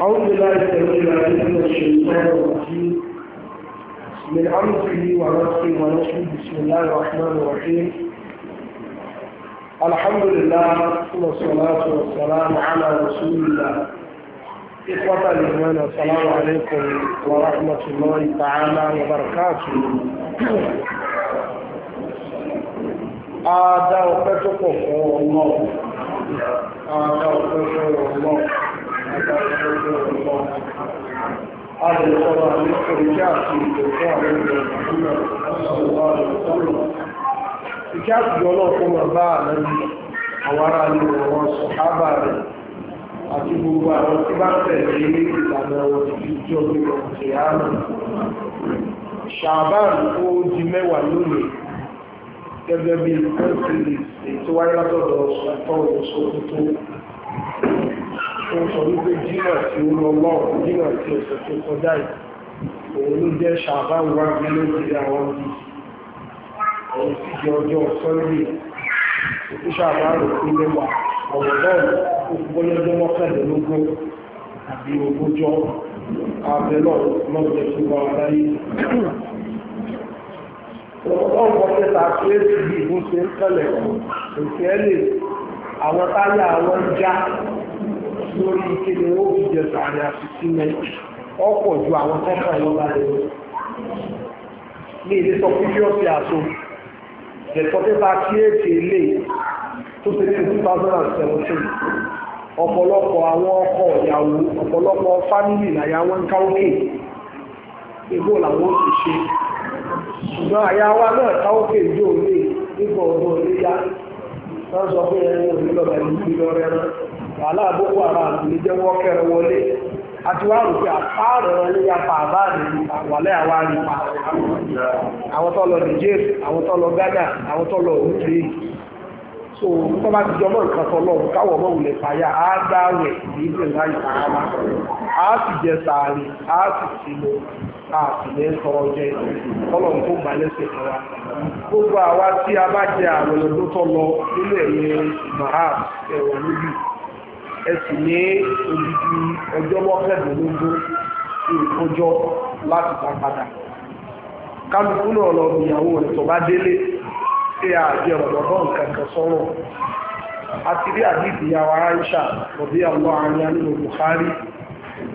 أعوذ بالله من الشيطان الرجيم من أمره ونفسه ونفسه بسم الله الرحمن الرحيم الحمد لله والصلاة والسلام على رسول الله إخوة الإيمان السلام عليكم ورحمة الله تعالى وبركاته هذا وقتكم الله هذا وقتكم الله هذا يصلى عليك رجعتي بالفعل محمد صلى الله عليه وسلم ìjáàtì ọlọ́ọ̀kọ́ máa bá àlẹ́bí àwọn ará ilé wọn sọ̀hábà rẹ̀ àti gbogbo àwọn tí bá tẹ̀lé ìlànà wọn ti fi jọ bí wọn ti á nà. ṣàbáà ó di mẹ́wàá lónìí gẹ́gẹ́ bí pẹ́ńsìlì ètò wáyé látọ̀dọ̀ ṣàtọ̀ ìṣòro tó tó sọ wípé jìnnà tí ó lọ lọ́rùn jìnnà tí ọ̀sẹ̀ tó kọjá yìí òun ló jẹ́ ṣàbáwò wá bí ló ti rí àwọn bí òun sì jẹ ọjọ́ sọ́ndé òkú ṣàbáwò pé mẹ́wàá ọ̀rọ̀ náà ó fi bọ́lá ọjọ́ mọ́kànlélógún àbí ogójọ́ àbẹ̀lọ́ lọ́jọ́ tó bá wà láyé ọ̀pọ̀lọpọ̀ ọ̀pọ̀lọpọ̀ tàbílẹ́sì bí ìbú ṣe ń kẹlẹ̀ òkè ẹ̀lẹ̀ àwọn táyà àwọn já lórí ike ó fi jẹ sàárẹ̀ àfisí mẹ́rin ọ̀pọ̀ ju àwọn tọ́ka ìlọ́ba rẹ̀ lọ. ní ilé sọ fún fíọ́sì àtò ẹ̀tọ́tẹ́ta kí èsì ilé tó ti ní ọ̀pọ̀lọpọ̀ àwọn ọkọ ìyàwó ọ̀pọ̀lọpọ̀ fámìlì làyàwó ń ká òkè làwọn ti ṣe ṣùgbọ́n àyàwó náà nígbà ọdún yá wọ́n sọ ẹni wàhálà boko haram lè jẹ́ wọ́n wọlé àti wàá rò pé ní apá àbáàdì wàlẹ́ àwa àwọn tó lọ Niger àwọn Ghana àwọn lọ so nípa bá ti jọ nǹkan káwọ̀ òun lè fàyà á dáwẹ̀ á sì jẹ á sì sì lè jẹ tó gbà lẹ́sẹ̀ a bá jẹ àwọn ọdún ẹ̀sìn ní odidi ọjọ́ mọ́kàndínlógún ìkójọ láti ta padà kálukú náà lọ bí ìyàwó rẹ̀ tó bá délé ṣé àbí ọ̀dọ̀dọ̀ nǹkan kan sọ̀rọ̀ àti bí àdìsí ìyàwó aráńṣà lọ́bí àwọn arìnrìn nínú Buhari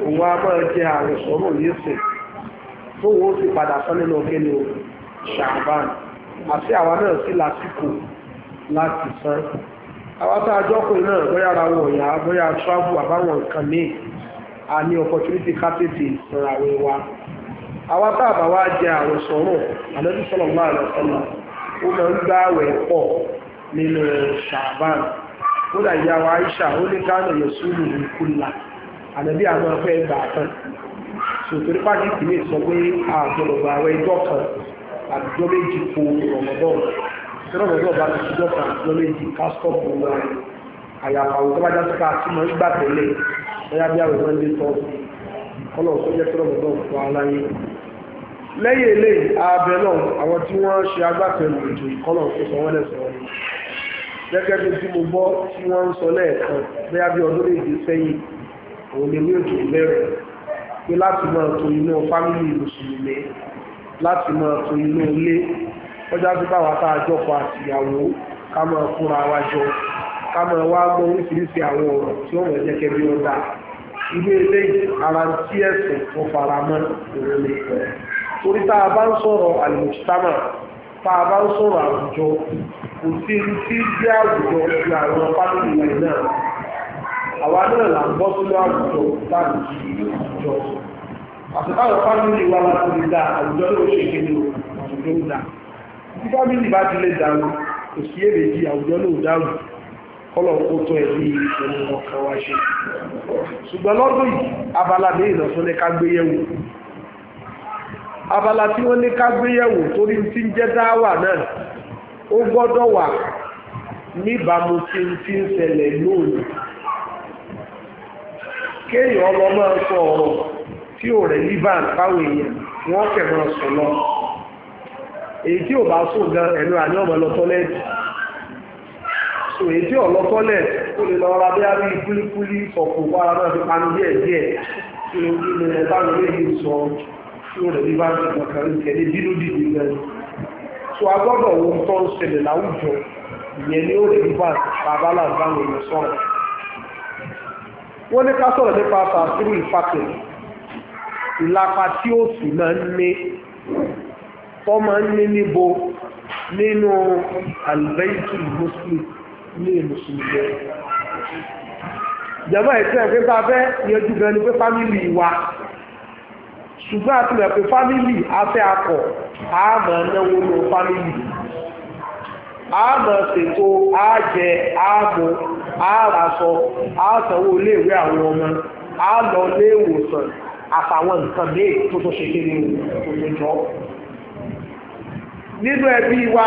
òun á máa jẹ ààrẹ sọ̀rọ̀ yéṣẹ̀ tóun ó sì padà sọ nínú kéde o ṣàbàn àti àwa náà sí lásìkò láti san àwọn tá a jọ́kùnrin náà bóyá ara wọn ọ̀yà bóyá travel àbáwọn nǹkan míì a ní opportunity ká tètè ra àwọn wa àwọn tá a bá wá jẹ àwọn sọ̀rọ̀ àlọ́dún sọ̀rọ̀ máa lọ sọ́nà ó máa ń gbá àwẹ̀ pọ̀ nínú ṣàbán ó dà ìyá Aisha ó ní gánà yẹ̀sùlù ní kúlà àdàbí àwọn afẹ́ gbà tán sòtòrí pàtàkì kìíní sọ pé àgbọ̀dọ̀gbà àwẹ̀ ẹjọ́ kan àdúgbò méjì po rọ̀mọ́dọ́n tẹ́lọ̀ lọ́dọ̀ ọba ti kan lọ́lé ti kásítọ̀pù wọn àyàfà òun tó bá já síka tí mo ń gbà tẹ́lẹ̀ lọ́yà bí àwọn ìwọ́n lé tọ́ kọ́lọ̀ tó jẹ́ tẹ́lọ̀ lọ́dọ̀ fún aláyé. lẹ́yìn eléyìí abẹ náà àwọn tí wọ́n ṣe agbátẹrù ètò ìkọ́lọ̀ tó sọ wọ́n lẹ́sọ̀ wọn gẹ́gẹ́ bí tí mo gbọ́ tí wọ́n ń sọ lẹ́ẹ̀kan lẹ́yà bí ọjọ́ àgbẹ̀bá wa tá a jọ kọ àtìyàwó ká máa fúnra wa wá gbọ́ oríṣiríṣi àwọn ọ̀rọ̀ tí ó wọ̀n bí ó dá ilé ara tí ẹ̀sìn tó fara mọ́ a bá ń sọ̀rọ̀ tá a bá ń sọ̀rọ̀ àwùjọ kò sí ibi tí bí àwùjọ ti àwọn fámìlì rẹ̀ náà àwa náà là ń bọ́ sínú àwùjọ àwùjọ àti táwọn fámìlì wa láti dá tí fámìlì bá ti lè dàrú kò sí èrè jí àwùjọ ló dàrú kọ́lọ̀ kó tó ẹ̀bí ẹni ọkọ̀ wa ṣe ṣùgbọ́n lọ́dún yìí abala ní ìlọ́sùn ní ká gbé yẹ̀wò abala tí wọ́n ní ká gbé yẹ̀wò torí ti ń jẹ́ dáwà náà ó gbọ́dọ̀ wà níbàámu tí ń fi ń ṣẹlẹ̀ lónìí kéèyàn ọlọ́mọ sọ ọ̀rọ̀ tí ò rẹ̀ ní bá fáwọn èèyàn wọ́n fẹ̀ máa sọ lọ́wọ́ èyí tí ò bá sùn gan ẹnu àní ọmọ lọ tọ́lẹ́ẹ̀tì so èyí tí ò lọ tọ́lẹ́ẹ̀tì ó lè lọ ra bí a rí kúlíkúlí sọ̀kò wára náà fi panu díẹ̀ díẹ̀ tí ó ní ilé ẹ̀ báwọn eléyìí sọ tí ó rẹ̀ bí bá ń fi kankan ní kẹ́lé dínú dìde gan so a gbọ́dọ̀ wo tó ń ṣẹlẹ̀ láwùjọ ìyẹn ni ó rẹ̀ bí bá bàbá làbáwọn èèyàn sọ̀rọ̀ wọ́n ní ká sọ̀rọ̀ nípa sàṣírù ìfàkè ìlàpá tí ó sì máa ń ní tó máa ń ní níbo nínú albaitu muslim ní mùsùlùmí jàmbá ìtẹ́ pé bá fẹ́ yẹjú gan ni pé fámìlì wa ṣùgbọ́n àti mọ̀ pé fámìlì afẹ́ akọ̀ àmọ̀ náwó ló fámìlì àmọ̀ ṣètò àjẹ àmọ̀ àràsọ àsanwó iléèwé àwọn ọmọ àlọ iléèwòsàn àtàwọn nǹkan méè tó tó ṣe kéré tó tó jọ nínú ẹbí wa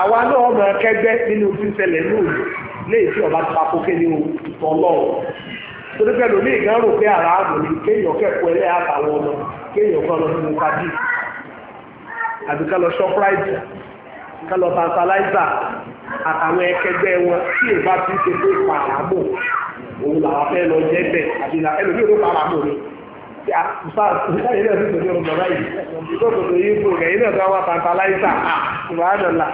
àwa náà mọ̀ kẹgbẹ́ nínú tí ń ṣẹlẹ̀ lóòrùn léyìí tí ọba ti pa kókè ní ọlọ́run torí pẹ̀lú ní ìgbà rò pé ara àmì ni kéèyàn kẹ́kọ̀ọ́ ẹlẹ́ àtàwọn ọmọ kéèyàn kọ́ lọ sínú kájí àbí ká lọ ṣọ́práìtì ká lọ tantalizer àtàwọn ẹkẹgbẹ́ wọn tí èèbá ti ṣe pé pàràmò òun làwọn fẹ́ lọ jẹ́ bẹ̀ àbí ẹlòmíràn pàràmò ni ilé ọdún tòní ọmọ báyìí ìgbọ́dọ̀ tó yí fún ìgbẹ̀yìn náà tó wá tantalizer ìwádọ́là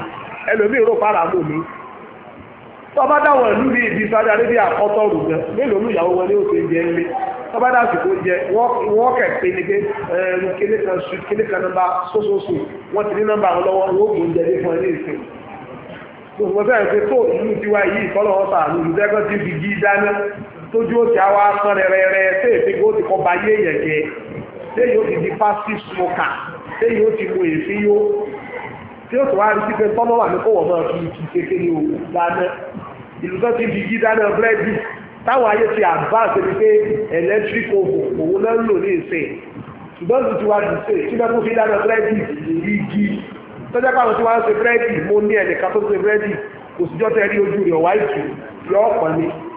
ẹlòmíì rò para mú mi tó bá dáwọn ìlú ní ibi sáré arábíà kọ́tọ́rù gan mélòó ní ìyàwó wọn ní òkè jẹ ńlé tó bá dáàsì kó jẹ wọ́n kẹ̀pé ni pé kíní kan su kíní kan nọ́mbà sósòsò wọ́n ti ní nọ́mbà wọn lọ́wọ́ wọ́n kò ń jẹ ní fún ẹ ní ìsìn gbogbo sẹ́yìn pé tó ìlú tiwa yìí kọ́lọ́wọ́ ìlú tẹ́kọ́ ti fi gí dáná tójú òsì àwa sán rẹrẹrẹ ṣé èfígbó ti kọ́ ba yé èèyàn jẹ ṣé yóò ti di passive smoker ṣé yóò ti mu èéfí yó tí ó tún wá rí sí pé tọ́nà wà ní kówọ̀ náà fi ti kékeré òkú dáná ìlú tó ti di yí dáná búrẹ́dì táwọn ayé ti advance ẹni pé electric oven òun náà ń lò ní ìsìn ṣùgbọ́n tó ti wá dùn sí tí wọ́n tún fi dáná búrẹ́dì igi tọ́jà pàrọ̀ tí wọ́n ṣe búrẹ́dì mo ní ẹnìkan tó ṣe búrẹ́dì kò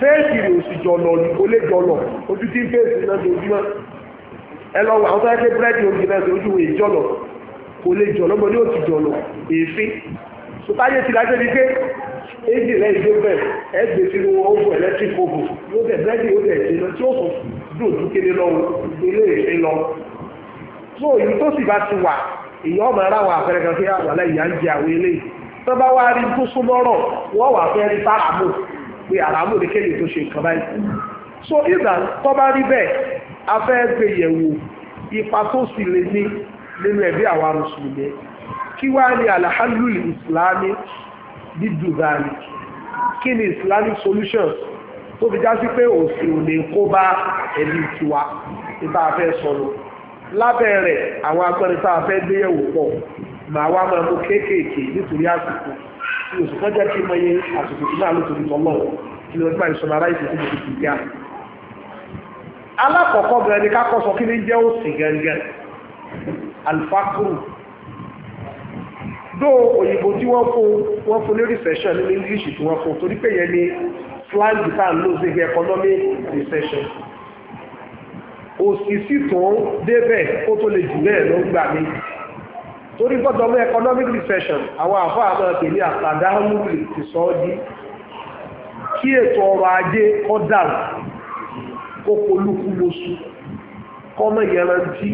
fẹ́ẹ̀sì rè òsì jọlọ ní olè jọlọ ojú tí ń fèsì náà lójúmọ́ ẹ lọ wà àwọn tó yẹ pé búrẹ́dì oúnjẹ náà lójú wò ìjọlọ kò lè jọlọ mọ ní òsì jọlọ èéfín sọtáyé ti lájọ ni pé éjì rẹ ìgbé bẹ́ẹ̀ ẹ gbé sínú ovo electric ovo yóò bẹ búrẹ́dì yóò bẹ ẹsẹ lọ tí ó sọ dùn tó kéde lọ ilé èéfín lọ tó èyí tó sì bá ti wà èyí ọmọ ara wà fẹrẹ kan fi àwọn alẹ ìyá ń jẹ àwọn eléyìí tó bá wá rí tó súnmọ́rọ̀ pé àràmù ní kéde tó ṣe nǹkan báyìí so ìgbà tó bá rí bẹ́ẹ̀ a fẹ́ gbé yẹ̀wò ipa tó sì lè ní nínú ẹ̀bí àwa mùsùlùmí kí wá ní alahallu islami dídùn báyìí kí ni islamic solutions tó fi já sí pé òsì ò lè kó bá ẹbí tiwa nípa afẹ́ sọ̀rọ̀ lábẹ́ rẹ̀ àwọn agbẹ́rin tá a fẹ́ gbéyẹ̀wò pọ̀ màá wá máa mú kéékèèké nítorí àsìkò oṣù kan jẹ́ kí mọye àsìkò tí náà ló torí tọ́lọ́ kí ló gbà ìṣọ̀rọ̀ ara ìṣòfò tó ti gbà. alákọ̀ọ́kọ́ bẹ̀rẹ̀ ni kákọ́ sọ kí ni jẹ́ òsì gẹ́gẹ́ alifakuru dó òyìnbó tí wọ́n fún wọ́n fún ní recession nínú English tí wọ́n fún torí pé yẹn ni slang tá ń lò sí economic recession òsì sì tún débẹ̀ ó tó lè jù bẹ́ẹ̀ ló ń gbà mí torí gbọ́dọ̀ mọ́ economic recession àwọn àfọ́ àwọn àtẹ̀lé àtàdáhùn ti sọ ọ́ di kí ètò ọrọ̀ ajé kọ́ dàrú kó polúkú lóṣù kọ́mọ yẹrantí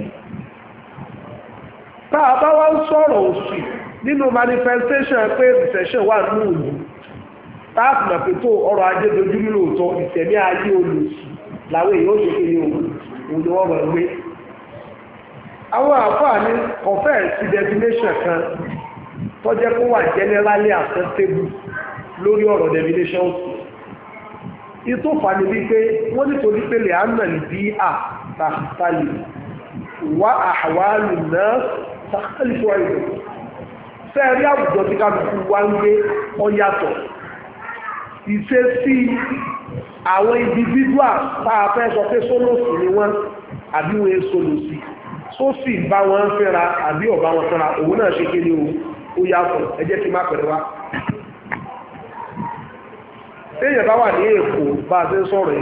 tá a bá wá ń sọ̀rọ̀ òṣì nínú manifestation pé recession wà nínú ìlú tá a fìmọ̀ pé tó ọrọ̀ ajé dojú lóòótọ́ ìtẹ̀mí ayé olùsì làwọn èèyàn ò ṣe kéde òun ni wọ́n mọ̀ gbé àwọn àfáà ní confess sí definition kan tó jẹ́ kó wà generally acceptable lórí ọ̀rọ̀ definition ìtò fàní wípé wọ́n nítorí pé lè àmà ní bí à tàkàlì wá àwálù náà tàkàlì fún àìrò fẹ́ẹ̀rí àwùjọ tí kálukú wá ń gbé ọyàtọ̀ ìṣe sí àwọn individual tá a fẹ́ sọ pé sólòsì ni wọ́n àbí wọ́n èso lòsì tó sì bá wọn fẹ́ra àbí ọ̀bá wọn fẹ́ra òun náà ṣe kéde o ó yàtọ̀ ẹ jẹ́ kí má wá. téèyàn bá wà ní èkó bá a ṣe ń sọ̀rọ̀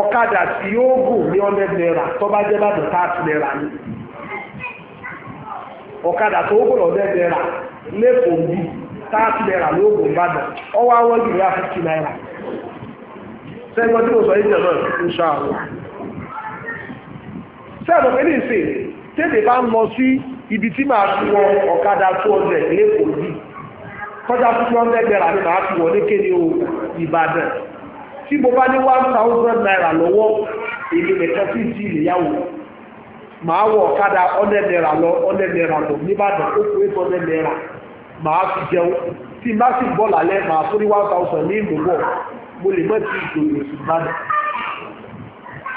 ọ̀kadà tí yóò gùn ní naira tó bá jẹ́ bàtà naira ni ọ̀kadà tó gùn naira lẹ́kọ̀ọ́ naira ló gùn ọwọ́ àwọn ìgbìyà naira sẹ́gbọ́n tí sẹ́ẹ̀dọ̀ pé ní ìsìn tètè bá ń lọ sí ibi tí màá fi wọ ọ̀kadà tó ọ̀dẹ̀ lẹ́kọ̀ọ́ yìí kọjá tó tó ọ̀dẹ̀ gbẹ̀rà ni màá fi wọ ní kéde o Ìbàdàn tí mo bá ní one thousand naira lọ́wọ́ èmi nìkan sí ti ìyàwó màá wọ ọ̀kadà ọ̀dẹ̀ naira lọ ọ̀dẹ̀ naira lọ nìbàdàn ó kú ètò ọ̀dẹ̀ naira màá fi jẹun tí n bá sì bọ́ lálẹ́ màá tó ní one ní ìdòwò mo lè mọ̀ tí ìdòwò ìsìn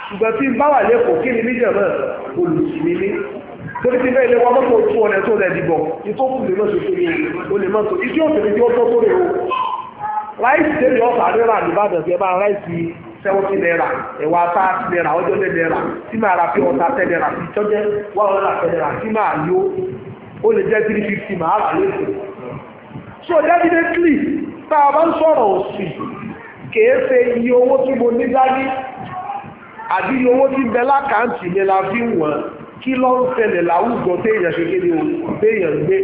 ṣùgbọ́n tí bá wà lẹ́kọ̀ọ́ kí ni níjàmọ́ olùsìnmí torí ti bẹ́ẹ̀ lé wọn mọ́tò tú ọ̀nà tó rẹ̀ dìbọ̀ ìtòkù lè mọ́tò tó yẹ o lè mọ́tò ìdí òfin tí ó tọ́ tó rẹ̀ o ráìsì tẹ́lẹ̀ ọ̀sà rírà nìbàdàn tí ẹ bá ráìsì seventy naira ẹ̀wà tá naira ọjọ́ lé naira tí máa ra pé ọ̀tá ten naira tí tọ́jẹ́ one hundred ten naira tí máa yó ó lè jẹ́ three máa rà lóṣù. so definitely tá a bá ń sọ̀rọ̀ òsì kèé ṣe iye owó tí mo àbí owó tí ń bẹ lákàntì mi la fi ń wọ̀n kí ló ń ṣẹlẹ̀ láwùjọ téèyàn ṣe kéde o téèyàn gbé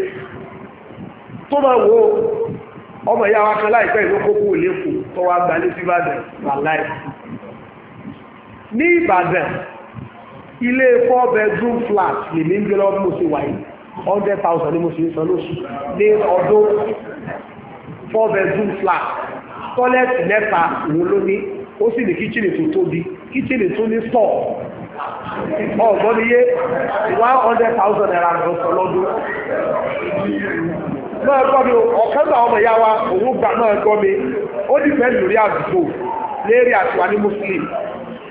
tó máa wo ọmọ ìyá wa kan láìpẹ́ ìlú kókó ìlẹ́kù tó wá gbalé sí Ìbàdàn wàláì ní Ìbàdàn ilé four bedroom flat lèmi ń gbé lọ́wọ́ bí mo ṣe wà yìí hundred thousand ni mo ṣe ń san lóṣù ní ọdún four bedroom flat tọ́lẹ̀tì mẹ́ta òun ló ní ó sì ní kíchìnì tó tóbi kíchìnì tó ní stọ̀ ọ̀gbọ́n iye one hundred thousand naira lọ́sọ̀ lọ́dún náà gbọ́ mi ọ̀kan náà ọmọ ìyá wa òun gbà náà gbọ́ mi ó dìbẹ́ lórí àdúgbò lérí àtiwá ní muslim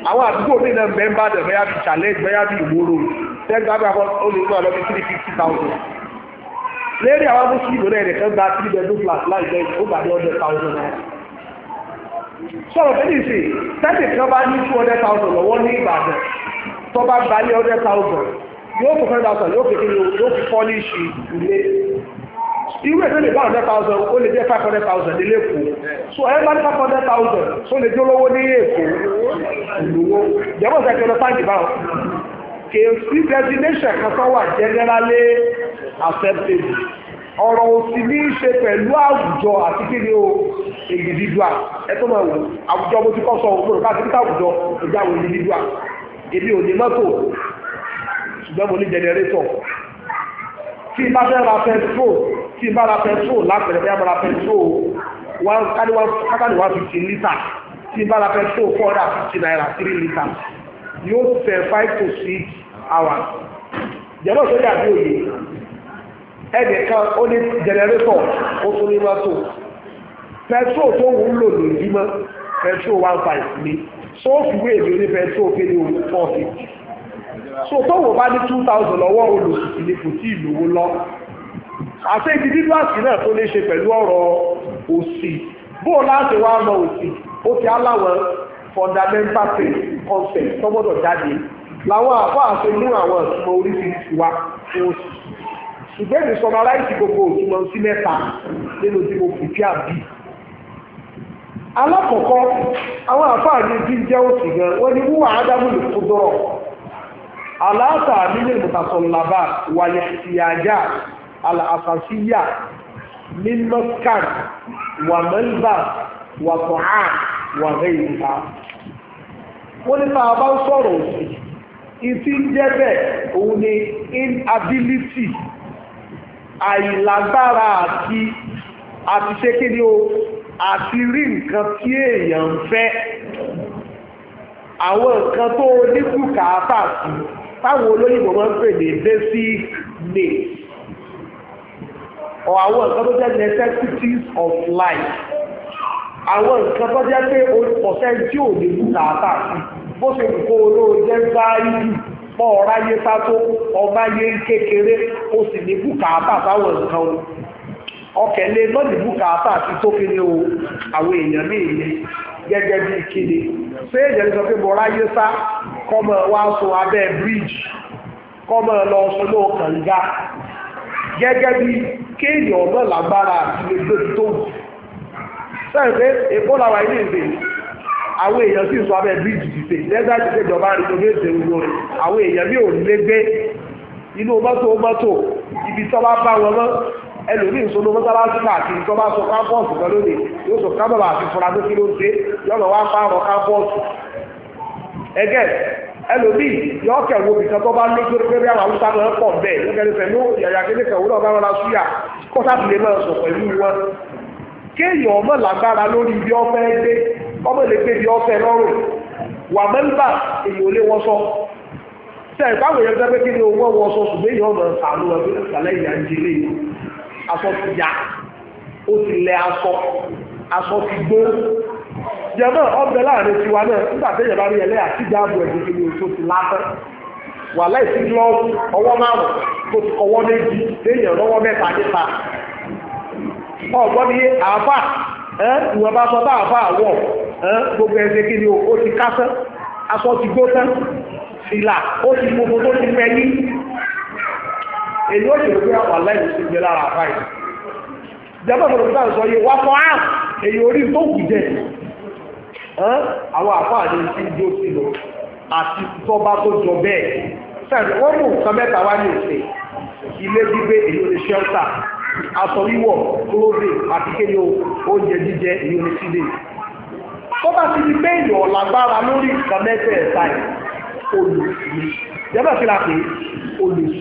àwọn àdúgbò mi náà mẹ́mbà dẹ̀ bẹ́yà bí challenge bẹ́yà bí ìwúrò tẹ́gbà bí àwọn olùkọ́ lọ́bi three fifty thousand lérí àwọn muslim náà ẹ̀rẹ̀ kan gba three bedroom flat láìpẹ́ ó gbà ní hundred thousand naira sọ̀rọ̀ fẹ́lẹ̀ ṣe tẹ́lẹ̀ tí wọ́n bá ní two hundred thousand lọ́wọ́ ní Ìbàdàn tó bá gba ní hundred thousand yóò fún hundred thousand yóò fi kí yóò fi fọ́líṣì ilé irú ètò lè bá hundred thousand ó lè jẹ́ five hundred thousand nílé Èkó so ẹ bá ní five hundred thousand so lè jẹ́ olówó ní Èkó ìlúwó jẹ́wọ́n sẹ́kì ọ̀dọ̀ táǹkì báwọn kèsì destination kan sọ wà generally accepted. ọ̀rọ̀ òsì ní í ṣe pẹ̀lú àwùjọ àti kí o individual ẹtọ́ máa wò àwùjọ mo ti kọ́ sọ òun ká síbi táwùjọ ìjà àwọn individual èmi ò ní mọ́tò ṣùgbọ́n mo ní generator tí n bá fẹ́ ra petrol tí n bá ra petrol lápẹ̀rẹ̀ bí a bá ra petrol kákàdé one fifty litre tí n bá ra petrol four hundred and fifty naira three litre yóò fẹ́ five to six hours jẹ́rọ sọ́jà bí òye ẹnìkan ó ní generator ó tún ní mọ́tò pẹtrol tó wù ú lò lòdì mọ́ pẹtrol one five ni so ó fi wé èmi ní pẹtrol pé ní ohun four fifty so tó wò bá ní two thousand lọ́wọ́ olùsìsì ni kò tí ì lówó lọ àti individuals náà tó lè ṣe pẹ̀lú ọ̀rọ̀ òsì bóò láti wá mọ òsì ó ti aláwọn fundamental faith concept tó gbọ́dọ̀ jáde làwọn àbọ̀ àti inú àwọn ìtumọ̀ oríṣiríṣi wa fún òsì ṣùgbọ́n ìsọmọ aláìsí gbogbo òtúmọ̀ sí mẹ́ta nínú tí mo fi kí àbí alákọ̀ọ́kọ́ àwọn àfáàní bí jẹ́ òsì gan wọ́n ni wúwà ádámù lè kó dọ́rọ̀ aláàtà nílé mùtàsọ̀lábà wàlẹ̀ ìyàjá àṣàṣíyà nínú kan wà mẹ́lbà wà tọ̀há wà rẹ̀yìnká wọ́n ní máa bá ń sọ̀rọ̀ òsì ìtí ń jẹ́ bẹ́ẹ̀ òun ni inability àìlágbára àti àti kí ni o àti rí nǹkan tí èèyàn ń fẹ́ àwọn nǹkan tó oníbùkátà sí táwọn olóyìnbó máa ń pè ní basic needs or àwọn nǹkan tó jẹ́ necessities of life àwọn nǹkan tó jẹ́ pé ọ̀sẹ̀ tí ò ní bùkátà sí bó ṣe kó olóò jẹ́ báyìí pọ̀ ọ̀ráyé sátó ọba yé kékeré ó sì ní bùkátà sáwọn nǹkan o ọkẹ̀ lé lọ́dì bùkátà àti tó fi ní o àwọn èèyàn míì ní gẹ́gẹ́ bí kíni ṣé èèyàn sọ pé mo ráyé sá kọ́mọ wá sun abẹ́ bíríìjì kọ́mọ lọ sun ló kànga gẹ́gẹ́ bí kéèyàn ọ̀nà lágbára àti lè gbé tó sẹ́yìn pé èkó làwọn ilé ìgbé àwọn èèyàn sì sọ abẹ́ bíríìjì dìde lẹ́gbẹ́ àti ìjọba rìnọ́bẹ̀ẹ́sẹ̀ gbogbo rẹ̀ àwọn èèyàn mi ò ní lé gbé inú mọ́tò mọ́tò ibi tó bá bá wọn mọ́ ẹlòmíì sọ ló mọ́sálásí káàkiri tó bá sọ kámpọ́ọ̀sì kan lónìí yóò sọ kábàbà àti fúnra pé kí ló ń ṣe yọ̀bọ̀ wá pààrọ̀ kámpọ́ọ̀sì. ẹgẹ́ ẹlòmíì yọ kẹwò bìkan tó bá lójú pé bí àwọn awúsá náà pọ̀ bẹ́ẹ̀ yóò kẹ́lẹ́ fẹ́ ló yàyà kéde kẹwò náà bá wọn la súyà kó sábìlẹ̀ máa sọ pẹ̀lú wọn. kéèyàn ọmọ lágbára lórí ibi ọfẹ gbé ọmọ lè gbé ibi ọfẹ lọ́rùn wà mẹ́ńbà èyí ò lé wọ́n sọ sẹ́yìn báwo yẹn gbẹ́ pé kí ni owó wọ́n sọ ṣùgbọ́n èyí ọmọ sàánú ọdún ìsàlẹ̀ ìyá ń jẹ léyìí aṣọ ti ó ti lẹ aṣọ aṣọ ti gbó ọbẹ láàrin tiwa náà nígbà téèyàn bá rí ẹlẹ́yà tí dáàbò ẹ̀jẹ̀ kí oṣù ti látọ́ wà láìsí lọ́ọ̀bù ọwọ́ márùn tó ti kọwọ́ méjì téèyàn lọ́wọ́ mẹ́ta nípa ọgbọ́n àáfà bá sọ bá àáfà gbogbo o ti èyí ó ṣèlú pé àwọn aláìní ti gbé lára àbá yìí jẹ́bọ̀ tó lọ́pọ̀ sọ yìí wá fún á èyí orí tó kù jẹ́ àwọn àfọ́ àdé ti ń jó sí lọ àti tọ́ba tó jọ bẹ́ẹ̀ sẹ́ẹ̀dì wọ́n mú nǹkan mẹ́ta wá ní òsè ilé gbígbé èyí ó ní ṣẹ́ltà aṣọ wíwọ̀ kúlóòdì àti kéde oúnjẹ jíjẹ èyí ó ní sílé tó bá ti di pé èèyàn lágbára lórí nǹkan mẹ́tẹ̀ẹ̀ta yìí olùsí jẹ́bọ̀ sí la pé olùsí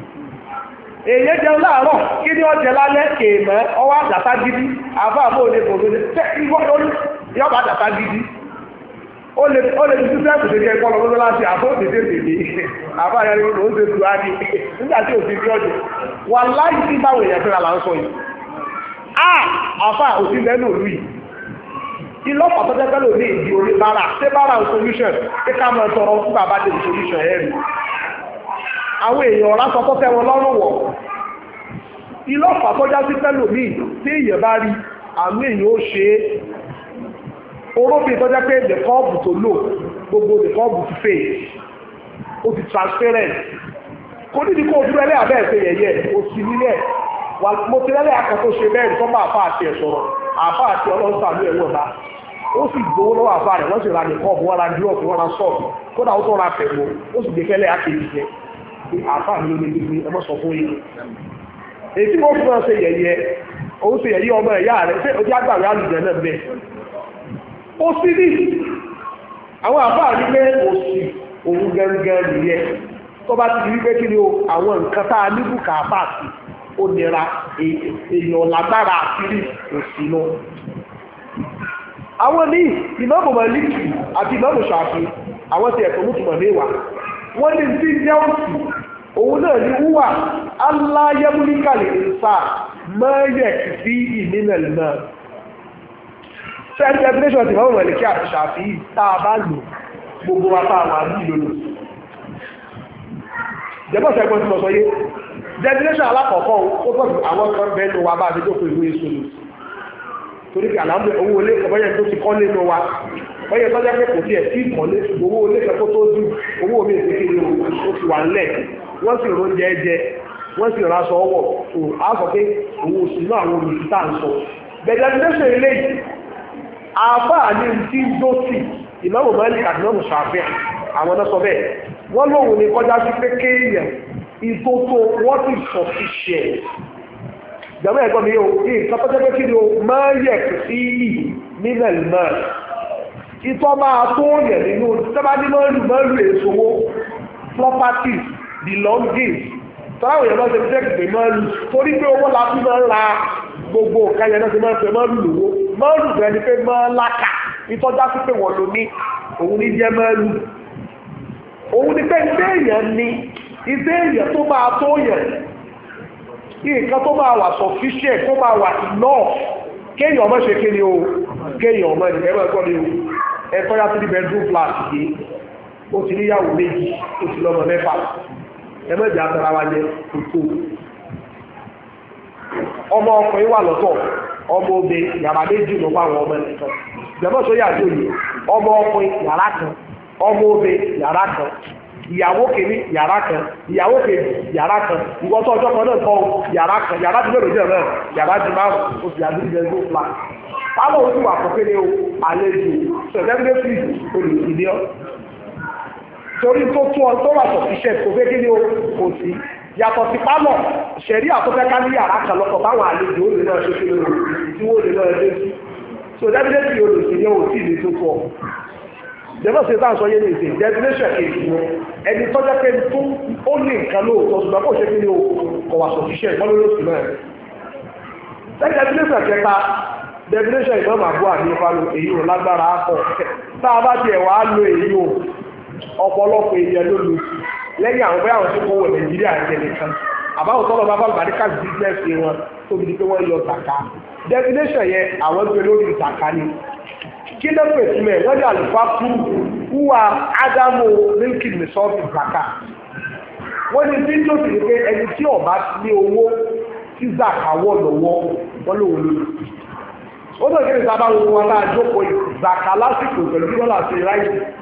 èyí jẹun láàárọ̀ kí ni ọjẹ lálẹ́ kèémẹ ọwọ́ àdàtà gidi àbá àbó òde kò lóde tẹ ìwọ lórí yọba àdàtà gidi ó lè ti sísẹ kò tètè kọ lọ́wọ́ láti àbó tètè tètè àbá yẹn ló ló ń ṣe tu ádì nígbà tí òsì fi ọjẹ wà láì sí báwo èèyàn fẹ́ra là ń sọ yìí a àfa òsì lẹ́nu òlu yìí ilé ọ̀pọ̀ tó tẹ́tẹ́ lò ní ìdí orí bára ṣé bára solution kíkà mọ̀ tọrọ fún bàbá tèmi solution ẹ̀rí àwọn èèyàn ọ̀rá sọ kọ́ fẹ́ wọn lọ́rùn wọ̀ ilé ọ̀fà tọ́já sí fẹ́lò míì tí èèyàn bá rí àánú èèyàn ó ṣe é oróbìn tọ́já pé the curb tó lò gbogbo the curb ti fè ó ti transparent kò nídìí kó o dúró ẹlẹ́yà bẹ́ẹ̀ ṣe yẹ̀yẹ́ o sì nílẹ̀ wà mo ti lẹ́lẹ́ àkàtọ́ ṣe bẹ́ẹ̀ tó bá àfa àti ẹ̀ sọ̀rọ̀ àfa àti ọlọ́run sàánú ẹ̀wọ̀n bá ó sì gbowó lọ́wọ́ àfa rẹ̀ wọ́n sì ra the curb wọ́n ra drop wọ́n ra sọ́ọ̀bù kódà ó tó ra fẹ̀ mọ́ ó sì gbé fẹ́lẹ́ àkejì jẹ àfáà mi ló ní gbígbé ẹ mọ́ sọ fún yìí èyí tí wọ́n fún ọ ṣe yẹ̀yẹ́ òun ṣe yẹ̀yẹ́ ọmọ ẹ̀yà rẹ̀ ṣé o ti àgbàwé àlùjẹ náà bẹ́ẹ̀ ó sì ní àwọn àfáà ní pé òsì òun gẹ́gẹ́ nìyẹn tó bá ti rí pé kí ni o àwọn nǹkan tá a ní bùkà àfáà sí ó nira èèyàn lágbára àkírí òsì náà àwọn ní ìmọ̀mù mọ̀lìkì àti ìmọ̀mù ṣàfi àwọn ti ẹ̀kọ́ mùtùmọ̀ mẹ́wàá wọ́n ní ti jẹ́ òsì òun náà ni wúwà aláyẹ́múlíkàlẹ̀ ìfà mọ́yẹ̀ sí ìnínà náà sẹ́ńtẹ́ ẹ̀bílẹ́ṣọ̀ ti fọ́wọ́ ẹ̀lẹ́kí àṣàfi tá a bá lò gbogbo apá àwọn àdúgbò lò jẹ́bọ́ sẹ́gbọ́n ti sọ̀sọ́ yé jẹ́bílẹ́ṣọ̀ alákọ̀ọ́kọ́ ó tọ́ àwọn kan bẹ́ẹ̀ ló wa bá a ti jókòó ìwé èso lò torí pé àlàmú owó olé ọ̀bẹ́yẹ tó ti kọ́ nínú wa ọ̀yẹ tọ́jà pé kò tiẹ̀ sí ìmọ̀lé owó olé kẹ́kọ́ tó dùn owó mi ìpèkè ni ó ti wà ńlẹ̀ wọ́n sì ró jẹ́ẹ́jẹ́ wọ́n sì raṣọ ọwọ́ tó a sọ pé òun ò sí náà àwọn olùsítà ń sọ bẹ̀dẹ̀dẹ̀sẹ̀ eléyìí àáfàá ní ti ń dótì ìmáàmù Málíkì àti ìmáàmù Ṣáfi'í àwọn náà sọ bẹ́ẹ̀ wọ́n lóun ní kọjá sí pé kéèyàn ìbò tó wọ́n ti sọ fi ṣe ẹ̀ ìjọba ẹ̀gbọ́n mi ò ní nǹkan tó jẹ́ pé kí ni o máa yẹ kù sí yìí nínú ẹ̀lùmọ́ ìtọ́ máa tó yẹ̀ nínú tẹ́bá ní mọ́ọ̀lù mọ́ọ̀lù èso property the longest táwọn èèyàn náà ṣe jẹ́ pé máa lù torí pé owó la fi máa ń ra gbogbo nǹkan yẹn náà ṣe máa ń pè máa lù lówó máa lù bẹ́ẹ̀ ni pé máa lákà ìtọ́já sí pé wọ́n lò ní òun ní jẹ́ máa lù òun ni pé ilé èèyàn ni ilé èèyàn tó máa tó yẹn nǹkan tó máa wà sufficient tó máa wà enough kéèyàn ọmọ ṣe kéde o kéèyàn ọmọ ẹ̀ ẹ̀rọ ẹ̀kọ́ ni o ẹ̀kọ́ yá ti di bedroom flat yìí ó ti níyàwó méjì ó ti lọ́mọ mẹ́fà ẹ mẹ́jọ atara wa jẹ ọmọ ọkùnrin wà lọ́tọ̀ ọmọ obe yàrá méjì ló wà ọmọ sọ yà yìí ọmọ ọkùnrin yàrá kan ọmọ obe yàrá kan ìyàwó kìíní yàrá kan ìyàwó kejì yàrá kan ìwọ́sọ ọjọ́ kan náà kọ́ yàrá kan yàrá ti bẹ̀rẹ̀ náà yàrá ti máa ń wà fún torí tó tún ọ tó wà tó fi ṣe kò fẹ́ kí ni o kò sí yàtọ̀ sí pálọ̀ ṣẹ̀rí àtọ́fẹ́ká ní yàrá kan lọ́kọ̀ báwọn àlejò ó lè lọ ṣe kí ni o tí wọ́n lè lọ ẹ lójú so definitely o lè sí ní òtí ìlú tó tún ọ jẹ́fọ́ sí táà sọ yé ní ìsìn definition kejì ni ẹni tó jẹ́ pé tó ó ní nǹkan lóòótọ́ ṣùgbọ́n kò ṣe kí ni o kò wà sọ̀fíṣẹ́ ìpọ́n lórí òsì náà lẹ́yìn definition kẹta definition ìbọn màbúà ní ìfàlù èyí ò lágbára akọ tá a bá tiẹ̀ wàá lo èyí o ọ̀pọ̀lọpọ̀ èèyàn ló lu lẹ́yìn àwọn bẹ́ẹ̀ àwọn tí kò wọ nàìjíríà jẹ̀lẹ̀ kan àbáwò tọ́lọ̀ bá bàbá ní káàdì bísíǹsì wọn tóbi ní pé wọ́n yọ zaka definition yẹn àwọn gbé lórí zaka ni kí ló pè sí mẹ́ wọ́n ní àlùfáà kú wúwa ádámù milkin misọ́ọ̀fì zaka wọ́n ní bí tó sì ní pé ẹni tí ọba ní owó tí zaka wọ̀ lọ́wọ́ wọ́n lòun lòun ó sọ̀rọ̀ kí ni sábà wọn wọn náà jókòó zaka lásìkò pẹ̀lú bí wọ́n là ṣe ráìsì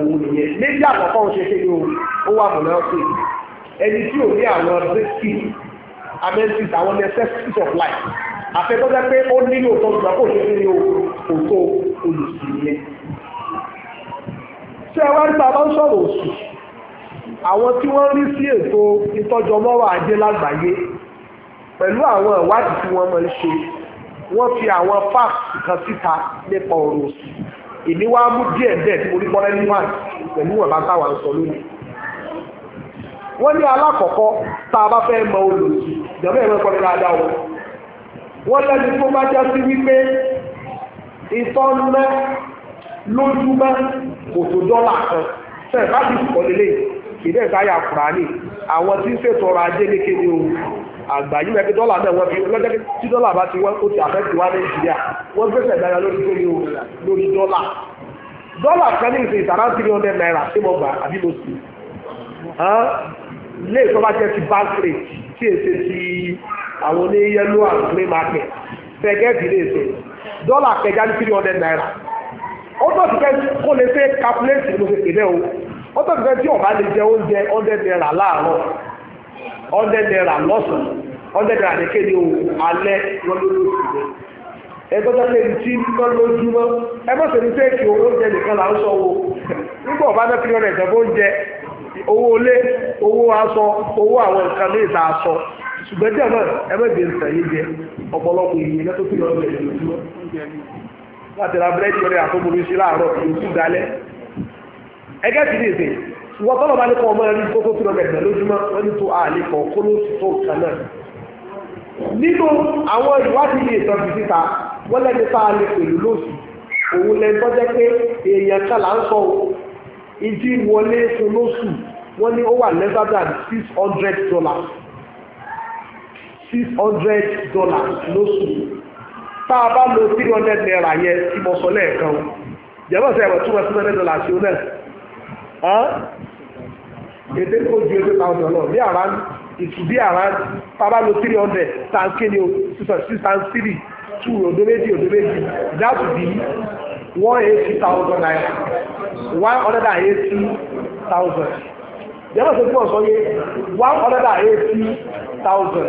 òun nìyẹn méjì àkọ́kọ́ ń ṣe ṣe ní ó wà mọ̀nà ọ̀sẹ̀ ẹni tí ò ní àwọn bíríkì amenities àwọn necessities of life àfẹ́tọ́jẹ́ pé ó nílò òtọ́ ìgbà kò ṣe ní òtó olùsìn yẹn tí ẹ wá ń ta bá ń sọ̀rọ̀ òsì àwọn tí wọ́n rí sí ètò ìtọ́jọmọ́rọ̀ ajé lágbàáyé pẹ̀lú àwọn ìwádìí tí wọ́n máa ń ṣe wọ́n fi àwọn fáàkì kan síta nípa ọ̀rọ̀ òsì èmi wá mú díẹ̀ bẹ́ẹ̀ tí mo rí bọ́lẹ́ níwá pẹ̀lú wọn bá táwa ń sọ lónìí. wọ́n ní alákọ̀ọ́kọ́ tá a bá fẹ́ mọ olùsí ìjọba ẹ̀rọ ẹ̀kọ́ nílá dá wọn. wọ́n lẹ́nu tó bá já sí wípé ìtọ́ ńlá lójúmọ́ kò tó dọ́là kan sẹ́ẹ̀ bá ti kọ́ lélẹ̀ ìdẹ́ẹ̀ta yà kùrà ní àwọn tí ń ṣètò ọrọ̀ ajé lékele òun àgbáyé mẹ́kẹ́ dọ́là náà wọ́n fi lọ́jọ́ tí dọ́là bá ti wọ́n ó ti àfẹ́ tiwa nàìjíríà wọ́n gbèsè náírà lórí tó yẹ o lórí dọ́là dọ́là kan ní ìsìn ìtàrà three hundred naira tí mo gbà àbí mo sì ilé ìtọ́ba jẹ́ ti bank rate tí èsè ti àwọn oní yellow and grey market fẹ́gẹ́ẹ̀dì lè sè dọ́là kẹjá ní three hundred naira ó tó ti kẹ́ kó lè ṣe calculate mo ṣe kéde o ó tó ti kẹ́ tí ọ̀bá lè ọ̀dẹ́ dẹ́ra lọ́sàn ọ̀dẹ́ dẹ́ra ní o alẹ́ wọn ló lóṣù tó lè ti oúnjẹ nìkan là ń sọ wo nígbà ọba fi owó owó aṣọ owó àwọn nǹkan ní ìta aṣọ ṣùgbọ́n díẹ̀ náà nǹkan yìí jẹ ọ̀pọ̀lọpọ̀ tó fi láti ra búrẹ́dì sí láàárọ̀ ìlú wọ́n tọ́lọ̀ bá ní kọ́ ọmọ rí tó tó tìrọ̀ gẹ̀gẹ̀ lójúmọ́ wọ́n ní tó àlè kọ́ kó ló ti tó kan náà nínú àwọn ìwádìí ilé ìtàn fi síta wọ́n lẹ́ni tá a lè pẹ̀lú lóṣù òun lẹ́ni tó jẹ́ pé èèyàn kan là ń sọ ìdí wọlé fún lóṣù wọ́n ní ó wà lẹ́sà than six hundred dollars six hundred dollars lóṣù tá a bá lo three hundred naira yẹn tí mo sọ lẹ́ẹ̀kan jẹ́wọ́n sẹ́yìn wọ́n túmọ̀ sí hundred dollars yóò náà èdè ó ju eight thousand lọ bí around ìtù bí around bàbá lo three hundred times kéde o six times three two òdo méjì òdo méjì that would be one eighty thousand naira one hundred and eighty thousand yẹ́n lọ́sọ̀ tí wọ́n sọ yé one hundred and eighty thousand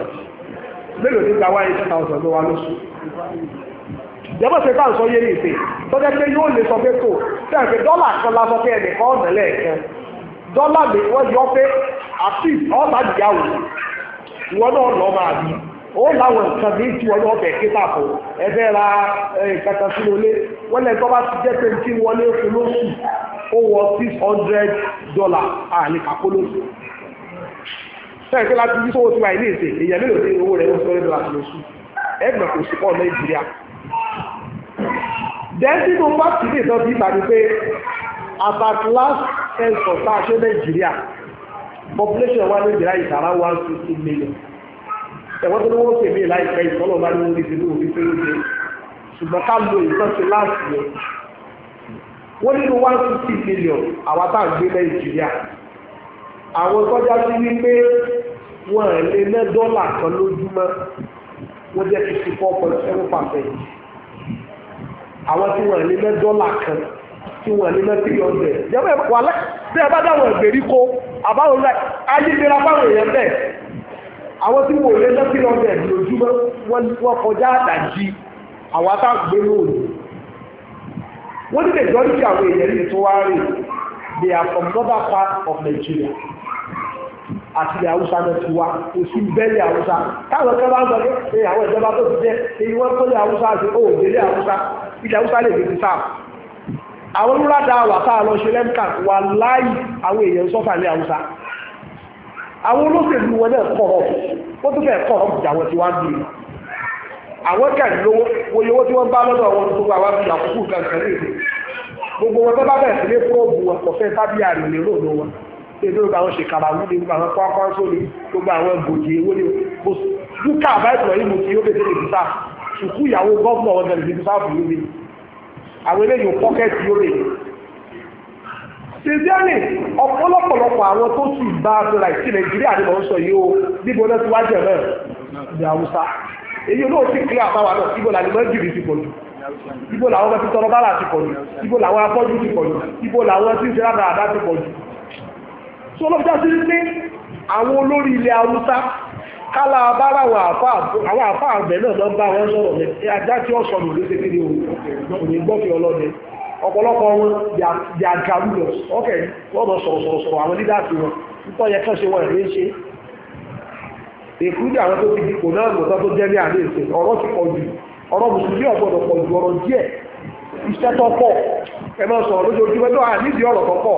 mélòó ní gba one eighty thousand ló wà lóṣù yẹ́bọ̀ ṣe káà sọ yé ní ìpè tọ́jà pé yóò lè sọ pé kò tẹ̀ pé dọ́là kan lásọ pé ẹnìkan ọ̀nà lẹ́ẹ̀kan dọ́là lè wọ́n yọ pé àti ọ̀là ìyàwó ìwọ náà lọ máa bí ó láwọn nǹkan bí tí wọn ọbẹ̀ ké tààbọ̀ ẹ̀fẹ́ ra ìkàtà sínú ilé wọ́n lẹ́ tọ́ bá ti jẹ́ pé tí wọlé fún lóṣù ó wọ six hundred dollar àní kàkó lóṣù sẹ́yìn pé láti bí sówó tí wà ilé ìsè èèyàn mélòó ní owó rẹ̀ ó sọ́rẹ́ dọ́là lóṣù ẹgbẹ̀ kò sí pọ̀ Nàìjíríà dẹ́sí tó bá ti lè sọ sí ìgbà pé About last census tá a ṣe nàìjíríà population wa nàìjíríà ìtara one fifty million ẹ̀wọ́n tó ní wọ́n pè mí láìpẹ́ ìtọ́lọ̀ bá ní orí ìdílé òbí tó ń ṣe ṣùgbọ́n ká lo ìtọ́sí láti yẹn wọ́n nínú one fifty million àwa tá à ń gbé nàìjíríà àwọn tọ́já sí wípé wọ́n lè ná dọ́là kan lójúmọ́ wọ́n jẹ́ fifty four point seven percent àwọn tí wọ́n lè ná dọ́là kan tí wọ́n ní mẹ́tí ọ̀dẹ̀ jẹ́mọ̀ ẹ̀kọ́ alẹ́ tí ẹ bá dáwọn ìgbèríko àbáwọn láì ayélujára báwọn èèyàn bẹ́ẹ̀ àwọn tí wọ́n lé mẹ́tí ọ̀dẹ̀ lójúmọ́ wọ́n kọjá àdàjì àwọn atágbé lóòrùn wọ́n ní lẹ́jọ́ ní àwọn èèyàn ní tó wá rè they are from northern part of Nigeria àti ilẹ̀ haúsá náà ti wá òsì bẹ́ẹ̀lì haúsá táwọn ẹgbẹ́ bá ń sọ pé àwọn ìjọba tó ti jẹ́ èyí wọ́n tó lé haúsá àti òòjì lé haúsá ilẹ̀ haúsá lè fi ti sáà àwọn múládà wà tá a lọ ṣe lẹ́mkà wà láì àwọn èèyàn sọ́fà ní haúsá àwọn olóṣèlú wọn náà kọ̀rọ̀ wọ́n tún fẹ́ kọ̀rọ̀ jàwọ́ tí wọ́n bí àwọn kẹ̀ lówó oye owó tí wọ́n bá lọ́dọ̀ wọn tó wà wá bí àkókò kankan lè gbogbo wọn tó bá bẹ̀rẹ̀ sílé fóòbù wọn kò fẹ́ tábí àrìnlẹ̀ lóòdó wọn èdè gbogbo àwọn ṣèkàrà wúlé gbogbo àwọn kọ́kọ́ sóni gbogbo àwọn gòjì ewé ni kò dúkà àbáyé ìtọ̀ yìí mo ti yóò bẹ̀rẹ̀ sísá sùkú ìyàwó gọ́ọ̀mù ọ̀gẹ̀rẹ̀ sísá fún mi àwọn eléyìí pọ́kẹ́tì yóò lè sincerely ọ̀pọ̀lọpọ̀lọpọ̀ àwọn tó sì bá a sọ̀rọ̀ àìsí nàìjíríà ni mò ń sọ yìí o níbo náà ti wá jẹ̀ náà ní haúsá èyí olóò ti kílẹ̀ àbáwá náà ibo làwọn mẹ́jìrì ti pọ̀jù ibo làwọn ọmọ ti tọrọ bára ti pọ̀jù ibo làwọn afọ́jú ti pọ̀jù ibo làwọn tí ń ṣe rárá àdá ti pọ̀jù. sọlọ́pọ̀ sí pé àwọn olórí ilẹ̀ haúsá kálá abára àwọn àfáà àgbẹ̀ náà lọ bá wọn sọ̀rọ̀ ní ajá tí ó sọ̀rọ̀ ló ṣe kí ni òní gbọ́fẹ̀ ọlọ́dẹ ọ̀pọ̀lọpọ̀ wọn yà gàrúlọ̀ ọkẹ̀ wọ́n lọ sọ̀rọ̀sọ̀rọ̀ àwọn dídá àti wọn nítọ́ yẹ kán ṣe wọn ẹ̀rí ṣe èkúdí àwọn tó ti dìpò náà lọ́tọ́ tó jẹ́ ní àárín ìṣe ọ̀rọ̀ ti pọ̀ jù ọ̀rọ̀ mùsùlùmí ọ̀gbọ̀dọ̀ pọ̀ ju ọ̀rọ̀ díẹ̀ iṣẹ́ tó pọ̀ ẹ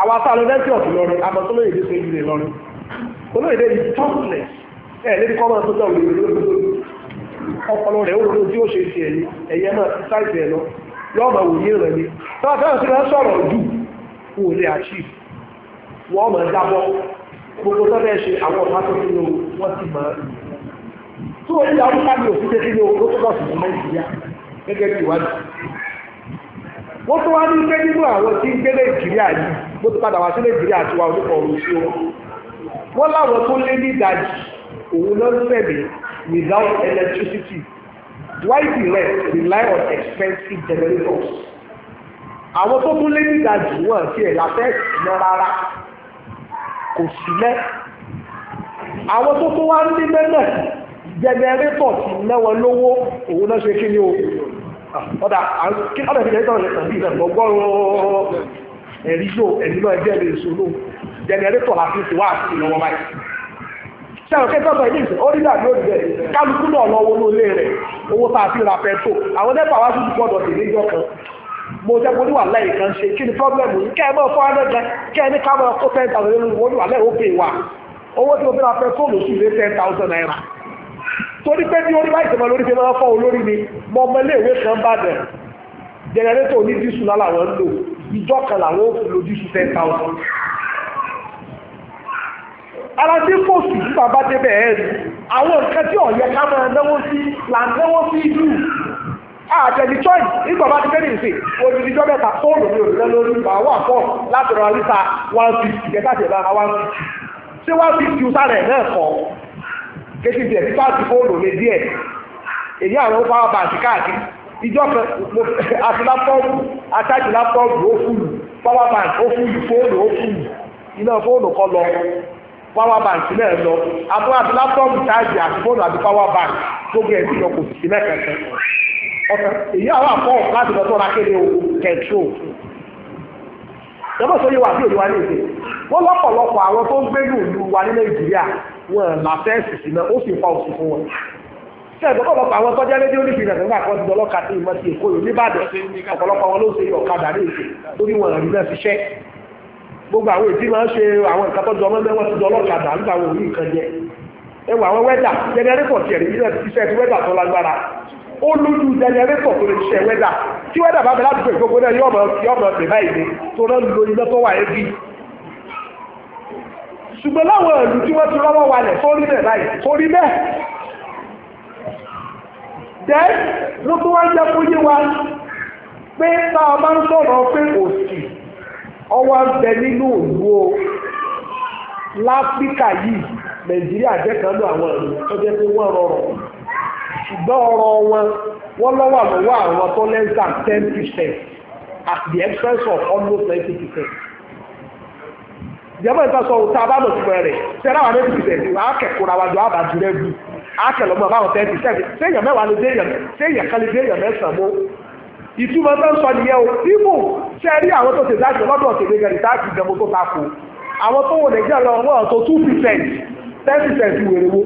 àwọn afáàlọ́ nẹ́tíọ̀tì lọ́rin àmọ́tọ́lọ́ èdè tó ìdílé lọ́rin olóòdè yìí tọ́pùlẹ̀ ẹ̀ lédi kọ́ tó tọ́ òdòdó ọpọlọ rẹ̀ ó lódodo tí ó ṣe ti ẹ̀ ẹ̀yẹ náà ti sáìsì ẹ̀ lọ yọ́ọ̀mà wòye rẹ̀ ni tọ́wọ́ wọ́n máa wá ní gbé àwọn tí ń gbé nàìjíríà yìí bó ti padà wá sí nàìjíríà àti wa olùkọ́ ọ̀rọ̀ sí o wọ́n láwọn tó lé ní ìdajì òun ló ń without electricity why the rest rely on expensive generators àwọn tó tún lé ní ìdajì wọn àti ẹ̀ láfẹ́ ìná rárá kò sílẹ̀ àwọn tó tún wá ń lé mẹ́mẹ́ jẹnẹrétọ̀ ti mẹ́wọn lówó òun náà ṣe kí ni o ah, ọ̀dà àwọn kí ọ̀dà ìjẹ́rẹ́tọ̀ rẹ̀ tàbí ìrẹ̀ gbọ́gbọ́rọ̀ ẹ̀rí yóò ẹ̀rí náà jẹ́ lè so lóhùn jẹnẹrétọ̀ láti ti wá àti ìlọ́wọ́ báyìí. sẹ́wọ̀n kẹ́kọ̀ọ́ sọ ìdíje ó dídà ní òdìbẹ̀ kálukú náà lọ owó lólé rẹ̀ owó tá a fi ra pẹ́tò àwọn nẹ́pà wá sí gbọ́dọ̀ sí níjọ́ kan mo jẹ́ mo ní wà láì kan ṣe kí ni pọ́blẹ́mù yìí kẹ́ ẹ mọ́ fọ́ ẹ́nẹ́gẹ kẹ́ ẹ ní ká máa kó ten thousand nínú mo ní wà láì ó pè wá owó tí mo fi ra pẹ́tò lóṣù lé ten thousand naira torí pé ní orí báyìí tẹ̀mọ́ lórí fi máa fọ́ olórí ni mo ọmọ iléèwé kan bàdàn jẹnẹrétọ̀ onídìísù lálàwọ̀ ń lò ìjọ kan làwọn ò fi lójú sí ten thousand. ara tí kò sì bí bàbá débẹ̀ ẹ̀ rí àwọn nǹkan tí ọ̀yẹ ká máa náwó sí là ń náwó sí jù àtẹ̀lí choice nígbà bá ti fẹ́ nìyí sí olùdíjọ́ mẹ́ta fóònù mi ò ní lórí ìgbà wà fọ́ láti rọra lítà one fifty kẹta tẹ̀lé ara one fifty ṣé one fifty sáré náà kọ́ kéṣin tiẹ̀ fífáàsì fóònù mi díẹ̀ èyí àwọn power bank káàkiri ìjọ kan àti lápọ́ọ̀bù àtàjì lápọ́ọ̀bù ó power bank ó fúlù fóònù ó fúlù iná fóònù kọ́ lọ power bank náà lọ àbúrò àti lápọ́ọ̀bù táàjì àti fóònù àti power bank gbogbo ẹ̀sìn lọ kò sì sí mẹ́kẹ̀ẹ́sẹ̀ ọ̀sẹ̀ èyí àwọn àpọ̀ láti lọ tọ́ra kéde o kẹ̀tù yọ́bọ̀ sọ yé wa bí òdiwà ní èdè wọ́n lọ́pọ̀lọpọ̀ àwọn tó ń gbé ní ìlú wa ní Nàìjíríà wọn làfẹ́ sì sí náà ó sì fa òsì fún wọn ṣe ẹ̀dọ́ ọ̀pọ̀lọpọ̀ àwọn tọ́jà lédè onífìrẹ̀ nígbà kan ti dọ́lọ́ka sí ìmọ̀ sí èkó yìí nìbàdàn ọ̀pọ̀lọpọ̀ àwọn ló ń ṣe ọ̀kadà ní èkó lórí wọn àrí náà ṣiṣẹ́ gbogbo àwọn èdè máa ń ṣe àwọn nǹkan tọ́jú ọmọ mẹ́wọ́n ti dọ́lọ́kadà nígbà wọn ò ní nǹkan jẹ ẹwà àwọn wẹ́dà jẹnẹrétọ̀ tiẹ̀ ní ilé iṣẹ́ ti wẹ́dà tó lágbára ó lójú jẹnẹrétọ̀ tó lè ṣiṣẹ́ wẹ́dà tí wẹ́dà bá bẹ ládùúgbò ìgbógbó náà yọ̀mọ̀ yọ̀mọ̀ pè báyìí ni tó náà lo iná tó wà ẹ́bí ṣùgbọ́n láwọn ìlú tí wọ́n ti rọ́wọ́ walẹ̀ sórí bẹ́ẹ̀ báyìí sórí bẹ́ẹ̀ jẹ́ ló tó wá jẹ́ fún yíwa pé tá a bá ń sọ̀rọ̀ pé òsì ọwọ́ bẹ nínú òlú o láfíríkà yìí nàìjíríà jẹ́ kan lọ àwọn ìlú tó jẹ́ pé wọ́n rọrọ̀ ṣùgbọ́n ọ̀rọ̀ wọn wọ́n lọ́wọ́ àwọn tó than ten percent at the expense of almost ninety percent. ìjọba ìtọ́sọ̀rọ̀ tá a bá lọ sí bẹ̀rẹ̀ akẹlọgbọn báwọn tẹ́tí sẹ́ẹ̀fì séèyàn mẹ́wàá ló déèyàn séèyàn kan lè déèyàn mẹ́sàn-án mọ́ ìtumọ̀ tó ń sọ nìyẹn o ibo ṣe rí àwọn tó ti dáṣọ lọ́dọ̀ òṣèlú gẹ̀rì táàkì ìjọba tó takò àwọn tó wò nàìjíríà lọ wọ́n tó two percent ten percent wèrè wo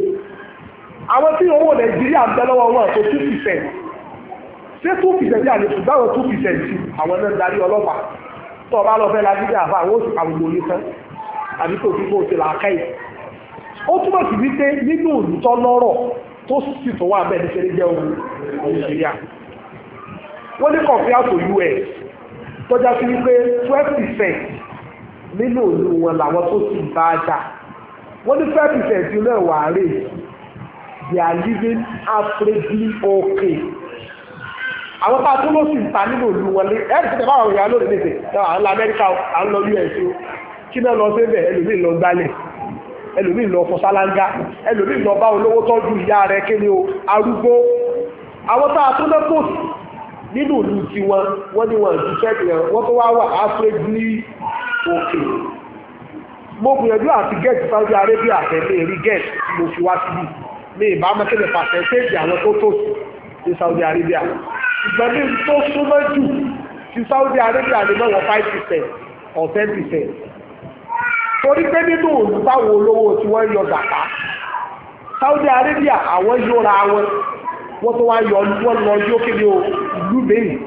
àwọn tí owó nàìjíríà ń bẹ lọ́wọ́ wọ́n tó two percent ṣé two percent yà lè ṣùgbọ́n àwọn two percent àwọn náà darí ọlọ́pàá tó ọba lọ fẹ́ la dídá àbá àwọn òṣùpá gbogbo oníkan àbí tó ti kó o ti là á ó túmọ̀ sí wípé nínú òlùtọ́ lọ́rọ̀ tó sì tó wà bẹ́ẹ̀ níṣẹ́ jẹ́ ohun nàìjíríà wọ́n ní kọ̀fíà tó us tọ́já sí wípé twelve percent nínú òlù wọn làwọn tó sì bá a jà wọ́n ní twelve percent náà wà á rè they are living absolutely okay àwọn bá tó ló sì ń ta nínú òlù wọn lé ẹ̀rì tí tẹ̀bá àwọn èèyàn lónìí nìsẹ̀ àwọn amẹ́ríkà àwọn lọ us kí náà lọ sí ibẹ̀ ẹlòmíì lọ gbálẹ̀ ẹlòmíì lọ fọ sálángá ẹlòmíì lọ bá olówó tọ́jú ìyá rẹ̀ kéde o arúgbó àwọn tá a tún lọ pò nínú ìlú tiwọn wọ́n ní wọn ju fẹ́ẹ̀kì yẹn wọ́n tó wá wà áfíríkì ní òkè mo gbìyànjú àti gẹ́ẹ̀tì Saudi Arabia tẹ̀lé rí gẹ́ẹ̀tì mo fi wá síbi ní ìbámu kéde pàṣẹ́ntéèjì àwọn tó tòsí ní Saudi Arabia ìgbẹ́ni tó súnmọ́ jù ti Saudi Arabia ní mọ́wọ́ five percent or ten percent torí pé nínú òòlù táwọn olówó tí wọ́n yọ gàtá Saudi Arabia àwọn yóra wọn wọ́n tó wá yọ wọ́n lọ yóò kéde o ìlú bẹ́ẹ̀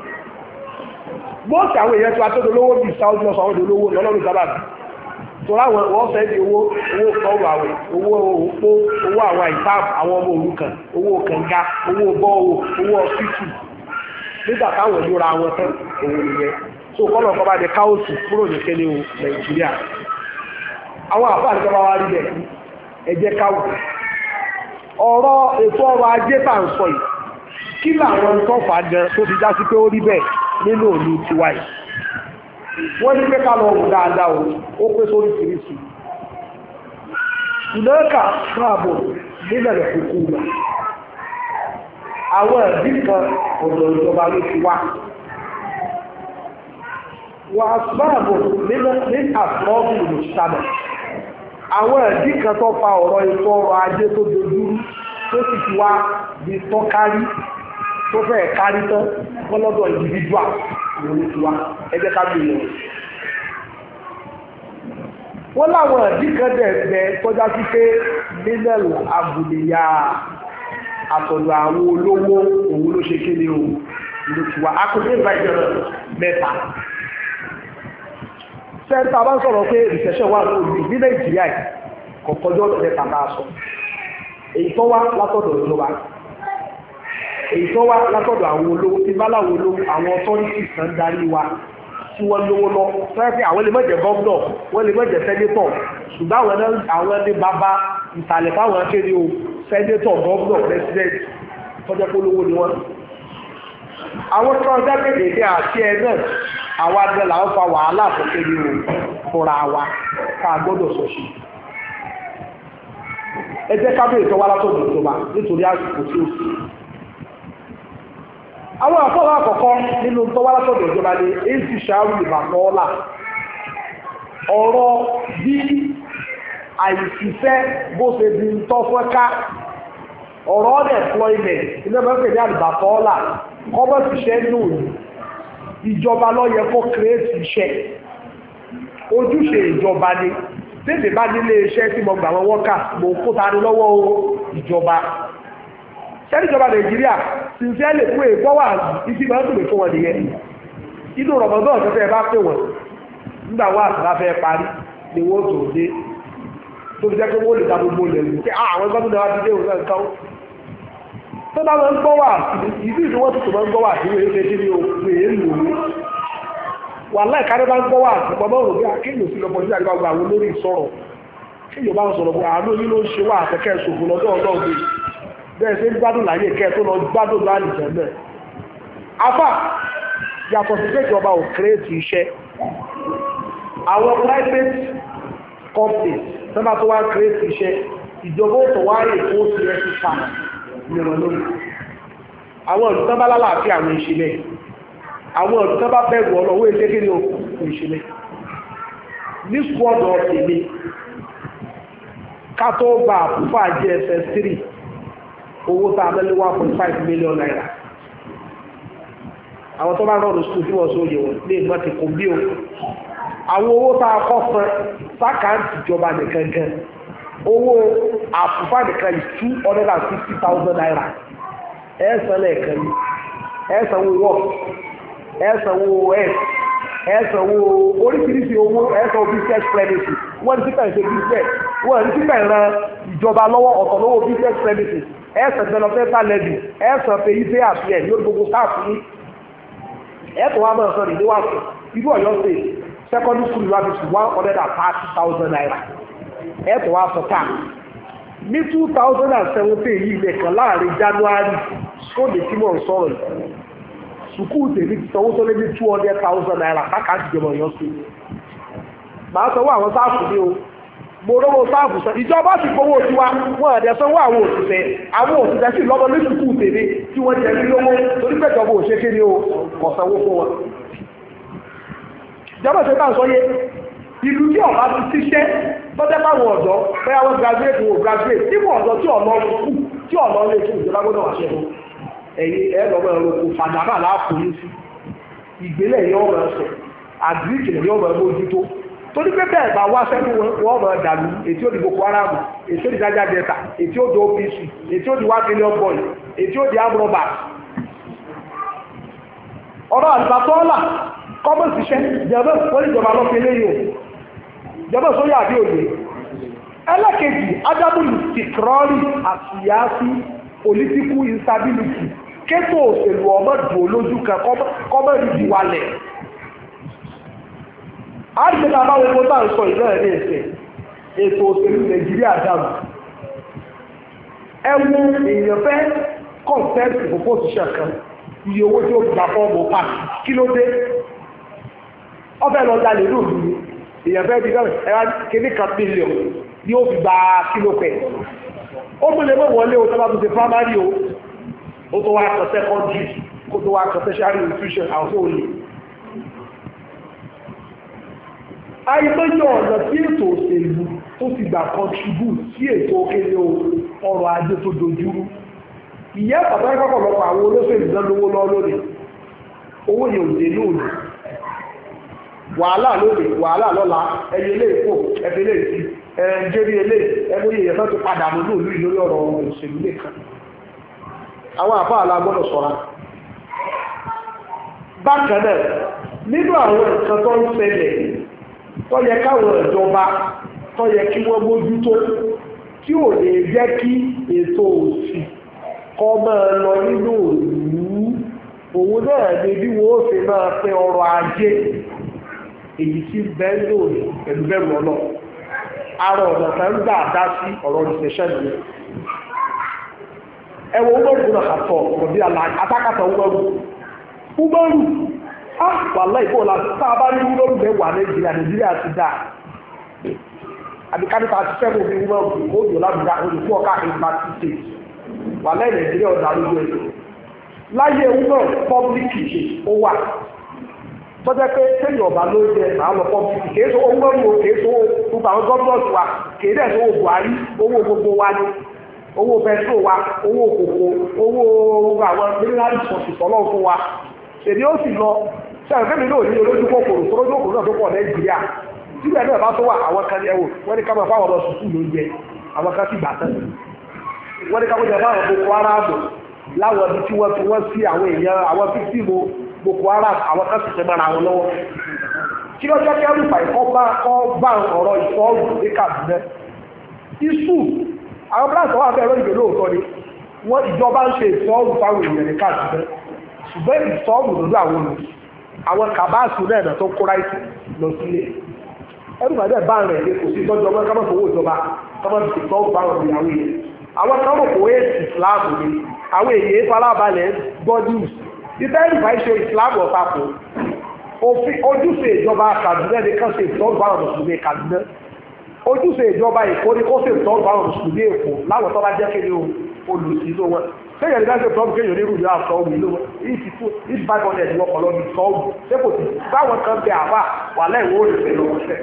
bóòsì àwọn èèyàn tí wọ́n tó dolówó bíi Saudi lọ́sọ̀ àwọn olówó lọ́lọ́run sábàbí torí àwọn wọ́n fẹ́ di owó owó kọ́wọ́ àwẹ̀ owó òpó owó àwọn àìsàn àwọn ọmọ òrukàn owó kànga owó bọ́ọ̀wọ̀ owó ọ̀sìtì nígbà táwọn yóra wọn tán òun nìyẹn so kọ́lọ̀ kọ́ bá di káwọ́sì kúrò ní kéde o Nàìjíríà àwọn àbá àdìjọba wa rí bẹ̀ ẹ jẹ́ káwọ̀ ọ̀rọ̀ ètò ọrọ̀ ajé tà ń sọ yìí kí làwọn tó fà á gan tó ti já sí pé ó rí bẹ́ẹ̀ nínú òní tiwa yìí wọ́n ní pé ká lọ wò dáadáa o ó pé sórí tìrìsì ìlọ́ọ̀kà káàbọ̀ nílẹ̀ rẹ̀ kúkú wa àwọn ẹ̀bí kan ọ̀dọ̀ ìjọba ló ti wá wà á sáàbọ̀ nínú ní àtúnọ́ọ̀bù ìlú sábà àwọn ẹ̀dí kan tó fa ọ̀rọ̀ ètò ọrọ̀ ajé tó dojú tó sì ti wá di tán kárí tó fẹ́ kárí tán wọ́n lọ́dọ̀ individual ló ló ti wá ẹgbẹ́ ká bí wọn. E wọ́n láwọn ẹ̀dí kan dẹ̀ bẹ tọ́já sí pé mílẹ̀lù àgùnìyà àtọ̀dọ̀ àwọn olówó òun ló ṣe kéde o ló ti akọ̀dé ìgbà ìjọba mẹ́ta sẹ́ńtà bá ń sọ̀rọ̀ pé recession wà lórí ní nàìjíríà kọ̀kọ́jọ́ ọ̀dẹ̀ tàbá aṣọ èyí tó wá látọ̀dọ̀ ìjọba èyí tó wá látọ̀dọ̀ àwọn olówó tí báláwo olówó àwọn authority kan darí wa tí wọ́n lówó lọ fẹ́ẹ́fẹ́ àwọn lè mọ̀jẹ̀ gọ́ọ̀dọ̀ wọ́n lè mọ̀jẹ̀ sẹ́nétọ̀ ṣùgbọ́n àwọn ẹni bàbá ìsàlẹ̀ fáwọn akéde o sẹ́nétọ̀ gọ́ọ̀dọ̀ president tọ́jọ́ pé olówó ni wọ́n. àwọn tí wọ́n dá kéde àti ẹ náà àwa gan là fa wàhálà tó kéde o fúnra wa ká gbọ́dọ̀ sọ sí i. ẹ jẹ́ ká bèrè tó wá látọ̀dọ̀ tó nítorí àsìkò tí ó sì. àwọn àfọwọ́ àkọ́kọ́ nínú tó wá látọ̀dọ̀ ìjọba ni èsì ṣáàrù ìbàdàn ọ̀la ọ̀rọ̀ bí àìsíṣẹ́ bó ṣe di ń ọ̀rọ̀ ilé ìjọba ló yẹ kó kírètì iṣẹ́ ojúṣe ìjọba ni tètè bá nílé iṣẹ́ tí mo gbà wọn wọ́kà mo kó ta ni lọ́wọ́ ìjọba sẹ́ni ìjọba nàìjíríà sincerely fún èkó wà ibi máa ń dùn mí fún wọn nìyẹn inú rọ̀mọ́dọ́ ọ̀sẹ̀fẹ́ bá pè wọ́n nígbà wà àtàlà fẹ́ parí ni wọ́n tó dé tó fi jẹ́ pé wọ́n lè dá gbogbo ilẹ̀ lù pé ah, àwọn gómìnà wa ti dé òun náà tó bá máa ń gbọ́ wà ìdí ìdíwọ́ tó tó máa ń gbọ́ wà sí wèé ṣe kíni o wèé lò ó wà láì kárí bá ń gbọ́ wà sí pọ̀ mọ́rùn bí akéèyàn sí lọ́pọ̀ sí àgbà àwọn olórí sọ̀rọ̀ kéèyàn bá ń sọ̀rọ̀ bó àánú yín ló ń ṣe wà àtẹ́kẹ́ ṣòfò lọ́dọ̀ ọlọ́ọ̀gbẹ́ bẹ́ẹ̀ ṣe ń gbádùn láyé kẹ́ tó lọ gbádùn láàrín jẹ́mẹ́ afá yàtọ̀ sí pé ìjọba ò kírètì iṣẹ́ àwọn private companies sábà tó wá kírètì iṣẹ́ ìjọba ò tó wáyè fún òsì rẹ̀ ti sàmà ní wọn lónìí àwọn ọ̀dùn tán bá lálàáfíà àwọn ìṣẹ̀lẹ̀ àwọn ọ̀dùn tán bá bẹ̀rù ọlọ́wọ́ èdè kí ni òkú ìṣẹ̀lẹ̀ ní squad of èmi ká tó gba three owó tá a mẹ́lẹ́ one point five million naira àwọn tó bá ń rọrùn sùkúl tí wọ́n sọ yẹ wọ́n ní ìgbà tí kò bí o àwọn owó tá a owó àfùfáàdì kan yìí two hundred and fifty thousand naira ẹ̀ san lẹ́ẹ̀kan yìí ẹ̀ sanwó wọ́ọ̀ ẹ̀ sanwó ẹ̀ ẹ̀ sanwó oríṣiríṣi owó ẹ̀ sanwó business premises wọ́n ní sípẹ̀ ṣe business wọ́n ní sípẹ̀ ran ìjọba lọ́wọ́ ọ̀tọ̀ lọ́wọ́ business premises ẹ̀ san developmental levy ẹ̀ san pay pay as well yóò gbogbo káàfù yìí ẹ̀ tó wá máa sọ nìdíwàsó irú ọ̀yọ́ state secondary school university one hundred and thirty thousand naira ẹ̀tọ́ wa sọ táà ní two thousand and seventeen yìí lẹ́kan láàrin January sóde tí mò ń sọ̀rọ̀ yìí sùkúù tèmi ti sanwó tó lé ní two hundred thousand naira káka ìjọba Ọ̀yọ́ sí màá sanwó àwọn sáàfù ní o mo rówó sáàfù sọ ìjọba sì gbowó tiwa wọn àdẹ sanwó àwọn òṣìṣẹ́ àwọn òṣìṣẹ́ sì lọ́mọ ní sùkúù tèmi tí wọ́n jẹ mí lówó torí pẹ̀jọba òṣèké ni o kò sanwó fún wọn ìjọba ìṣẹ́ bá ń sọ yé ìlú tí ọba ti ṣiṣẹ́ lọ́jọ́ báwọn ọ̀dọ́ bẹ́ẹ̀ wọ́n graduate wọ́n graduate níwọ̀n ọ̀dọ́ tí ọ̀nà kú tí ọ̀nà lè tún ìjọba gbọ́dọ̀ wà ṣẹ́gun ẹ̀yin ẹ lọ́wọ́ ẹ̀rọ kò fàdàbà láàfin sí ìgbélẹ̀ yẹn ọ̀rọ̀ ẹ̀sọ̀ àgbíríkì yẹn ọ̀rọ̀ ẹ̀mójútó torí pé bẹ́ẹ̀ bá wá sẹ́nu wọn ọ̀rọ̀ dàlú ètí ó di Boko Haram ètí ó di Niger Delta ètí ó di OPC ètí ó di one million boy ètí ó di amroba ọ̀rọ̀ àlùbátọ́ọ̀là kọ́mọ̀síṣẹ́ jẹ̀bẹ́ wọ́n ìjọba lọ́kẹ́lẹ́yìn o jẹ́bọ̀ sórí àbí òye ẹlẹ́kejì adábùlù tìkọ́rì àṣìyáṣí political instability kétò òṣèlú ọmọ dùn olójú kan kọ́mọ́ ìdí walẹ̀ àdìsẹ́ta bá wọn bá ń sọ ìlú ẹ̀ ní ẹ̀sẹ̀ ètò òṣèlú nàìjíríà dàrú ẹwú èèyàn fẹ́ kọ́ńtẹ́ǹtì fòfó òṣìṣẹ́ kan iye owó tí ó gbà fọ́ọ̀mù pàtì kí ló dé ọbẹ̀ lọ́ọ́ dalẹ̀ lóòlù ni èèyàn fẹ́ bí gọ́ọ̀mù ẹ̀rọ kìíní kan mílíọ̀n ni ó fi gba kílò pẹ̀ ó mú lè mọ̀ wọlé o sábà tún ṣe primary o ó tó wá sọ secondary kó tó wá sọ tertiary institution àwọn tó lè. ayélujára ọ̀nà tí ètò òṣèlú tó ti gbà contribute sí ètò òkèlè ọrọ̀ ajé tó dojúrú ìyá bàbá ìkọ̀kọ̀ lọ́pọ̀ àwọn olóṣèlú náà lówó lọ́ lónìí owó yẹn ò dé lónìí wàhálà lónìí wàhálà lọ́la ẹyẹ ilé ìfò ẹbí ilé ìfì ẹjẹrí ilé ẹmúyẹ ìyẹn tó padà mú ní òlú ìlórí ọ̀rọ̀ òṣèlú nìkan àwọn àfáà la gbọ́dọ̀ ṣọ́ra bákan náà nínú àwọn nǹkan tó ń ṣẹlẹ̀ tó yẹ káwọn ìjọba tó yẹ kí wọ́n mójútó tí ò lè jẹ́ kí ètò òsì kọ́ máa lọ nínú òlú òun náà ni bí wọ́n ó ṣe máa pín ọrọ̀ ajé èyí tí bẹ́ẹ̀ lò pẹ̀lú bẹ́ẹ̀rù ọlọ́ ara ọ̀nà kan gbà dá sí ọ̀rọ̀ recession ni ẹ wo ugbọ́rù gbọ́dọ̀ àtọ̀ ọ̀bí atákàtà ugbọ́rù ugbọ́rù wà ìbò la tá a bá ní ugbọ́rù nàìjíríà nàìjíríà ti ti yọ olùkọ́ káàkiri bá ti tè wà nàìjíríà ọ̀dà láyé pọ́blíkì ó wà tọ́jà pé sẹ́yìn ọ̀bà ló jẹ màá lọ so owó o kì í so gbogbo àwọn wa dẹ̀ so owó Buhari owó gbogbo wa ni owó wa owó owó àwọn mineral resources ọlọ́run fún wa ó sì lọ sẹ́yìn fẹ́mi náà ní olójú kòkòrò tó lójú kòkòrò náà tó pọ̀ Nàìjíríà náà bá tó wà àwọn kan ẹ̀wò gbogbo Haram àwọn kan ṣe sẹ́gbàrà àwọn lọ́wọ́ kí ló jẹ́ kẹ́rù fà kọ́ bá kọ́ ọ̀rọ̀ ìfọ́ọ̀rù ní isu àwọn bíláàsì wà lóyìnbó lóòótọ́ ni wọ́n ìjọba ń ṣe ìfọ́ọ̀rù fáwọn èèyàn ní Kaduna ṣùgbọ́n ìfọ́ọ̀rù lòdù àwọn àwọn kàbáàsù náà nà tó kóra lọ sílé bá rẹ̀ ní kò sí ìtọ́jú ọmọ kámọ́ fowó ìjọba kámọ́ fi fáwọn àwọn kámọ́ ni ìtẹ́lì bá ṣe islam ọ̀tàkùn òfin ojúṣe ìjọba Kaduna ní kan ṣe ìtọ́jú àwọn mùsùlùmí Kaduna ojúṣe ìjọba Èkó ní kó ṣe ìtọ́jú àwọn mùsùlùmí Èkó láwọn tó bá jẹ́ kí ni olùsílò wọn sẹ́yìn ìdájọ́ ìtọ́jú kéèyàn ní ìrùlé àṣọ òwú ìlú wọn ìsì tó ìbájú ọ̀nà ìlú ọ̀pọ̀lọ́ ní sọ́ọ̀bù ṣé kò sí báwọn kan bẹ àbá wà lẹ́yìn wọ́n rìn pẹ̀lú ọ̀sẹ̀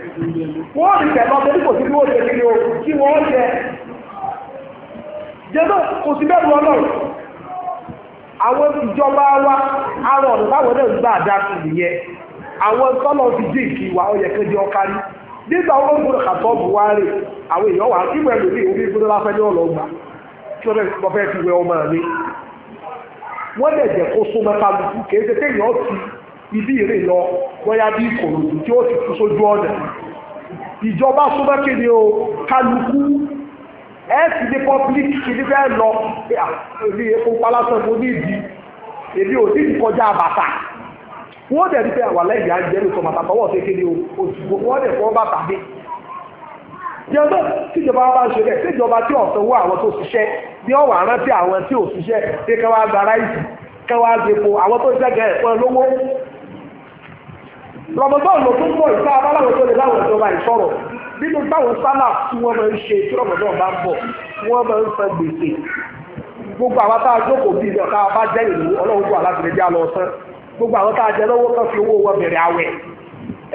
wọ́n rìn pẹ̀lú ọ̀sẹ̀ bí kò sí bí wọ́n ṣe o kí wọ́n jẹ jẹ́ náà kò sí bẹ́ẹ̀ àwọn ìjọba wa arọ ọ̀nà táwọn náà ń gbà dá sí nìyẹn àwọn tọ́lọ̀ ti dín kí wa ọyẹ kéde ọkárí nígbà wọn ń gbọdọ̀ kàtọ́ buhari àwọn èèyàn wà nígbà ẹlòmíì omi gbọdọ̀ láfẹ́ ní ọ̀nà ọgbà tí wọ́n fẹ́ fi wẹ ọmọ mi wọ́n lè jẹ́ kó súnmọ́ kálukú kì í ṣe kéèyàn ti ibi ìrìn lọ wọ́yá bí ìkòròdú tí ó sì kú sójú ọ̀nà ìjọba súnmọ́ kéde o kálukú ẹ ti di public kìí fẹ́ lọ rí ah, epo palásọ̀ mo ní ìdí èmi ò ní ìkọjá bàtà wọ́n dẹ̀ ní pé àwà lẹ́yìn àjẹrò sọ bàtà tọwọ́ ṣe kéde òṣùgbò wọ́n dẹ̀ fọ́ bàtà dé. jẹ́bẹ́ tíjọba bá ń ṣe bẹ́ẹ̀ tíjọba tí ọ̀sán wọ àwọn tó ṣiṣẹ́ ní ọ̀wọ̀ àrán tí àwọn tí ò ṣiṣẹ́ pé kẹ́ wá gba ráìsì kẹ́ wá gbepo àwọn tó ṣiṣẹ́ gẹ̀ẹ́ fún ẹ lówó. rọ̀mọ̀tọ́ ló tún pọ̀ ìta abáláwo tó lè láwọn ìjọba nínú táwọn sálà tí wọ́n máa ń ṣe tí ọmọdé ọba ń bọ̀ wọ́n máa gbogbo àwọn tá a jókòó bíi ní ọ̀tá bá jẹ́ ìlú ọlọ́run bọ̀ gbogbo àwọn tá a jẹ lọ́wọ́ kan fi owó wọn bẹ̀rẹ̀ àwẹ̀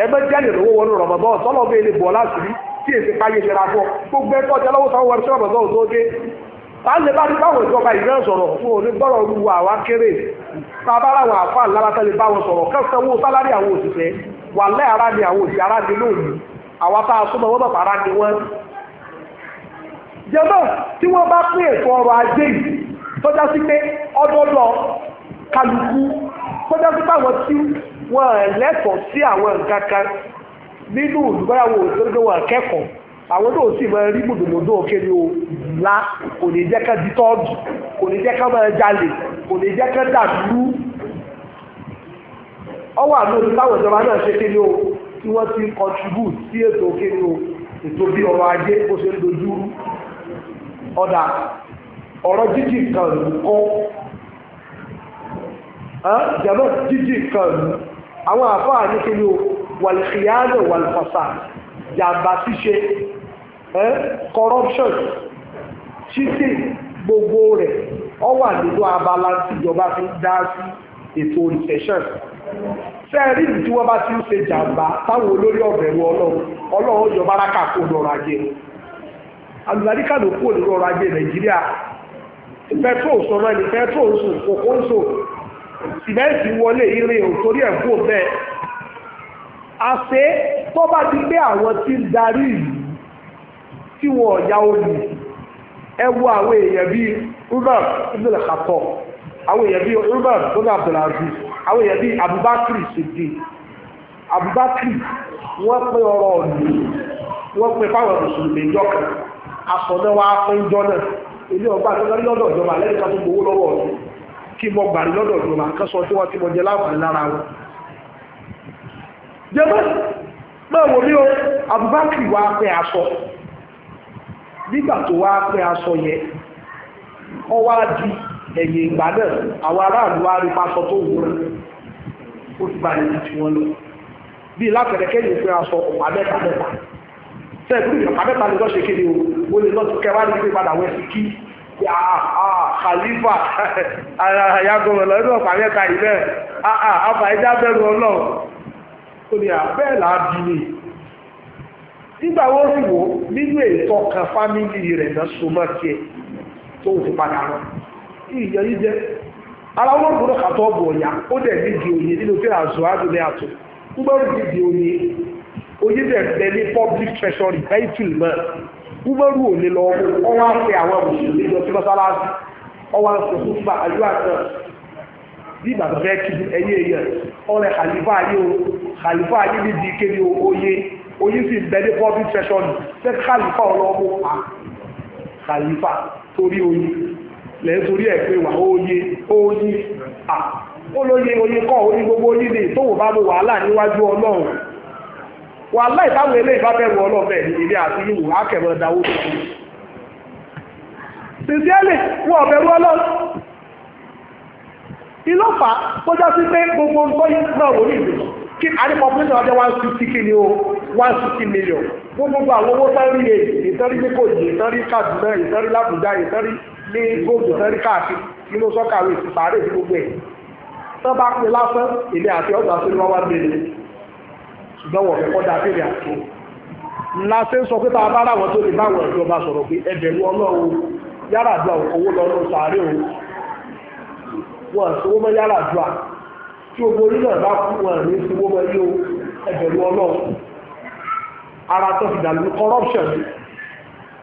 ẹ bẹ́ jẹ́ ìrànwọ́ wọnú rọ̀mọ̀bọ̀ tọ́lọ́ bẹ́ẹ̀ lè bọ̀ láṣìírí tí èsì jẹ àwọn tá a súnmọ́ wọ́n bàbá ara ni wọ́n. jẹ́mọ́ tí wọ́n bá pín ètò ọrọ̀ ajé yìí tọ́já sí pé ọdọ́dọ̀ kálukú tọ́já sí pé àwọn tí wọ́n lẹ́tọ̀ọ́ sí àwọn nǹkan kan nínú olùgbọ́yàwó òṣèlú wọn kẹ́kọ̀ọ́ àwọn náà sì máa rí gbòdògbòdò òkèlè o ńlá kò ní jẹ́ ká di tọ́ọ̀dù kò ní jẹ́ ká máa jalè kò ní jẹ́ ká dàlú ọwọ́ àná olùtàwọn ìjọba náà ṣe kéde o tí wọ́n ti ń contribute sí ètò kéde o ètò bí ọrọ̀ ajé bó ṣe ń dojúrú ọ̀dà ọ̀rọ̀ jíjì kan ló kọ́ jẹ́mọ́ jíjì kan ló àwọn àfáà ní kí ni o wàlìkìyàánù wàlìfọ̀sà jàǹbá ṣíṣe corruption ṣíṣe gbogbo rẹ̀ ọ wà nínú abala tíjọba fi dá sí ètò recession sẹ́ẹ̀rí ìlú tí wọ́n bá ti ń se jàǹbá táwọn olórí ọ̀bẹ̀rù ọlọ́run ọlọ́run yọ báràkà kó lọ́rọ̀ ajé alùbáríkà ló kó lọ́rọ̀ ajé nàìjíríà pẹtrol sọ̀rọ̀ ẹni pẹtrol ń sùn kòkó ń sùn sìmẹ́ǹtì wọlé irin ò torí ẹ̀ àṣé tó bá ti gbé àwọn tí ń àwọn èèyàn bíi Umar bin Abdulaziz àwọn èèyàn bíi Abubakar Siddiq Abubakar wọ́n pín ọrọ̀ ọ̀nì wọ́n pín fáwọn mùsùlùmí ìjọ kan asọ̀nà wa pín ìjọ náà ilé ọgbà tó lórí lọ́dọ̀ ìjọba lẹ́yìn ká tó gbowó lọ́wọ́ ọ̀nì kí mo gbà ní lọ́dọ̀ ìjọba kan sọ tí wọ́n ti mọ jẹ láǹfààní lára wọn. jẹ́mọ́ máa wò ní o Abubakar wá pé aṣọ nígbà tó wá pé aṣọ yẹn ọ wá di ẹ̀yìn ìgbà náà àwọn aráàlú wa rí pásọ tó wúra ó ti bá níbi tí wọ́n lọ bí látẹ̀rẹ̀ kẹ́yìn fún aṣọ ọ̀pá mẹ́ta mẹ́ta sẹ́ẹ̀kú ìjọba ni wọ́n ṣe kéde o ó lè lọ́ọ́ kẹwàá ní pé padà wẹ́ sí kí Khalifa ayagunmọ̀ lọ́dún ọ̀pá mẹ́ta yìí bẹ́ẹ̀ àbá ẹja bẹ̀rù ọlọ́run ó ní àbẹ́ẹ̀ là á bí mi nígbà wo sì wò nínú ètò kan fámìlì rẹ̀ náà so mọ́ tiẹ̀ tó ti padà ìyọ yìí jẹ́ ara wọn gbọ́dọ̀ kàtọ́ ọ̀bù ọ̀yà ó dẹ̀ ní di òye nínú tí àzọ àdùnlé àtò ń gbọ́dọ̀ ní di òye òye dẹ̀ bẹ ní public treasury bẹ́ẹ̀tìl mọ́ umaru ò lè lọ ọwọ́ àfẹ àwọn mùsùlùmí lọ sí mọ́sálásí ọwọ́ àfẹ fúnfà àyọ àtàn bí ìbàdàn fẹ́ kí ẹyẹ èèyàn ọ̀rẹ́ khalifa ayé o khalifa ayé ní di kéde òye òye sì bẹ ní public treasury fẹ́ khalifa ọlọ́mú pa khalifa torí òye lẹ́ torí ẹ̀ pé wà óye óyí à ó lóye oye kọ́ oní gbogbo onílé tóun bá lo wàhálà níwájú ọlọ́run wàhálà ìbáwọn eléyìí bá bẹ̀rù ọlọ́run bẹ́ẹ̀ ní ilé àti ìwò akẹ̀mọ́ dáwó tó kù sincerely wọn ò bẹ̀rù ọlọ́run ìlọ́fà tó já sí pé gbogbo nǹkan yìí náà wò ní ìdìbò kí àrí population ọjọ́ one sixty kí ni o one sixty million gbogbo àwọn owó sáré e, ìtọ́rí ní kò yìí ìtọ́rí Kaduna ìtọ́rí làbújá ìtọ́rí ní góòlù náà rí káàkiri nínú sọ́kàwé ìpàdé gbogbo ẹ̀ tó bá pín lásán èmi àti ọgbà tó ní wọ́n wá gbélé e ṣùgbọ́n wọ̀ fẹ́kọ́ dá fèrè àti ńlá ń sọ pé tá a bá ráwọn tó lè báwọn ìjọba sọ̀rọ̀ pé ẹbẹ̀rún ọlọ́run yàrá àdúrà owó lọ́rùn sàárè o wọn ìṣòwò mọ́ yàrá àdúrà tí ogun orí náà bá kú wọn ní ìṣòwò mọ́ yí o ẹbẹ̀rún ọlọ́run ara tó fi dàlú corruption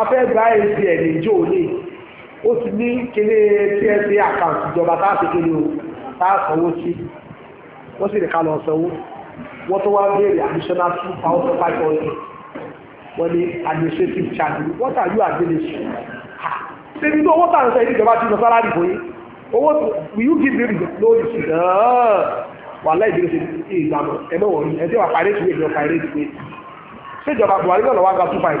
afẹ́ gba ẹ̀sìn ẹ̀ níjó lè ó ti ní kíní tsa àkáǹtì ìjọba tá a ti kíní o tá a sanwó sí wọ́n sì lè lọ sanwó wọ́n tó wá béèrè additional two thousand five hundred wọ́n ní administrative charge what are you administration ṣe ní owó tà ń sẹ́yìn ìjọba ti lọ sálárì fún yín owó will you give me the lórí sí náà wà láì dúró ṣe ìgbàmọ̀ ẹ mọ̀ wọ̀nyí ẹ ti wà parí ìwé ìjọba parí ìwé ṣé ìjọba Buhari náà two five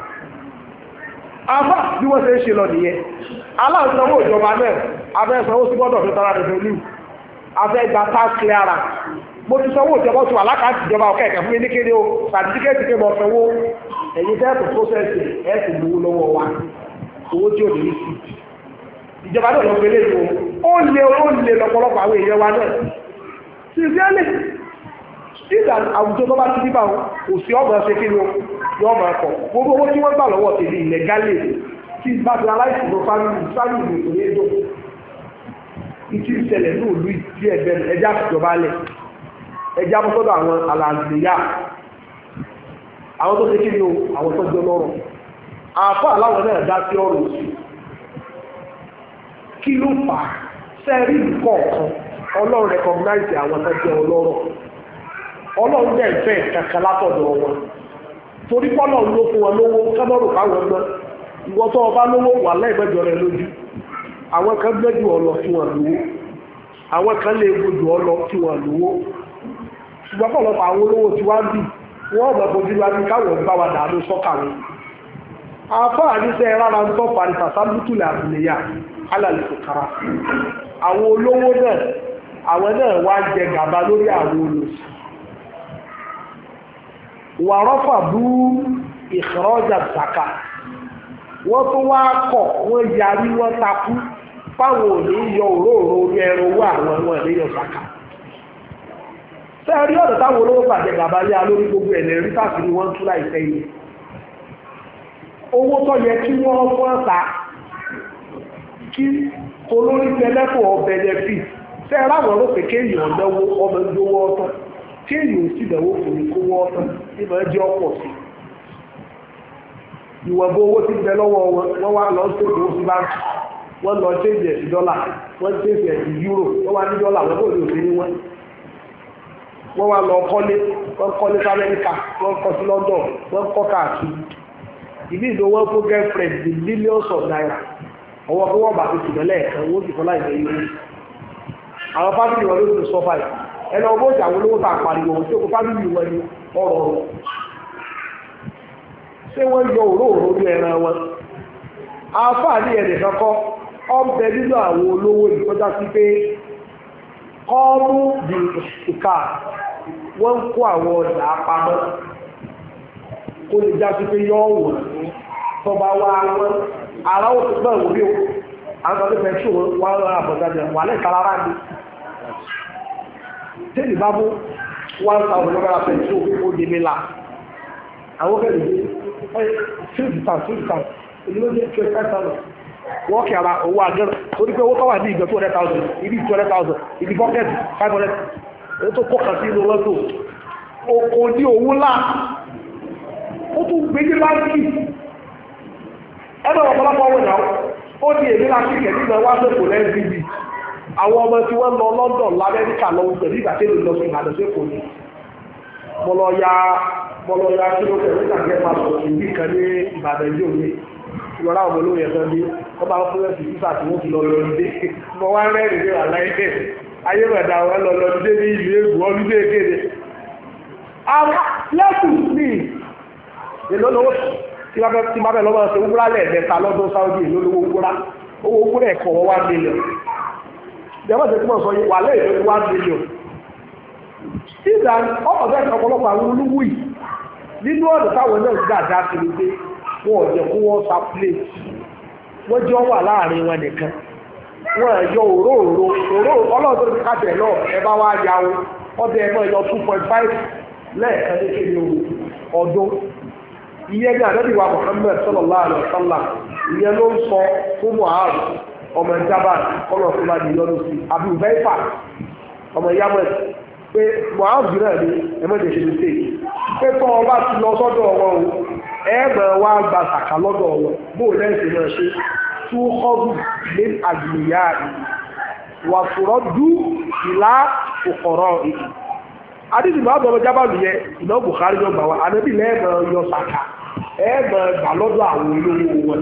afá bí wọ́n ṣe ń ṣe lọ nìyẹn aláàtúnáwó ìjọba náà abẹ́sànwó sí gbọ́dọ̀ fi tọ́ra rẹ̀ lù afẹ́gba táàkì ara mo ti sanwó ìjọba tó wà lákàtí ìjọba ọ̀kẹ́ ẹ̀kẹ́ fún mi ní kéde o sàtífíkẹ́tì pé mo fẹ́ wó ẹ̀yin tẹ́ẹ̀tù pósẹ́sì ẹ̀sìn lówó lọ́wọ́ wa owó tí ò ní í sí ìjọba náà lọ pẹ̀lẹ́ ìwò ó lé ó lé lọ́pọ̀lọpọ̀ àwọn èèyàn wa náà sincerely nígbà àwùjọ tó bá ti bíbá o kò sí ọmọ ṣe kí ló yọ ọmọ ẹ̀kọ́ gbogbo owó tí wọ́n gbà lọ́wọ́ tèmi ilẹ̀ gálè tí bá ti aláìsí lọ fámìlì fámìlì kò ní dùn ìtì ìṣẹ̀lẹ̀ ní òlú ìdí ẹgbẹ́ ẹjẹ àtijọba lẹ ẹjẹ àbọsọdọ àwọn alàgbèyà àwọn tó ṣe kí ló àwọn tó jọ lọ́rọ̀ àpá aláwọ̀ náà dá sí ọ̀rọ̀ òsì kí ló fà sẹ́ẹ̀rì nǹkan ọ̀kan ọlọ́run rẹ̀kọ̀gnáìsì àwọn tó jẹ ọlọ́rọ̀ ọlọ́run dẹ̀ fẹ́ kankan látọ̀dọ̀ wọn torí pọ́lọ̀ ló fún wọn lówó kábọ́rù káwọn gbọ́ ìwọ tó ọba lówó wà lẹ́ẹ̀mẹ́jọ rẹ lójú àwọn kan gbẹ́jù ọlọ fún wọn lówó àwọn kan lè gbójú ọlọ fún wọn lówó ṣùgbọ́n pọ̀lọpọ̀ àwọn olówó tí bì wa ní káwọn bá wa dàánú sọ́kà wọn rárá ń tọ́ alàlẹ́ àwọn olówó náà àwọn náà wá jẹ gàba lórí àwọn wàrọ́fà bú ìkọ́rọ́jà zaka wọ́n tún wá kọ̀ wọ́n yarí wọ́n takú fáwọn òní yọ òróòrò orí ẹran owó àwọn ọmọ ẹ̀lẹ́ yọ zaka ọ̀dọ̀ táwọn olówó pàdé bàbá lé alórí gbogbo wọ́n láìpẹ́ yìí owó tó yẹ kí wọ́n kí olórí ọmọ ìdówó kéèyàn sì dẹ̀wó fún mi kó wọ́ tán tí màá ọ̀pọ̀ sí ìwọ̀nba owó ti bẹ lọ́wọ́ wọn wá lọ sí òkú sí báńkì wọ́n lọ ṣèjì ẹ̀sìn dọ́là wọ́n ṣèjì ẹ̀sìn yúrò wọ́n wá ní dọ́là wọ́n kò lè ní wọ́n wọ́n wá lọ kọ́lé wọ́n kọ́lé sí Amẹ́ríkà wọ́n kọ́ sí London wọ́n kọ́ káàkiri ìdí fún girlfriend the of naira ọwọ́ pé wọ́n wọ́n fọ́lá àwọn fásitì wọn ló ti sọ ẹ ọ bó ìjà àwọn olówó tá tí o wọn ni rẹ̀ ṣé wọ́n yọ òróòró ní ẹran wọn àfààní ẹ̀dẹ̀ kankan ọbẹ̀ nínú àwọn olówó ìkọjá sí pé kọ́ọ̀mù di ìka wọ́n ń kó àwọn ọjà apamọ́ kó lè já sí pé tọba wa wọn ara ó ti gbọ́ o àwọn ọdún àbọ̀dájà wà tẹ́lẹ̀ bá mú one thousand naira pẹ̀lú ó di mílà àwọn fẹ́ẹ̀ lè dé fifty thousand fifty thousand èyí ló dé twenty five thousand wọ́n kì ara owó àjẹrò torí pé owó tó wà ní ìgbẹ́ two hundred thousand ibi two hundred thousand ibi bucket five hundred èyí tó kọ́kàn sí inú lọ́tò oko ní owó ńlá ó tún gbé ní láńkì ẹgbẹ́ ọ̀pọ̀lọpọ̀ wọ̀nyà ó di èmi láńkì kẹ̀kẹ́ ìgbà wá sóko lẹ́yìn bíbí àwọn ọmọ tí wọ́n lọ London lamẹ́ríkà lọ pẹ̀lú ìgbà tí èmi lọ sí ìlànà sí èkó ni mo lọ ya mo lọ ya kí ló pẹ̀lú ìtàgé pàṣẹ ìbí kan ní Ìbàdàn ìjọ mi ìlọ́ra ọmọ olóyè ẹ̀sán bí wọ́n bá fún ẹ̀sìn sísà tí wọ́n ti lọ lọ ní dé mo wá rẹ́rìn ní wàhálà ẹ̀dẹ̀ ayé mẹ́ta wọn lọ lọ ní dé ní ìlú ègbò ọdún dé kéde. àwọn lẹ́kùn ní èlò lówó tí wọ́n fẹ́ tí wọ́n jẹ́wọ́ ìdẹ́kùn mọ̀ sọ yìí wà lẹ́yìn lórí one million ìdá ọkọ̀ bẹ́ẹ̀ ní ọ̀pọ̀lọpọ̀ àwọn olúwù yìí nínú táwọn náà ti dáadáa kiri pé wọn ò kó sa plate wà láàrin wọn nìkan wọn òróòró náà ẹ bá wá ya ọmọ jaba kọlọ tó bá di lọ́dún sí àbí ubẹ́fà ọmọ yamẹ pé muhammed náà ni ẹmọdé ṣe ti tèè pé tọ́ ọ bá ti lọ sọ́dọ̀ wọn o ẹ mọ̀ wá gba sàkà lọ́dọ̀ wọn bó o lẹ́sìn náà ṣe tú họ́dù ní àgbìyà wà fúrọ́ dú ìlà òkọ̀rọ̀ ìdí. adídì muhammed ọmọ jaba lu yẹ ìná Buhari yọ gbà wá ànábì lẹ́ẹ̀mọ̀ yọ sàkà ẹ̀ẹ́mọ̀ gbà lọ́dọ̀ àwọn olówó wọn.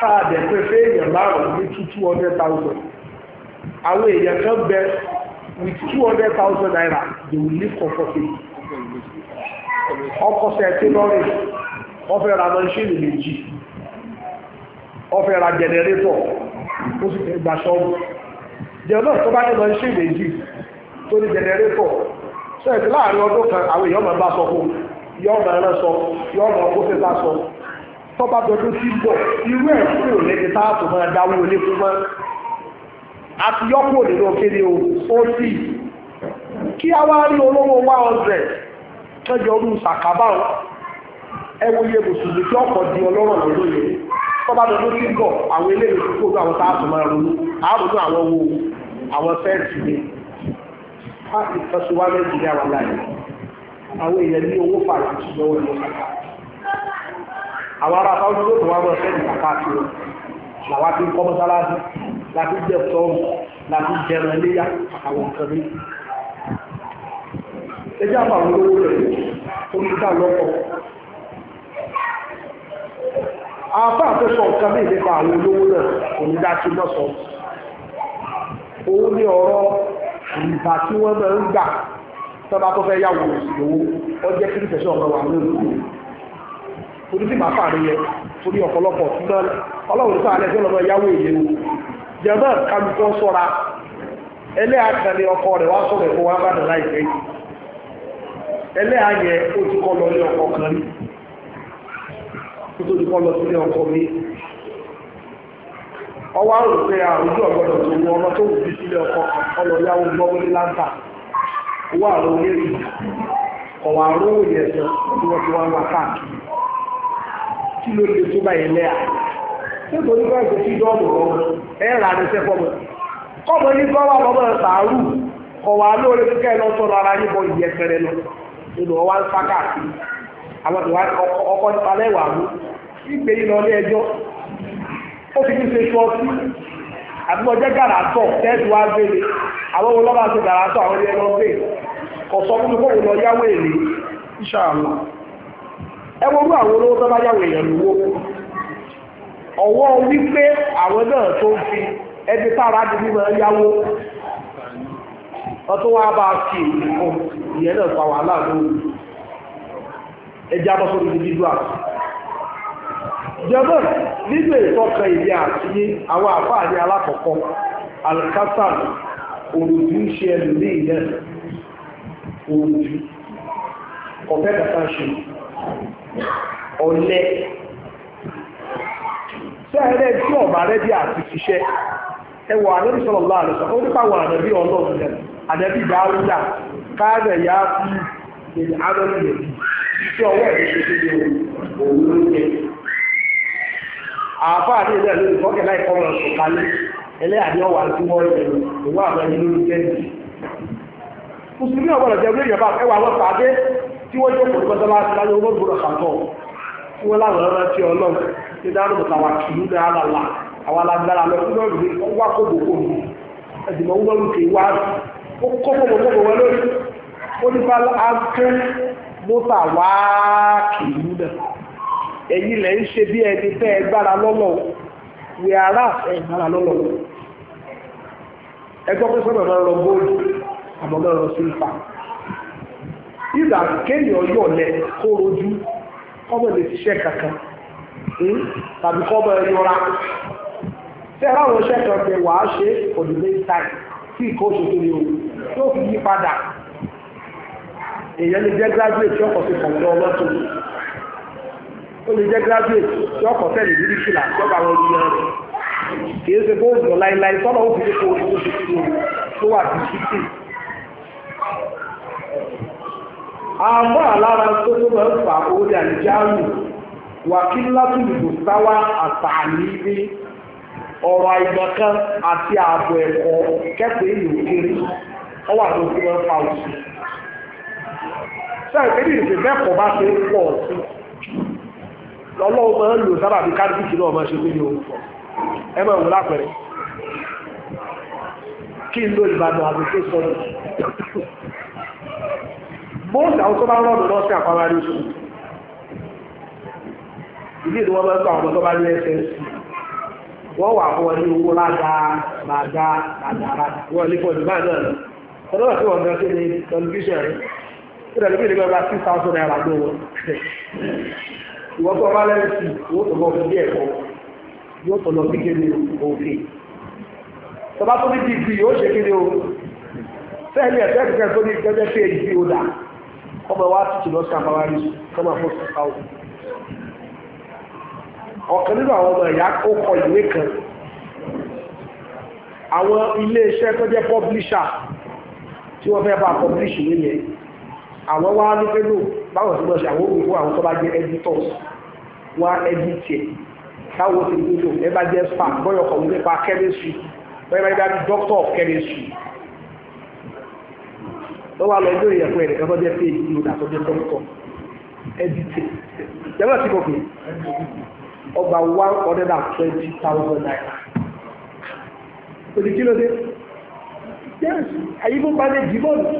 káàdẹ̀ pé fẹ́ẹ̀yàn márùn-ún ní two two hundred thousand àwọn èèyàn kan bẹ with two hundred thousand naira they will live comfortably ọkọ̀ sẹ́ẹ̀tì lọ́rìn wọ́n fẹ́ ra mọ́ṣíìnì méjì wọ́n fẹ́ ra jẹnẹrétọ̀ ó sì fẹ́ gba ṣọ́ọ̀bù jẹ̀rọ tó bá ní mọ́ṣíìnì méjì tó ní jẹnẹrétọ̀ sẹ́ẹ̀tì láàrin ọdún kan àwọn èèyàn máa bá sọ fún yọ́ọ̀mọ̀ ẹran sọ yọ́ọ̀mọ̀ ọkọ̀ fẹ́ bá sọ tọ́ba dọdún sí bọ̀ irú ẹ̀ kúrò lẹ́ni táàtò máa dáwó ilé fún mọ́ àti yọ́pọ̀ nínú kéde o ó sì kí a wá rí olówó one hundred tọ́jọ́ ọdún sàkábà ẹwúyẹ mùsùlùmí tí ọkọ̀ di ọlọ́rọ̀ lọ́dún yẹn tọ́ba dọdún sí bọ̀ àwọn eléyìí tó kó àwọn táàtò máa ronú àrùn náà àwọn wo àwọn fẹ́ẹ̀sì ni a ìfẹsùwárẹ́ ìdílé àwọn láyé àwọn èèyàn ní owó fàlàtì lọ́wọ́ ìlú sàkábà. àwọn ará sáwọn tó tó wá mọ̀ ṣẹ́ni kàkà sí o làwọn ti ń kọ́ mọ́sálásí láti jẹ́ sọ́ọ̀mù láti jẹrẹ léyà àwọn nǹkan mi. ẹ jẹ́ olówó rẹ̀ ó dá lọ́pọ̀. nǹkan mi nípa àwọn olówó náà kò ní dá sí òun ọ̀rọ̀ ìgbà tí wọ́n máa ń gbà tọ́ba torí tí màá fàárí yẹ torí ọ̀pọ̀lọpọ̀ ṣùgbọ́n ọlọ́run sáà lẹ́sẹ̀ lọ́mọ yáwó èyẹ o jẹ̀mọ́ kálukọ́ sọ́ra ẹlẹ́àkàlẹ̀ ọkọ rẹ̀ wá sọ̀rọ̀ ẹ̀kọ́ wá bá láìpẹ́ yìí ẹlẹ́àyẹ ó ti kọ́ lọ ọkọ kan tó ti kọ́ lọ ọkọ mi ọwọ́ àrùn pé àrùjọ ọ̀gbọ́dọ̀ tó wọ ọmọ tó wù bí sílé ọkọ ọlọ yáwó gbọ́gbọ́lé kí ló lè tó báyìí lẹ́yà a bá ìgbé tí dọ́ọ̀mù ọmọ ẹ rà ní sẹ́kọ̀ mọ́ kọ́mọ ní bá wà lọ́mọ sàárù ọ̀wà lóore kíkẹ́ lọ sọ̀rọ̀ ara yín bọ ìyẹn pẹrẹ lọ nínú ń sá káàkiri ọkọ nípa mú ìgbé yìí lọ ní ẹjọ́ ó fi ní sọ sí àbúrò jẹ́ wá gbélé àwọn ẹwọ́rú àwọn olówó tó bá yàwó èèyàn lówó ọwọ́ wípé àwọn náà tó ń fi ẹbí tára di mímọ yáwó ọtún wá bá fi èyí fún ìyẹn náà fa wàhálà lóru ẹjẹ abọ́sọ́ ní dídú àti jẹ́mọ́ nínú ìtọ́ka ìdí àti àwọn àfáà ní alákọ̀ọ́kọ́ alkasar òrùjú ṣe ẹlùmí ìyẹn òrùjú ọ̀fẹ́ kàtà ṣe ọ̀lẹ sẹ́ẹ̀rẹ́ tí ọba rẹ bí àti ṣiṣẹ́ ẹ wọ ànábì sọ̀rọ̀ láàrin sọ nípa àwọn ànábì ọlọ́run rẹ ndị dáúdà káàdà yá fún ìlú ànábì rẹ tí ṣe ṣe ṣe òun ló jẹ láì ìwọ lórí jẹ́ tí wọ́n jókòó tó dáná láti láyé owó gbòòrò kàtọ́ tí wọ́n láwọn ọ̀rọ̀ tí ọlọ́run ti dáná bùtà wà kì í dá àlàlà àwọn alágbára lọ fún bẹ́ẹ̀ bí wọ́n wá kó gbogbo mi ẹ̀dìmọ̀ wọ́n lù kì í wá ó kó gbogbo wọn lórí ó ní bá ákú mọ́tà wá kì í dá ẹ̀yin lẹ̀ ń ṣe bí ẹni tẹ́ ẹ gbára lọ́lọ́ wí ara ẹ̀ gbára lọ́lọ́ ẹgbẹ́ pẹ́ sọ́dọ̀ náà lọ góòlù àmọ́ náà lọ sí ìfà ìgbà kéèyàn yọ̀lẹ̀ kó rojú kọ́mọ lè ṣiṣẹ́ kankan hmm? tàbí kọ́mọ ẹ̀yọra tẹ́lá àwọn iṣẹ́ kan pé wàá ṣe òdìlé táì tí ìkó oṣù tó ní o yóò fi yí padà èèyàn lè jẹ́ graduate tí ọkọ̀ sí kọ̀ọ̀kan ọlọ́tọ̀ ó lè jẹ́ graduate tí ọkọ̀ tẹ̀lé ní bíkìlà tí ọba àwọn olùyẹn rẹ̀ kì í ṣe bóògùn láíláí tọ́lọ́ ó kó ṣe wà bí àbọ̀ àlára tó tó bá ń fa orí àjáàlù wàkí látùlùbù sáwá àtàlíbí ọ̀rọ̀ àìgbọ̀kan àti ààbò ẹ̀kọ́ kẹ́pẹ́ ìlú kiri ọwà tó tó bá ń fa òsì. mẹ́kọ̀ọ́ bá ṣe ń pọ̀ sí lọ́lọ́wọ́ máa ń lò sábà bí náà máa ṣe pé ní ẹ máa lápẹ̀rẹ̀ kí n lo Ìbàdàn bóòsì àwọn tó bá rọrùn lọ sí àpamọ́ àríwísù ilé ìdíwọ́ bá gbà ọmọ tó bá rí ẹsẹ̀ wọ́n wà fún ọdún owó lága lága lága wọ́n ní fọ́ọ̀dù báyìí náà lọ ọlọ́wọ́ tí wọ́n gan sí ní tẹlifíṣàn rẹ̀ ó dàbí pé nígbà bá six thousand naira ló wọ́n ìwọ́n tó bá lẹ́yìn sí owó tó lọ fún bí ẹ̀kọ́ yóò tó lọ sí kéde òkè tọ́ba tó ní dìgbì yóò ṣe kéde o fẹ́ẹ̀lì ẹ̀fẹ́ kẹ́kẹ́ ọmọ wa títí lọ sí àbáwárí kọ́mà fún ṣùkáwò ọ̀kan nínú àwọn ọmọ ẹ̀yà ó kọ ìwé kan àwọn ilé-iṣẹ́ tó jẹ́ pọ́blíṣà tí wọ́n fẹ́ bá pọ́blíṣì nílẹ̀ àwọn wá ní pẹ́lú báwọn tí wọ́n ṣe àwọn òwúrò àwọn tó bá jẹ́ editors wá edit ẹ̀ táwọn ti nílò ẹ bá jẹ́ spa bọ́yọ̀ kọ̀wé nípa chemistry bọ́yọ̀ bá jẹ́ doctor of chemistry ó wá lọ lórí ẹ̀kọ́ ẹ̀rẹ̀ kan tó jẹ́ péjì ní jẹ́ tọ́kọ̀ ẹ̀dìtì jẹ́wọ́ ti ọgbà one hundred and twenty thousand naira òdì kí dé yes àyíkó padà jì bọ́ọ̀lù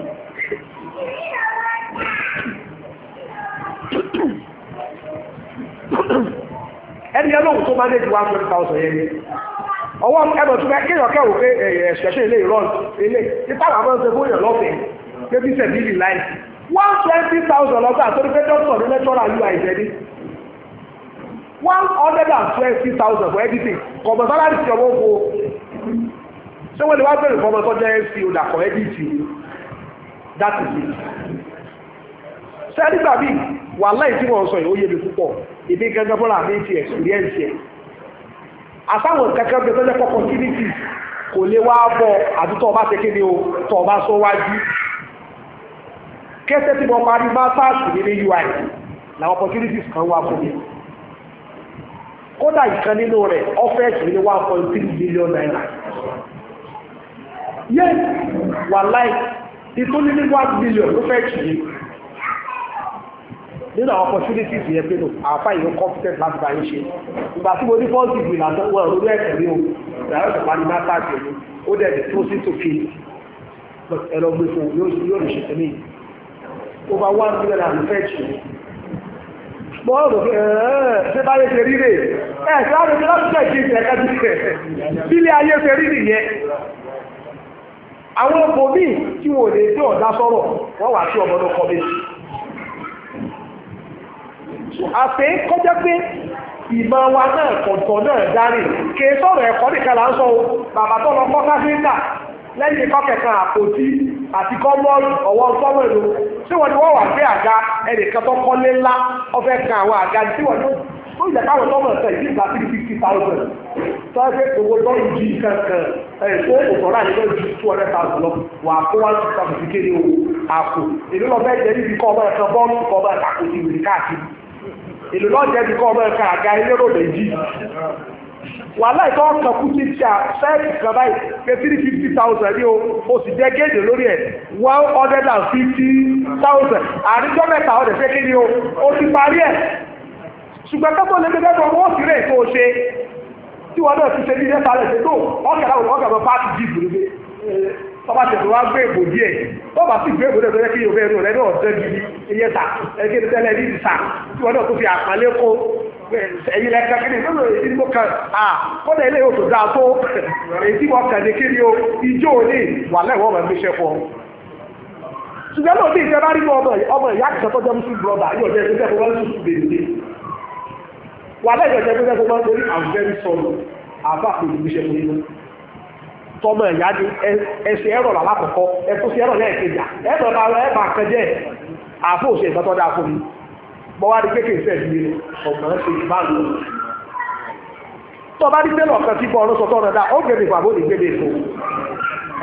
ẹni ọlọ́run tó máa déjì 100,000 yẹn ni ọwọ́ ẹgbẹ̀ tó bẹ́ kéèyàn kẹwò pé ẹ̀ṣẹ̀ṣẹ̀ ilé ìrọ̀lù ilé títàwà mọ́ ṣe fún ìyàn lọ́fẹ̀ẹ́ kébí sẹ̀bílì láì one twenty thousand lọ́gbà torí pé dókítà ní lẹ́tọ́rà ui jẹ́ni one hundred and twenty thousand for editing kọ̀mọ̀ sálárì ti ọwọ́ oko ṣé wọ́n lè wá bẹ̀rẹ̀ fọmọ tó jẹ́ fc odàkọ̀ edit that is it sẹ́ẹ̀dì tàbí wàhálà ìtí wọ́n sọ yìí ó yé mi púpọ̀ èmi gángan fúnra mi ti experience yẹn àtàwọn kankan bẹ tó jẹ́ kọ́kọ́ kí ni kì kò kẹ́sẹ̀ tí mo parí masters nílé UI làwọn opportunities kan wà fún mi kódà ìkan nínú rẹ̀ ọ́fẹ́ẹ̀sì ní one million naira yes wàláì ìtúni ní one million ló fẹ́ẹ̀ tì í nínú àwọn opportunities yẹn pé nù àfa ìlú competent láti bá yín ṣe ìgbà tí mo ní first degree lásán wọn ronú ẹ̀sẹ̀ mi o ìdáyọ̀ ìjọba ní masters yẹn ó ẹ̀rọ gbé fún yóò ṣe tẹ̀lé yìí over one million and thirty bọ́ọ̀lù eh, ṣe báyé ṣe rí rè ẹ̀ eh, ṣe láti ṣe láti ṣe kí ìṣẹ̀ká ti ṣe bílé ayé ṣe rí nìyẹn àwọn ọkọ̀bí tí wọ́n lè tí ọ̀dá sọ́rọ̀ wọ́n wà sí ọmọdé ọkọ̀ méjì àti kọjá pé ìmọ̀ wa náà kọ̀tọ̀ náà dárì kì í sọ̀rọ̀ ẹ̀kọ́ nìkan là ń sọ bàbá tó lọ kọ́ káfíńtà lẹ́yìn kọ́kẹ̀kan àpótí àti kọ́mọ́ọ̀lù ọ̀wọ́ sọ́wọ́ èlò tí wọ́n ní wọ́n wà pé àga ẹnìkan tó kọ́lé ńlá ọ̀fẹ́ kan àwọn àga tí wọ́n ní ó yẹ káwọn tọ́mọ̀ ẹ̀sẹ̀ yìí nígbà tí fifty thousand tó ẹ fẹ́ owó lọ́rù jí kankan ẹ̀ tó òtọ́lá yìí lọ́rù jí two hundred thousand lọ wà á kó wá sí sàmùsí kéde o àpò èlò lọ fẹ́ jẹ́ níbi kọ́ ọmọ ẹ̀ka bọ́ọ̀lù kọ́ ọmọ ẹ̀ka kò sí ìrìn káàkiri èlò lọ́ọ̀ jẹ́ níbi kọ́ ọmọ ẹ̀ka àga ilé ròdè yìí wàhálà ìtọ́ ọkàn kú ti ti à kan báyìí pé three fifty thousand ní o o sì jẹ́ géèdè lórí ẹ̀ one hundred and fifty thousand àríjọ́ mẹ́ta ọ̀dẹ̀ ṣé kí ni o o ti parí ẹ̀ ṣùgbọ́n tó tó lé gbẹgbẹ́ tó wọ́n rẹ̀ tó o ṣe tí wọ́n náà ti ṣe bí ilé ṣe tó pàtì jí tẹ̀ tó wá gbé èbò díẹ̀ tọ́ba sì gbé èbò díẹ̀ tó yẹ kí yorùbá iye ta ẹgbẹ́ tẹ́lẹ̀ ní ìsà tí wọ́n náà tó fi àpálẹ́ kó ẹ̀yin lẹ́ka kí ni lọ́dọ̀ èyí tó kàn á kọ́dà ilé yóò tó dáa tó èyí tí wọ́n kàn ní kí ni o ijó ní wà lẹ́wọ̀n ọmọ ẹgbẹ́sẹ̀ fún ọ. ṣùgbọ́n náà ní ìjọba rí ọmọ ọmọ ìyá kìí sọ́tọ́ jẹ́mú sí brọ́dà yóò jẹ́ ẹgbẹ́ fún wọn sùn bèèrè wà lẹ́yìn ọjọ́ ẹgbẹ́ fún wọn torí àwùjẹ́rì sọ̀rọ̀ àbá kò ní ìṣẹ́ fún tọmọ ẹ̀yá ni ẹsẹ̀ ẹ̀rọ làlákọ̀ọ́kọ́ ẹ̀kọ́ sí ẹ̀rọ lẹ́ẹ̀kejì ẹ̀rọ bá ẹ̀bà kan jẹ́ àfọ̀ òṣèlú dáa fún mi bọ́ wá di kékeré sẹ́ẹ̀ di ọ̀gbọ̀n ṣe ìbálò tó bá di pé lọ́ọ̀kan tí bọ́ ọ̀rọ̀ sọ tọ́nà dá ó gbèdè pàbó ní gbèdè èkó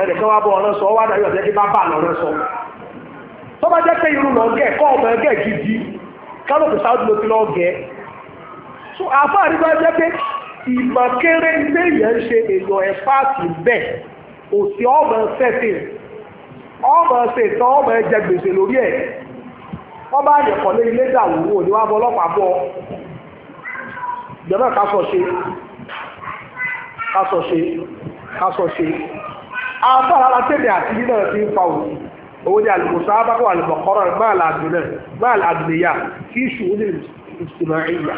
ẹnìkan wá bọ́ ọ̀rọ̀ sọ wá dá yọ̀ọ̀dẹ́ kí bá bà lọ́rọ̀ sọ tó bá jẹ́ pé irun lọ gẹ̀ kọ́ ọmọ ẹgẹ́ gidi kálọ̀ tó sáwọ́ ló ti lọ gẹ̀ so àfáàrí bá jẹ́ pé ìmọ̀ kéré ilé yẹn ṣe èèyàn ẹ̀fáàtì bẹ́ẹ̀ òsì ọmọ ṣẹ́tì ọmọ ṣètò ọmọ ẹ̀jẹ̀ gbèsè lórí ẹ̀ wọ́n bá yẹ̀ kọ́ lé ilé dàrú wò ní wàá bọ́ ọlọ́pàá bọ́ ìjọba kásọ̀ ṣe kásọ̀ ṣe kásọ̀ ṣe afára látẹ̀lẹ̀ àti nínà ti ń fa òun owó ní àlùmọ̀sá bákọ̀ àlùmọ̀kọ́rọ̀ máàlì àdùnnìyà kí ìṣù ní ìsìnà ìyà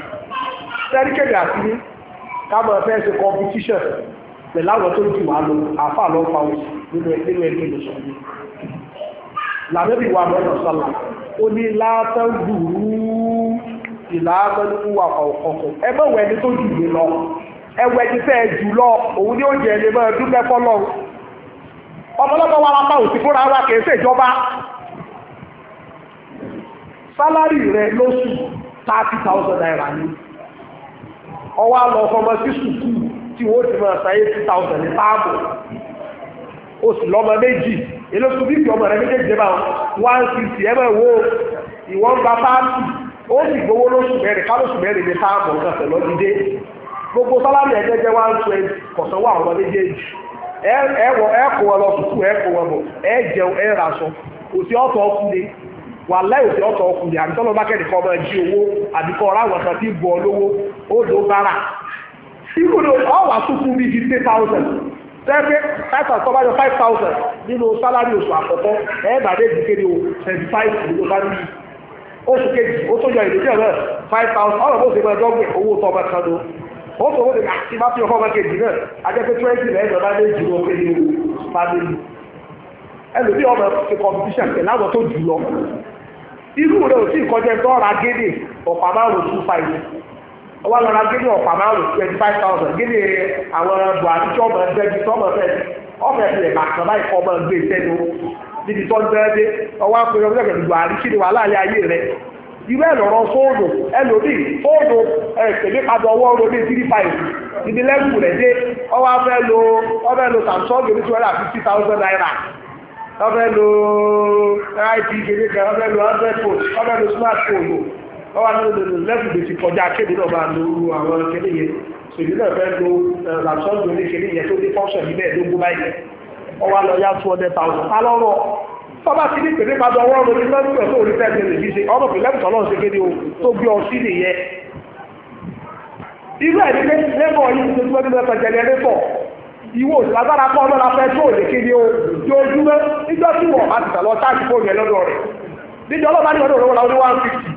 tẹ́ríkẹ̀lẹ̀ àti ní káàmọ̀ fẹ́ ṣe competition pẹ̀lú àwọn tó jù wá lọ àfà lọ́ fa òun nínú ẹgbẹ́ ìlú sọ̀rọ̀ làbẹ́bí wa mọ́tò sọ́lá ó ní látàn gbùrú ìlàmọ́nú wà ọ̀kọ̀ọ̀kọ̀ ẹ mọ̀ wẹ́ni tó jù mí lọ ẹ wẹ́ni tẹ́ ẹ jù lọ òun ni ó jẹ ẹni mọ́ dúpẹ́ fọlọ́ ọmọlọ́pọ̀ wa lápá òsì fúnra wa kì í ṣèjọba sálárì rẹ lóṣù thirty thousand naira ni ọwọ́ àlọ́ fọmọ sí sùkúù tí wọ́n ti máa ṣàyè two thousand ní táàbù o sì lọ́mọ méjì èlò tó bí ìfì ọmọ rẹ méjèèjì bá one sixty ẹ máa wo ìwọ́n gba páàtì ó sì gbowó lóṣù mẹ́rin kálóṣù mẹ́rin ní táàmù nǹkan tẹ̀ lọ́dídé gbogbo sálárì ẹ̀ jẹ́jẹ́ one twenty kọ̀sán wà ọmọ méjèèjì ẹ kó wọn lọ sùkúù ẹ kó wọn bọ̀ ẹ jẹun ẹ rà aṣọ òsì ọ̀tọ̀ ọkùnrin wà láì òsì ọ̀tọ̀ ọkùnrin àbí tọ́lọ́ mákẹ́rì kọ́ ọmọ ẹ̀jí owó àbí ọ̀rá àwọn kan tí bọ̀ tẹ́gbẹ́ five thousand tọ́bájọ five thousand nínú sálárì oṣù àkọ́kọ́ ẹ̀ẹ́dà déjì kéde o seventy five o sálárì oṣù kejì o tó yọ ìdíjẹ́ rẹ̀ five thousand ọ̀rọ̀ bó ṣe gbọ́dọ̀ dọ́gbẹ̀ owó kan ló o tó wọlé àti bá fi ọba kejì náà ajẹ́ twenty lẹ́yìn ọba méjì ló pé o family ẹlòmí ọmọ ti competition pẹ̀lú àwọn tó jù lọ irú rẹ̀ ò tí kọjá ẹ̀ tó ọ̀rọ̀ agédè ọ̀pá márùn two five ọwọ́ lọ́la gíní ọ̀pá márùn twenty five thousand gíní àwọn buhari tí ọmọ ọmọ báyìí ọmọ níbi dé ọmọ buhari kí ni ayé rẹ irú fóònù fóònù padà three five níbi lẹ́gùn dé lo lo samsung ní fifty thousand naira lo ọwọ́ àwọn olùdó lẹ́bù lè ti kọjá kéde náà máa lo irú àwọn kéde yẹn sòdí náà fẹ́ lo làtọ́jú ní kéde yẹn tó ní fọ́ṣọ̀ yìí bẹ́ẹ̀ lógún báyìí ọwọ́ àlọ́ yá two hundred thousand alọ́rọ̀ ọba ti ní pèsè padà ọwọ́ ọ̀rọ̀ nígbà tó tó orí tẹ́lẹ̀ lè fi ṣe ọmọ pé lẹ́bù tọ́lọ́ ṣe kéde o tó gbé ọ sí nìyẹn irú ẹ̀ nílé lẹ́bọ̀ yìí ti tó gbé jẹnẹrétọ̀ ìwò lágbára kọ́ ọlọ́ra fẹ́ tó òde kéde o lójúmọ́ nígbà tí wọ́n bá ti tà lọ táàkì fóònù ẹ lọ́dọ̀ rẹ̀ níjọ́ ọlọ́ba ní ọdún òróró la ó ní one fifty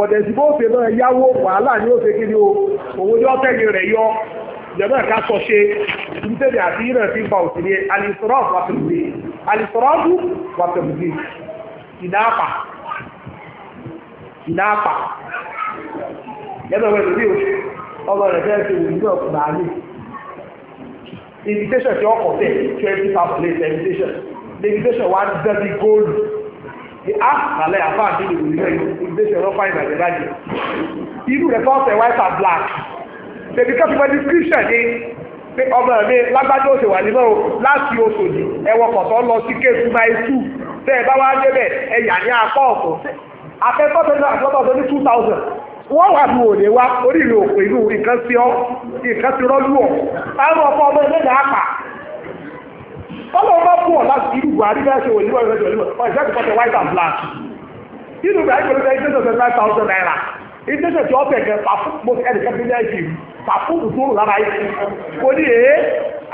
kọ̀dẹ̀ sí bó ṣe náà yáwó wàhálà ni ó ṣe kí ni o òun ni ọ́tẹ́lẹ̀ rẹ̀ yọ ìjọba ẹ̀ka sọ ṣe ìdúntẹ̀lẹ̀ àti yìí náà fi ń fa òsì ní alisọ́rọ́ọ̀fù wàtẹ̀bùdì alisọ́rọ́ọ̀fù wàtẹ̀bùdì ìdáàpà ìdáàpà yẹ́nbẹ̀rẹ̀ lórí o ọmọ rẹ̀ fẹ́ ṣe òun náà kùnà ní invitation ti ọkọ̀ tẹ̀ twenty thousand late invitation The invitation wa ń dẹ́bi góòlù á kàlẹ́ àfa àti ìdìbò nílẹ̀ olùdíje ọlọ́pàá ìbàjẹ́ báyìí irú rẹ̀ kọ́ ọ̀sẹ̀ white black tèmi kọ́ fífẹ́ description ni pé ọmọ mi lágbájá òsè wà nínú o láti Òṣòdì ẹ̀wọ̀ kọ̀tọ́ lọ sí kéésù náírà tù tẹ́ ẹ bá wá débẹ̀ ẹ yà ní apá ọ̀tọ̀ afẹ́kọ́ tó ní àtúntò tó ní two thousand wọ́n wà ní òde wa orí ọmọ ẹgbẹ́ náà ọlọ́run fún ọ láti irú buhari bá ṣe wòlíwọ̀ ìrẹ́jọ ìlú ọ̀ ìṣẹ́ ti pọ̀tẹ̀ white and black inú buhari pẹ̀lú ẹ̀ ìṣẹ́jọ five thousand naira ìṣẹ́jọ ti ọ̀fẹ́ kẹ pàfún mo ṣe ẹnìkan ní àìsí pàfún tó lára yìí kò ní èé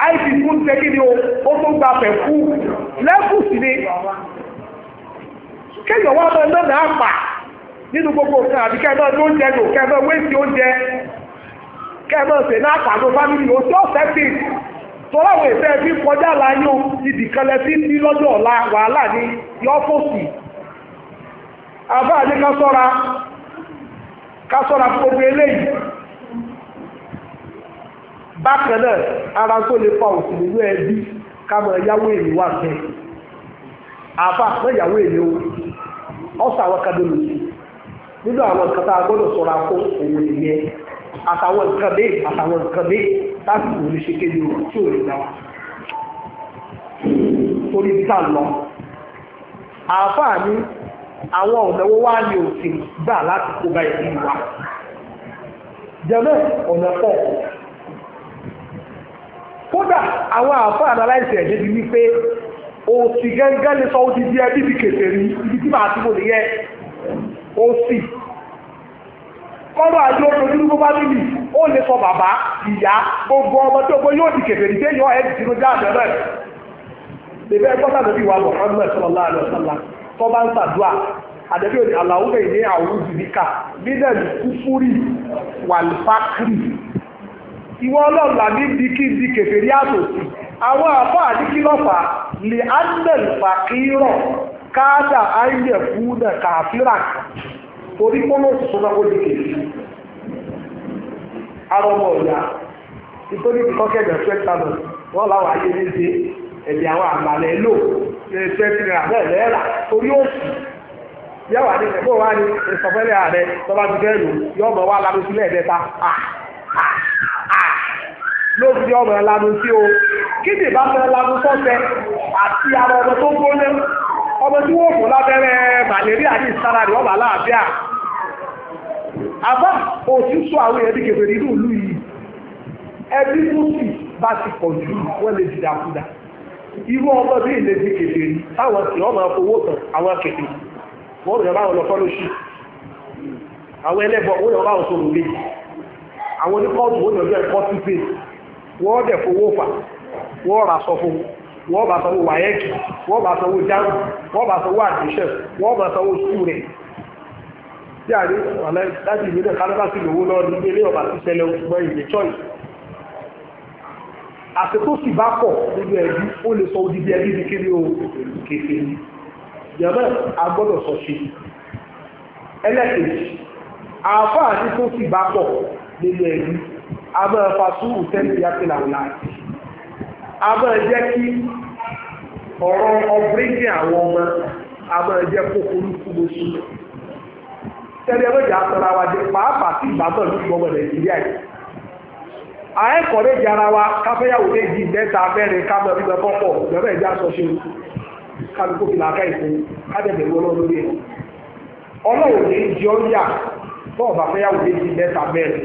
àìsí tó ń ni ó tó gba pẹ̀ fú lẹ́kù sí ni kéèyàn tọ́lá àwọn ìfẹ́ ẹbí kọjá láyé ibì kan ní lọ́jọ́ ọ̀la wàhálà ní yọ́fọ́sì àbáà ní gbogbo eléyìí bákan náà ara tó lè fa òsì nínú ẹbí ká mọ yáwó wà bẹ́ẹ̀ àbá mọ ìyàwó èlé o àwọn nínú àwọn a àtàwọn nǹkan dé àtàwọn nǹkan dé láti wò lè ṣe kéde o tí ò lè dá wa torí bí tá lọ àáfàá ni àwọn ọ̀nàwó wá ní òsì gbà láti kó bá ìlú wa jẹ́mọ́ ọ̀nà pọ̀ kódà àwọn àáfàá analysis ẹ̀jẹ̀ di wípé òsì gẹ́gẹ́ lè sọ ó ti di ẹbí ti kèfèrí ibi tí màá ti mò nìyẹn òsì kọ́rọ̀ ayé ojoojú ní bóbá níbi ó lè sọ bàbá ìyá gbogbo ọmọ tó gbogbo yóò di kẹfẹ́ ní déyọ ẹ̀ dìtìrú jáde rẹ̀ bèbẹ́ ẹgbọ́ta lórí wa ọmọ ẹ̀ sọ̀rọ̀ láàrin ọ̀sánlá tó bá ń sàdúà àdẹ́bí òní aláwùrẹ̀ ní àwùrù jìbíkà kúfúrì ìwọ ní dikíndí kẹfẹ́ rí àtòsí àwọn torí pọ́nà sọ́dọ̀ kó di ọ̀yà nítorí twenty thousand wọ́n ayé ní àwọn àgbàlẹ̀ lò twenty naira bẹ́ẹ̀ torí ní ẹ̀fọ́ wa ìsọfẹ́lẹ́ ààrẹ tọ́ba ti fẹ́ lò yọ wa ló fi ọ̀rọ̀ ẹ̀lanu sí o kí ni bá fẹ́ lanu sọ́sẹ̀ àti ara ọmọ tó gbóná ọmọ tí wọ́n fún lábẹ́rẹ́ malaria ní ìsára rẹ̀ ọ̀bà láàbíà àbá òsì sọ àwọn èèyàn dìgbò nínú ìlú yìí ẹbí mùsì bá ti pọ̀ jù wọ́n lè irú ọmọ bí ilé táwọn sì ọmọ tán àwọn báwọn lọ àwọn wọ́n dẹ̀ fowó fà wọ́n rà sọ fún wọ́n bá sanwó wáyẹ́kì wọ́n bá sanwó jáàmù wọ́n bá sanwó àdìṣẹ́ wọ́n bá sanwó sùkúù rẹ̀ tí a ní ọ̀nà láti ìlú náà kálọ́bà sí lówó náà ní ilé ọ̀bà sí ṣẹlẹ̀ ṣùgbọ́n ìlú choice àsìkò sì bá pọ̀ nínú ẹbí ó lè sọ odidi ẹbí ní kí o kéfì ni jẹ́mọ́ a sọ ṣe ẹlẹ́kẹ̀ẹ́jì àáfàá àti sì bá pọ̀ nínú ẹbí a máa fa súwù tẹ́lẹ̀ yàtìlà ọ̀la a máa jẹ́ kí ọ̀rọ̀ ọ̀bíríkì àwọn ọmọ a máa jẹ́ kókòrò kúrò sí i tẹ́lẹ̀ ẹgbẹ́jà sọ̀rọ̀ wa jẹ́ pàápàá sí ìbátan ní gbọ́mọ nàìjíríà yìí àẹ́kọ̀ọ́ lè jara wa káfẹ́yàwó lè di mẹ́ta mẹ́rin kámọ́ bímọ pọ́pọ̀ ìjọba ìjà sọ ṣe kálukú fìlà ká ìfún kádẹ́bẹ̀ wọ́n lórí ẹ̀ ọlọ́run ní jọ́ yà bọ́ọ̀ bá fẹ́yàwó lè di mẹ́ta mẹ́rin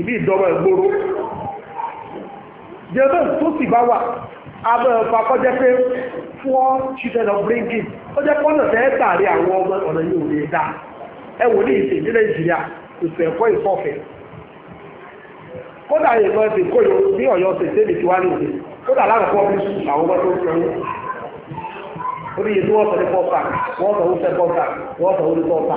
ìbí ìdọ́rọ̀ ìgboro jẹ́bẹ̀ tó sì bá wà abẹ́ ọ̀pá pé four children of bringing kọjẹ́ pọ́nà tẹ́ tààrí àwọn ọmọ ọ̀nà yóò lè dá ẹ ní ìsìn nílẹ̀ Nàìjíríà ètò ẹ̀kọ́ ìfọ̀fẹ́ kódà ní Ọ̀yọ́ ṣèṣe lè kódà bí àwọn ọmọ tó ń tí wọ́n sọ ní wọ́n sọ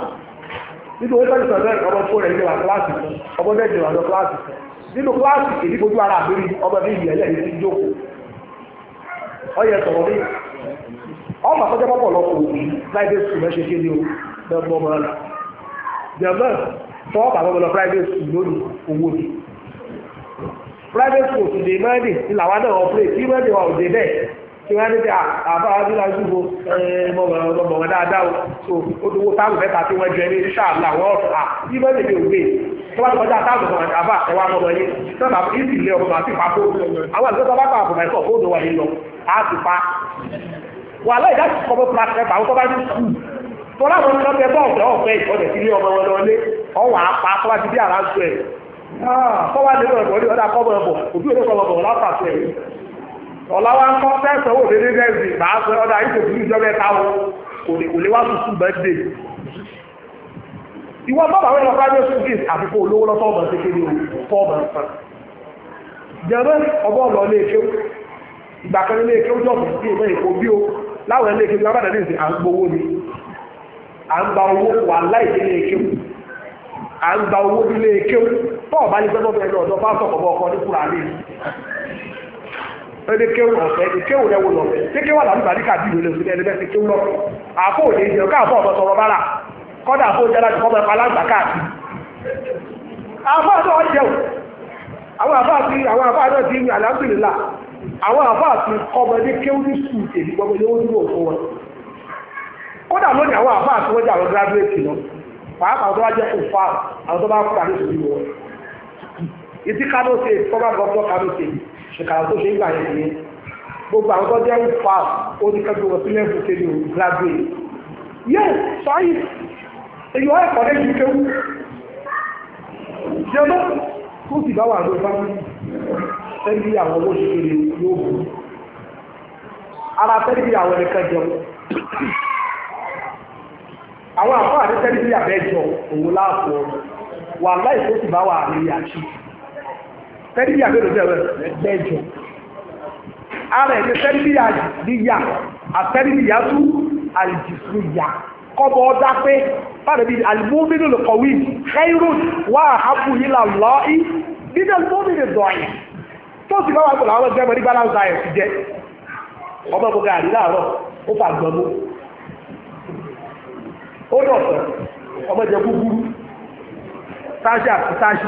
nínú owó tẹ́lifíṣàn náà ọmọ fún rẹ̀ nígbà kíláàsì kan ọmọ mẹ́jọ àjọ kíláàsì kan nínú kíláàsì èdè gbogbo ara àbírí ọmọ mi ìyẹn lẹ́yìn tí ń jókòó ọyẹ sọ̀rọ̀ mi ọmọ àkọ́jọ́ pọ̀pọ̀ lọ kò wí private school mẹ́ṣe kéde o mẹ́gbọ́n mọ́ ọ́nà jẹ̀mọ́ tọ́ọ̀bà mọ́ lọ private school lónìí owó ni private school ti dè mẹ́rin ìlàwọ́ náà ọ̀pẹ́ tí mẹ́rin wà ò dé bẹ́ẹ̀ tí wọ́n á ní bí àbá abúlé àjùbọ ọmọ wọn dáadáa o ó dowó táàbù mẹ́ta tí wọ́n jẹ ní ṣáàlà wọ́n ọ̀fà bí wọ́n lè ògbé tọ́wọ́ ti kọjá táàbù kan àbá ẹ̀wà ọmọ yín sábà ìsì ilé ọmọ àti ìpapò àwọn àti sọ́kọ́ bá pa àpò mẹ́kọ̀ fóònù wà nílọ á ti pa. wà láì dá kọ́mọ́ kílásì mẹ́ta àwọn kọ́mọ́ ní skul tọ́lá àwọn ọmọ ẹgbẹ́ ọ̀fẹ́ ọ̀fẹ́ ìfọ̀dẹ̀ sí ilé ọmọ wọn lọlé ọwọ́ apá tọ́wọ́ ti bí àrà ń sọ ẹ̀ tọ́wọ́ á lè lọ́ọ̀bọ̀ ní ọ̀dà kọ́mọ́ ọ̀bọ̀ òbí òde kọ́mọ́ ọ̀bọ̀ ọ̀la wa ń kọ́ sẹ́sẹ̀ owó dédé dẹ́sì màá sọ ọ́dà yìí kò fi ìjọ o kò lè kò lè wá tutù ìwọ wẹ́n lọ private school fees àfikún olówó lọ́tọ́ ọ̀bọ̀n ṣe kéde fọ́ọ̀bọ̀n san jẹ́rẹ́ ọgbọ́n lọ lé èké ìgbà kan lé èké ọjọ́ kò sí ìmọ̀ èkó bí o láwọn ilé èké gbábàdà ní à ń gbowó ni à ń gba owó wà ilé à ẹni kéwù ọ̀fẹ́ ìkéwù rẹ̀ wò lọ ṣé kéwù àlàmúgbà ní kàbí ìwé lòsùn ẹni bẹ́ẹ̀ ti kéwù lọ. àpò òde ìjẹun káàbọ̀ ọ̀bọ̀ sọ̀rọ̀ bára kọ́dà àpò òde aláàbò kọ́mọ ẹ̀kọ́ káàkiri. jẹun àwọn àti àwọn àwọn àti kọ́mọ kéwù ní dúró ṣèkàrà tó ṣe ń gbà yẹn nìyẹn gbogbo àwọn tó jẹ́ fa oníkẹ́gbẹ́ wọn sílẹ̀ fún kéde o graduate yes sáyé èyí wọ́n ẹ̀kọ́ lẹ́yìn kéwú jẹ́mọ́ tó sì bá wà ló bá tẹ́lí àwọn owó ṣe kéde yóò bù ara tẹ́lí àwọn ẹ̀kẹ́ jẹun àwọn àfọ́ àti tẹ́lí àbẹ́jọ òun láàpọ̀ wà láì tó sì bá wà lórí àṣìṣe tẹ́lifíà bẹ́ẹ̀ ló jẹ́ rẹ̀ lẹ́jọ́ ara ẹ̀ ní tẹ́lifíà níyà àtẹ́lifíà tú àlìjìsú yà kọ́bọ̀ ọ̀dá pé bára bíi alimominu lukọ̀wé khairun wà áhàbù yìí là lọ́ọ̀ì nínú alimominu dọ̀yìn tó sì báwa gbọ́dọ̀ àwọn ọgbẹ́ mọ̀ ní balance diet jẹ́ ọmọ gbogbo àrí láàárọ̀ ó fà gbọ́n mú ó dọ̀tọ̀ ọmọ jẹ gúgúrú táṣà àti táṣì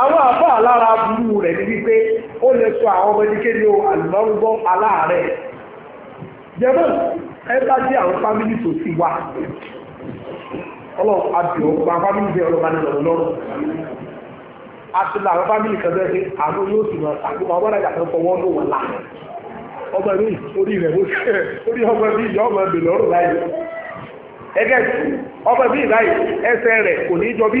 àwọn àbá alára burú rẹ̀ ní wípé ó lè sọ àwọn ọmọ ní kéde àlùmọ́rúgbọ́ aláàárẹ̀ jẹ́mọ́ ẹ jẹ́ àwọn fámìlì tó sì wá ọlọ́run àbíọ́ gba fámìlì bẹ́ẹ̀ ọlọ́ba ní ọ̀rọ̀ lọ́rùn àti là àwọn kan bẹ́ẹ̀ yóò sì àwọn ló wà lá ọmọ orí rẹ̀ orí ọmọ ọmọ lọ́rùn láyé ẹgẹ́ ọmọ ẹsẹ̀ rẹ̀ kò ní jọ bí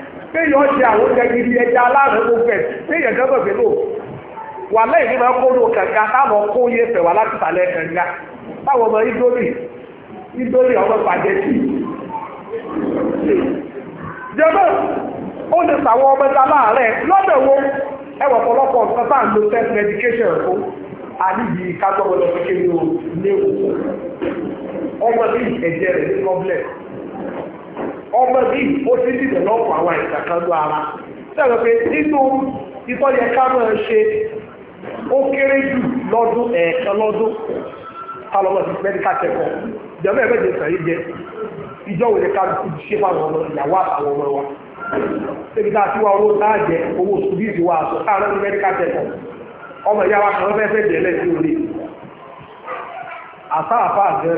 kéèyàn ṣe àwọn oúnjẹ gidi ẹja aláàrẹ gbogbo ẹ kéèyàn gbọ́dọ̀ gbé lò wà lẹ́yìn ní máa kóró kànga táwọn kó yé fẹ́ wà láti sàlẹ̀ kànga táwọn ọmọ ídólì ídólì ọmọ pàjẹsì jọba ó lè sàwọn ọmọ ẹja lọ́dọ̀ wo nǹkan tá à ń lo self medication fún kékeré léwu ọmọ bíi ẹ̀jẹ̀ rẹ̀ ní ọmọ bíi ó ti àwọn àìsàn ara sẹ́rọ pé nínú ìtọ́ yẹ ṣe ó kéré jù lọ́dún ẹ̀ẹ̀kan lọ́dún kálọ́mọ̀ sí mẹ́ríkà ìjọba sàyé jẹ ìjọ òye ká ló ti ṣe fáwọn ọmọ ìyàwó àtàwọn ọmọ wa tá a ti wá owó náà jẹ owó sùdíìsì wa àtọ ní ọmọ ìyá wa kan fẹ́ fẹ́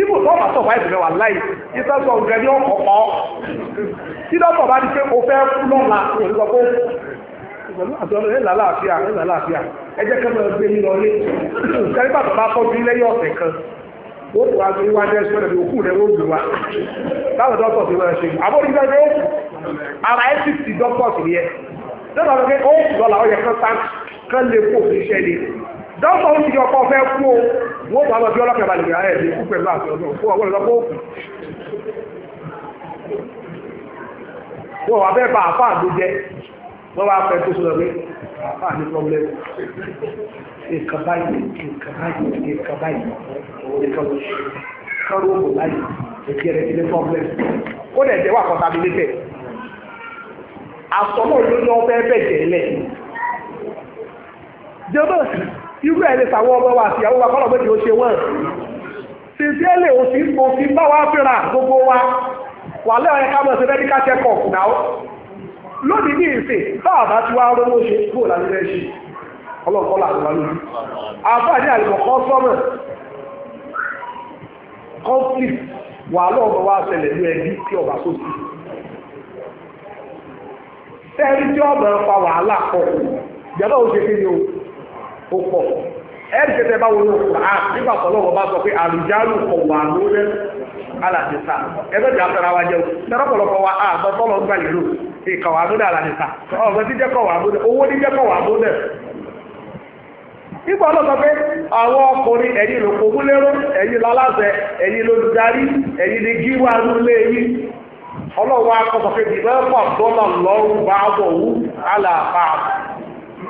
ibò tó bá sọ̀fà ìbùdó wà láì ìfẹ́ sọ ọ̀gẹ̀ ní ọkọ̀ pọ̀ tí dọ́tọ̀ bá di pé o fẹ́ kú lọ́la òun sọ pé ìgbàlú àtọ́lọ́ ẹ̀ lálàáfíà ẹ̀ lálàáfíà ẹ jẹ́ kẹ́mọ̀ ẹ gbé lọ lé kẹ́rí bàtọ̀ bá tọ́jú lẹ́yìn ọ̀sẹ̀ kan ó tó wá gbé wájú ẹ̀sùn ẹ̀dẹ̀ òkú rẹ̀ ó gbé wa táwọn dọ́tọ̀ ti wọ́n ṣe àbórí gbẹ́gbẹ́ ó ara ẹ̀ sì ti dọ́tọ̀ sí yẹ dọ́tọ̀ bá gbé ó lọ́la ó yẹ kán sáà kán lè kó òfin ṣẹ́ni dọ́tọ̀ ó ti di ọkọ̀ fẹ́ kú o wọ́n bá lọ bí ọlọ́pẹ̀ balẹ̀ rẹ̀ ẹ̀ lè kú pẹ̀lú àti ọdún fún ọwọ́ ìlọ́pọ̀ òkú wọ́n wà bẹ́ẹ̀ bá àfáà ló jẹ́ wọ́n wá fẹ́ tó sọ̀rọ̀ pé àfáà ní pọ́blẹ́ nǹkan báyìí nǹkan báyìí nǹkan báyìí nǹkan kọ́rọ́ òkú láyìí ètí ẹ̀rẹ́ ti ní pọ́blẹ́ ó dẹ̀ jẹ́ wà kọ́ta irú ẹ̀ lè sàwọn ọmọ wa àti ìyàwó wa kọ́lọ̀ méjì ó ṣe wọ́n osi lè òsì mo fi wa wa wà lẹ́wọ̀n ẹ̀ka mọ̀ sí medical check up náà lónìí ní ìsìn báwa bá ti wá rówó ṣe kó làwọn ẹ̀ ṣe wa ṣẹlẹ̀ ní ẹbí tí ọba tó sí sẹ́rí tí ọmọ ẹ̀ wàhálà pọ̀ ṣe ó pọ̀ ẹ̀ẹ́dẹ̀gbẹ̀ bá nígbà tọ́lọ́wọ́ bá sọ pé àlùjálù kọ̀ wà lórí alàdìsá ẹgbẹ́ tí a fẹ́ra wa jẹun wa a gbà wà lórí alàdìsá ọ̀gbẹ́ tí jẹ́kọ̀ wà lórí owó jẹ́kọ̀ wà lórí. nígbà pé àwọn ọkùnrin ló kó lọ́láṣẹ ló darí ọlọ́wọ́ dọ́là bá bọ̀ wú alàpàá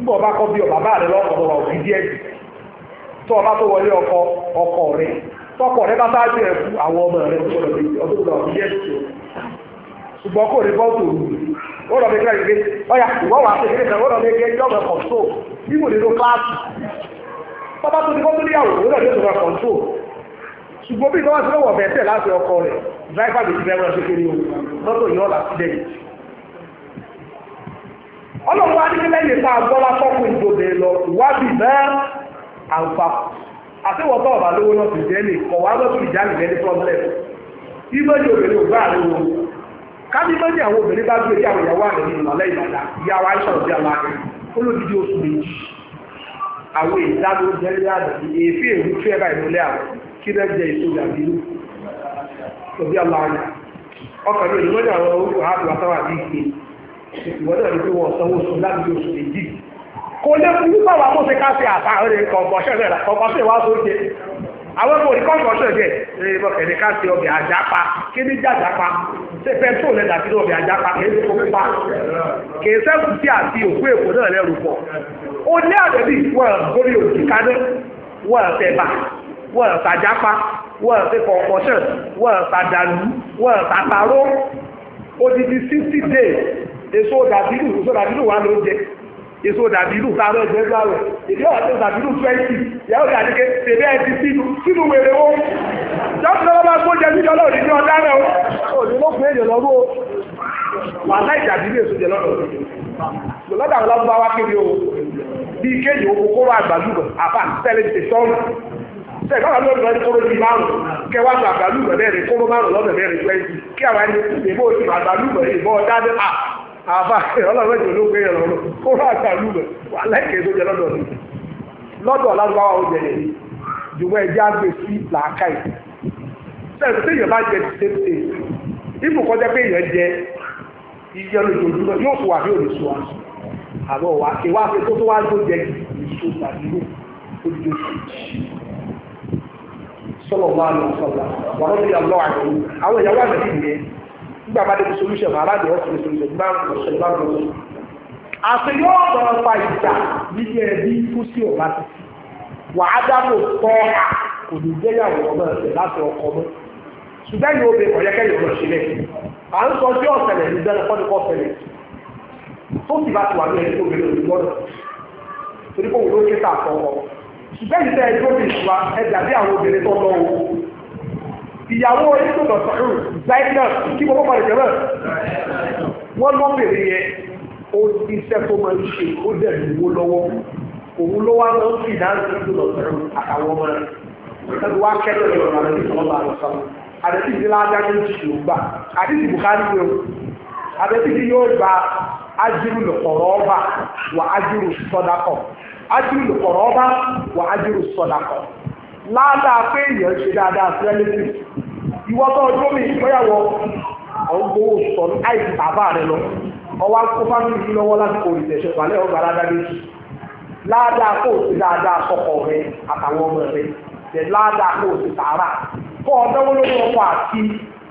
nígbà ọba kọ́ bí ọ bàbá rẹ lọ́kọ̀ọ́ wà òbí díẹ̀ jù tó ọba tó wọlé ọkọ ọkọ rẹ tọkọ rẹ bá bá jẹ ẹkú àwọn ọmọ rẹ ọdún ọdún òbí díẹ̀ jù ṣùgbọ́n kò rí bọ́ọ̀tù òru ó lọ bí kíláà yìí gbé ọyà ìwọ́ wà á tẹ̀lé ìfẹ́ ó lọ bí ẹgbẹ́ ẹjọ́ ọ̀rẹ́ kọ̀ǹtò níwò nínú kíláàsì bàbá tó ti kọ́tún níyàwó ó lọ bí o lọ́tọ̀ yọ̀ọ́ ọlọ́run wa níbi lẹ́yìn tá a gbọ́ lápọ́kù ìdòdè lọ ìwádìí náà àǹfà àtiwọ́tọ̀ ọ̀bà lówó náà ti jẹ́ lè kọ̀ wá lọ́sùn ìjáde lẹ́ni pọ́blẹ́mù ìmọ̀jì obìnrin ò gbà lówó kábí àwọn obìnrin bá gbé ìyàwó àrẹ ìbàdà ìyàwó aṣọ olódìdí oṣù méjì àwọn ìdádó ìwọ náà ní pé wọn sanwó oṣù lábí oṣù èjì kò lè fún nípa wà kó ṣe ká ṣe àtàrẹ kọ̀ǹkọ̀ṣẹ́ rẹ̀ kọ̀ǹkọ̀ṣẹ́ wa sóde àwọn ẹgbẹ́ òní kọ̀ǹkọ̀ṣẹ́ rẹ̀ ẹ bọ̀kẹ̀lẹ̀ ká ṣe ọbẹ̀ àjápa kí ní jàjápa ṣe fẹ́ tó lẹ́dà sí ọbẹ̀ àjápa kì í ṣe fún pa kì í ṣẹ́kù sí àti òkú èkó náà lẹ́rù pọ̀ ó ní àdẹ́bí wọn górí òkú kaná wọn tẹ̀bà wọn tàjápa wọn ṣe kọ̀ǹkọ̀ṣẹ́ wọn tàdàlú wọn tàtàró odidi sixty days èso dàbílù èso dàbílù wà ló èso dàbílù láàárọ̀ jẹ gbàwẹ̀ èdè ọ̀rọ̀ dàbílù twenty yàrá òde àdìgẹ tèmi ẹ sínú sínú wèrè o jọ́sọ̀ lọ́wọ́ kó jẹ níjọ́ lọ́wọ́ o ló wà láì dàbílù èso jẹ lọ́dọ̀ lọ́dọ̀ àwọn kéde o kéde o kóró márùn kẹwàá kóró márùn twenty kí ẹni ìbò ti ìbò àbá ọlọ́run ẹ̀jẹ̀ olóògbé yẹn lọ́rọ́ ó rà àgbà lù rẹ̀ wà lẹ́kẹ̀ẹ́ tó jẹ lọ́dọ̀ mi lọ́dọ̀ lárúbáwá oúnjẹ yẹn ni jùmọ̀ ẹ̀jẹ̀ àgbè sí làákà yìí sẹ́yìn yẹn bá jẹ ti tètè ibù kọjá pé jẹ iye yóò àbọ̀ ìwà tó tó wá ló jẹ ojú sọlọ lọ sọlọ wà àwọn ìyàwó àgbẹ̀ nígbà bá débi solution aláàdì ọ̀sùn solution bá ọ̀sùn bá ọ̀sùn. àṣeyọ́ ọ̀rọ̀ fa ìjà níbi ẹbí fún sí ọ̀bá ti sí wàá dábò tọ́ a kò ní gbéyàwó ọmọ ẹ̀sẹ̀ láti ọkọ mọ́ ṣùgbọ́n yóò bẹ ọ̀yẹ́kẹ́ yóò lọ sílẹ̀ à ń sọ sí ọ̀sẹ̀lẹ̀ ní bẹ́ẹ̀ kọ́ni kọ́ sẹlẹ̀ tó sì bá ti wà ní ẹni tó bẹ̀rẹ̀ òní gbọ́dọ̀ torí kò wọ́n ló ké tà fọ́ ọ ṣùgbọ́n ìṣe ẹjọ́ bí ìṣúra ẹ̀dà bí ìyàwó oníṣòwò sọ̀rọ̀ zainab kí wọ́n pàdé jẹ́ náà wọ́n lọ́bìnrin yẹn ó ti iṣẹ́ tó máa ń ṣe ó dẹ̀ lówó lọ́wọ́ òun ló wá lọ sí ìdáhùn ìṣòwò àtàwọn ọmọ rẹ̀ ẹni wá kẹ́lẹ́ ọ̀rọ̀ àdàbí ìdílé yóò yóò gba ọba wà ọba wà ládàá pé èèyàn ṣe dáadáa sí ẹlẹ́sìn ìwọ tó ọjọ́ mi ìgbéyàwó ọ̀hún gbowó sọ àìsí bàbá rẹ lọ ọwọ́ akó fámìlì yìí lọ́wọ́ láti kó ìtẹ̀sẹ̀ balẹ̀ ọgbà ládàá méjì ládàá kó o ti dáadáa sọkọ rẹ àtàwọn ọmọ rẹ tẹ ládàá kó o ti sàárà kó ọ dánwó lórí ọkọ àti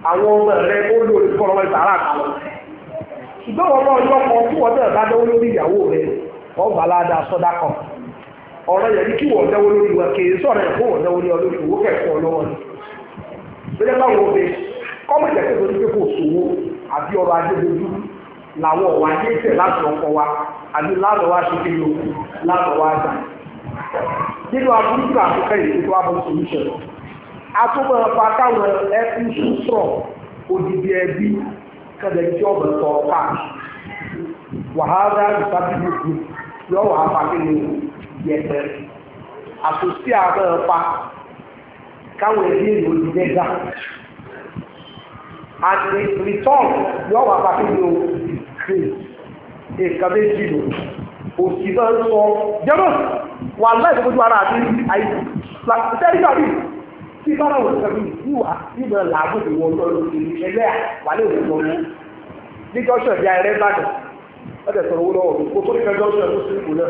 àwọn ọmọ rẹ ó lórí kọ́ ọmọ sàárà kàwọ́ ṣùgbọ́n ọmọ ọjọ́ kan tí wọ́n bẹ̀rẹ̀ bá dánwó lórí ìyàwó rẹ ọgbà ládàá sọ́dá kan. ọ̀rọ̀ ya ní kí wọ́n náwó lórí wa kì í sọ̀rọ̀ fún lórí owó kẹ̀kọ́ lọ́wọ́ ni. bẹ́ẹ̀ báwo ni kọ́mọ ìjàkẹ́ tó ní pé kò sówó àbí ọrọ̀ ajé dojú làwọn ọ̀wọ́ ajé tẹ̀ láti ọkọ̀ wa àbí wa kí ló wa nínú abúlé àtúkẹ́ abọ́ solution ẹbí tí wàhálà yọ yẹpẹrẹ àtúnṣe àwọn ẹ̀fà káwọn ẹbí èlò ti dẹ́gbà and the return yóò wà pàtó ní o ṣe nǹkan méjì lò òsì náà ń sọ jẹ́mọ̀ wà láì tó fojú ara àti àìsàn tẹ́lifà bíi tí bá náà wọ̀ sẹ́mi ìwà ìbẹ̀rẹ̀ làágùn ìwọ lọ́rùn ìlú ẹgbẹ́ à wà lè wọ̀ lọ́rùn ní jọ́sọ̀ bí ayẹrẹ́ bàdàn ọ̀dẹ̀ sọ̀rọ̀ owó lọ́wọ́ kó tó ní fẹ́ jọ́sọ̀ ẹ̀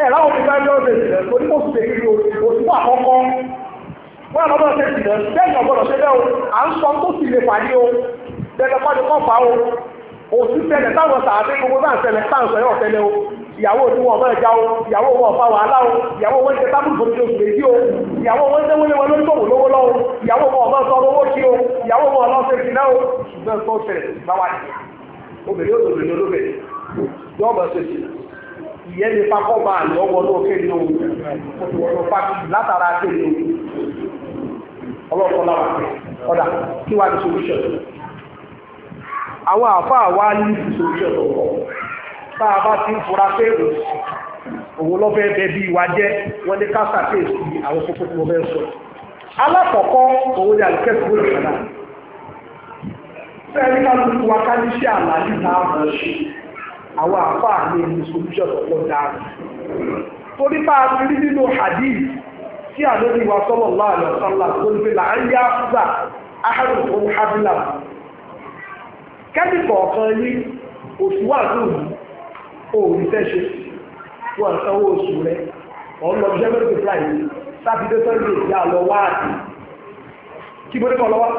ẹ̀rọ àwọn ìgbà ẹgbẹ́ ọ̀dẹ̀ ìṣẹ̀lẹ̀ tó ní kò sì àkọ́kọ́ wọ́n lọ́dọ̀ ṣe ìṣẹ̀lẹ̀ bẹ́ẹ̀ ọ̀gbọ́dọ̀ ṣe bẹ́ẹ̀ o à ń sọ tó sì lè pàdé o bẹ́ẹ̀ pàdé kọ́ fà o òsì ṣẹlẹ̀ táwọn gbogbo bá ń táwọn sọ o ìyàwó tí o ìyàwó wọn ọ̀fà wàhálà o ìyàwó wọn tábùlù o ìyàwó wọn ṣe wọlé wọn o ìyàwó wọn sọ kí o o ṣùgbọ́n tó ìyẹn lè fakọ́ bá àlọ́ wọnú kéde o òṣùwọ̀n pàtó látara kéde o ọlọ́kọ́ ọ̀dà kí wàá di solution àwọn àfáà wá ní solution ọ̀rọ̀ tá a bá ti ń fura pé òun lọ́fẹ́ bẹ bí jẹ́ wọ́n ní àwọn kókó tí mo fẹ́ sọ alákọ̀ọ́kọ́ òun ni fẹ́ẹ́ ní wa àwọn àfáà lè ní solution ọ̀pọ̀ dára torí bá a ti rí nínú hadith tí àlóbi wa sallallahu alaihi wasallam tó ń fi là ń yá fúgbà áhàrù hábílà kẹ́míkọ̀ ọ̀kan ní oṣù wà tó yìí òòrùn tẹ́ṣe wọ́n sanwó oṣù rẹ̀ ọ̀n lọ jẹ́ mẹ́rin fúláì sátidé sọ́ndé ìyá lọ wáàdì kí mo ní kọ́ lọ́wọ́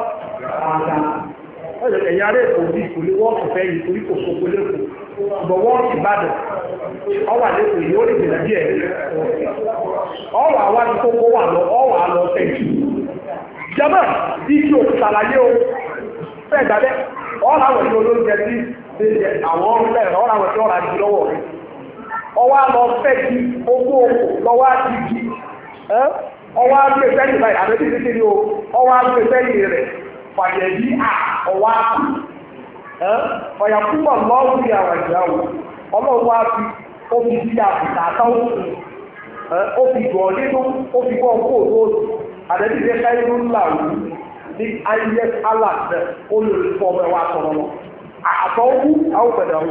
ẹ̀yà rẹ̀ kò bí kò lè fẹ́ yìí torí kò sóko lẹ́kọ̀ọ́ bọ̀ wọ́ọ̀kì bàdàn ọwà lẹ́kọ̀ọ́ yìí ó lè dènà díẹ̀ ọwà wá ní kókó wà lọ ọwà lọ tẹ̀jú. jama bíbí òkúta láyé o fẹ́ gbàdẹ́ ọ̀rọ̀ àwọn ìlú olóúnjẹ tí àwọn ọ̀rọ̀ ọ̀rọ̀ àwọn lọ́wọ́ rẹ̀ ọwà lọ fẹ́ owó lọ́wọ́ báyìí fàyẹ̀dí à ọ̀wá fàyàkúbọ̀ lọ́wọ́ bí àwàjá o ọlọ́run wá fi ó fi sí àbùkà àtàwọn ó fi gbọ̀ nínú ó fi gbọ́ kó o lóòtù àdẹ́bí jẹ́ káyé ló ń là wù ní ayé alàṣẹ olùfọ́ ọmọ ẹ̀wà tọ̀rọ̀ lọ àtọ́wù àwọn pẹ̀lú àwọn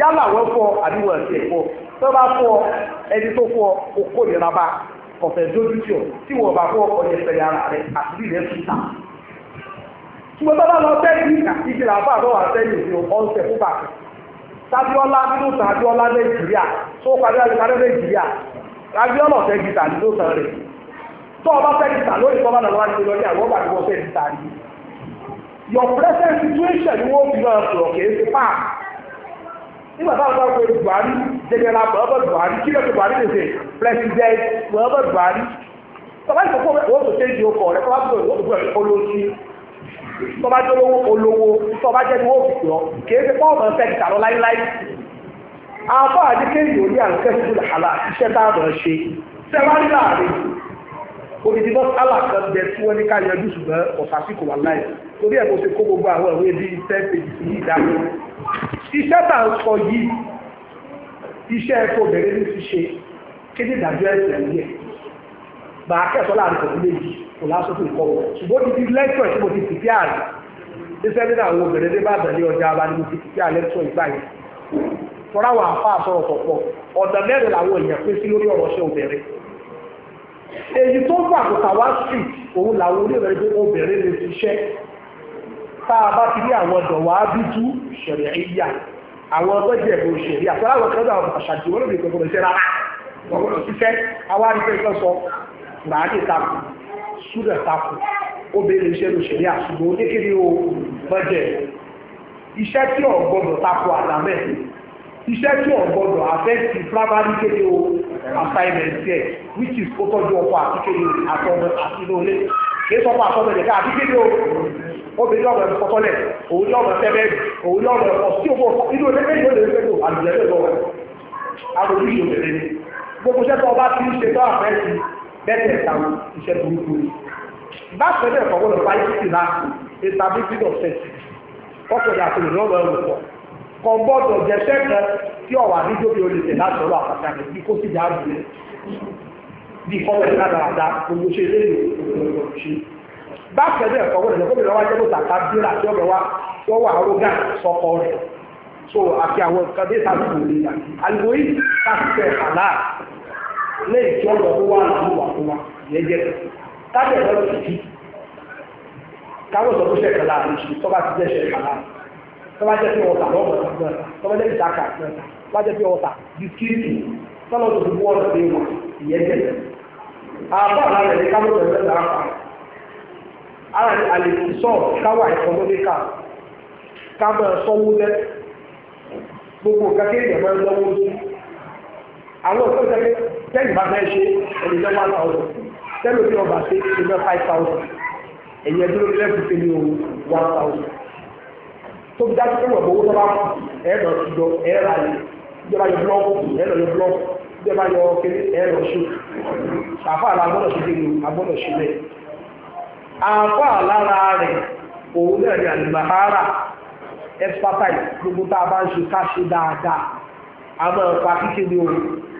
yálà wọ́n fọ àdúgbò ẹ̀sìn ẹ̀fọ́ tó bá fọ ẹni tó fọ okó ìraba ọ̀fẹ́ dójú tí ò tí wọ́n bá fọ ọ̀yẹ̀fẹ̀ yàrá rẹ̀ àti ilẹ̀ tuntun ṣùgbọ́n bá lọ tẹ́lẹ̀ ní ìkàkíjì làbá àbọ̀wà tẹ́lẹ̀ ní ọ̀sẹ̀ fúgbà kan sábíọ́lá nínú sábíọ́lá nàìjíríà tó padà ìparí nàìjíríà sábíọ́lá fẹ́ gìtà nínú sàn rẹ̀ tó ọba fẹ́ gìtà lórí tọ́ba náà wájú lórí àwọn ọba tí wọ́n fẹ́ gìtà rí your present situation ni wọ́n fi náà sọ̀rọ̀ kì í ṣe pa nígbà táwọn bá pe Buhari jẹjẹrẹ Muhammadu Buhari kí lóòtú Buhari lè ṣe president Muhammadu Buhari tọ́ba ìfọ̀kọ́ wọ́n tó ṣe é di okọ̀ rẹ̀ tọ́ba tó ṣe é di okọ̀ rẹ̀ olóṣù tó bá jólówó olówó tó bá jẹ́ ní wọ́n fi ọ́ kìí ṣe pọ́ọ̀mù ẹ̀fẹ́ kìtà lọ láíláí. afọ àdékèyí ò ní àǹkẹ́ sí ìlú àlà iṣẹ́ tá a mọ̀ ṣe sẹ́wárí láàrin odidi bọ́ sálà kan bẹ tí wọ́n ní ká yanjú ṣùgbọ́n ọ̀sásìkò wà láì torí ẹ̀ mo ṣe kó gbogbo àwọn ìwé bíi ten pages sí ìdájọ́ iṣẹ́ tá à ń sọ yìí iṣẹ́ ẹ̀kọ́ bẹ̀rẹ̀ ní ṣíṣe kí ní ìdájọ́ ẹ̀sẹ̀ yẹ bàákẹ́sọ́ láàrin kò méjì kò lásòkò ìkọwọ́ ṣùgbọ́n ti di lẹ́tọ̀ tí mo ti pìpì àrẹ ṣíṣẹ́ nínú àwọn obìnrin ní bàbá ní ọjà abá ni mo ti pìpì àrẹ lẹ́tọ̀ ìgbà yẹn fọ́nrán wà fà sọ̀rọ̀ pọ̀pọ̀ ọ̀dọ̀ mẹ́rin làwọn èèyàn pín sí lórí ọ̀rọ̀ ṣe obìnrin èyí tó gbà kò tàwa street òun làwọn onírẹ̀ẹ́dì obìnrin lè ṣiṣẹ́ tá a bá ti rí àwọn ọ̀dọ̀ wá bíjú ṣẹ̀rẹ̀ ìyá àwọn ọgbẹ́jẹ̀ ẹ̀bùn òṣèré àtọ́lá àwọn kan náà àṣàjù wọn lóde ìgbẹ́gbọ́n ṣe rárá ọ̀rọ̀ ṣiṣẹ́ awárí pé ìtọ́sọ ràá ní súdà takò ó béèrè iṣẹ́ ló ṣẹlẹ̀ àṣùgbọ́ oníkiri o mọ́jẹ̀ iṣẹ́ tí ò gbọ́dọ̀ takò àdámẹ́ iṣẹ́ tí ò gbọ́dọ̀ àfẹ́sì primary kéde o assignment ẹ̀ which is ó tọ́jú ọkọ̀ àtikéde àtọmọ àti inú ilé kìí sọ́kọ̀ àtọmọ ẹ̀dẹ̀ká àtikéde o obìnrin ọmọ ẹ̀fọ́ kọ́lẹ̀ òun ní ọmọ ẹ̀fẹ́ bẹ́ẹ̀ òun ní ọmọ ẹ̀fọ́ sí òkò inú ilé méjì ó lè rí pẹ̀lú àlùjẹ́ lè lọ́wọ́ àròjù ìṣòwò gbogbo sẹ́tọ̀ ọba ti ń ṣe tó àfẹ́sì bẹ́ẹ̀ táwọn iṣẹ́ burúkú ni bákan náà kọ̀wé lọ́pàá yìí sì náà ìtàbí bí lọ sẹ̀ kọ́kọ́ ní àtúnyẹ̀ lọ́wọ́ ẹ̀rọ pọ̀ kọ́ gbọ́dọ̀ jẹ́ sẹ́kẹ̀ tí ọ̀wà níjókè olè tẹ̀ láti ọ̀rọ̀ àpàtà rẹ̀ bí kó sì já rù rẹ̀ bí kọ́wé ní àdàdà gbogbo ṣe lé bákan náà kọ̀wé lọ́pàá lọ́wọ́ ajẹ́ lóta ká bí láti ọ̀rọ̀ wa wọ́n wà ọlọ́gà sọ́kọ rẹ̀ so àti àwọn nǹkan dé lẹ́yìn tí ọ̀rọ̀ tó ụwa láàmú wà fún wa yẹn jẹ́ kájẹ̀ lọ́rọ̀ sí ti káwọ́ sọ fún ṣẹ̀kẹ̀ láàrin ṣe tó bá ti jẹ́ ṣẹ̀kẹ̀ láàrin tó bá jẹ́ pé ọ̀tà lọ́wọ́ tó bá jẹ́ ìdáka tó bá jẹ́ pé ọ̀tà bisikíìtì tọ́lọ́ tó fi wọ́n lọ sí wọn ìyẹn jẹ́ àbọ̀ lára ẹ̀ káwọ́ sọ fún ṣẹ̀kẹ̀ ara àlè sọ káwọ́ àìkọ́nọ́míkà káwọ́ sọ́wọ́ lẹ́ gbogbo kàkéèyàn máa ń lọ́wọ́ sí àwọn òṣèlú tẹ́lẹ̀ bá fẹ́ ṣe ẹni jẹ́ one thousand tẹ́lẹ̀ bí ọba ṣe ẹni jẹ́ five thousand ẹ̀yẹ dúró ní lẹ́kùn ṣe ní one thousand tó bí dájú pé wọ̀bọ̀ owó tó bá kù ẹ̀rọ ìjọ ẹ̀rọ ayé ìjọba yọ blọọkù ẹ̀rọ yọ blọọkù ìjọba yọ kéré ẹ̀rọ ṣù àfáà la gbọ́dọ̀ ṣe kéde agbọ́dọ̀ ṣe bẹ́ẹ̀ àfáà rẹ̀ òun náà ní àlùbáhárà expertise gbogbo tá a bá ń ṣe ká ṣe dáadáa a máa pa kíkéde òun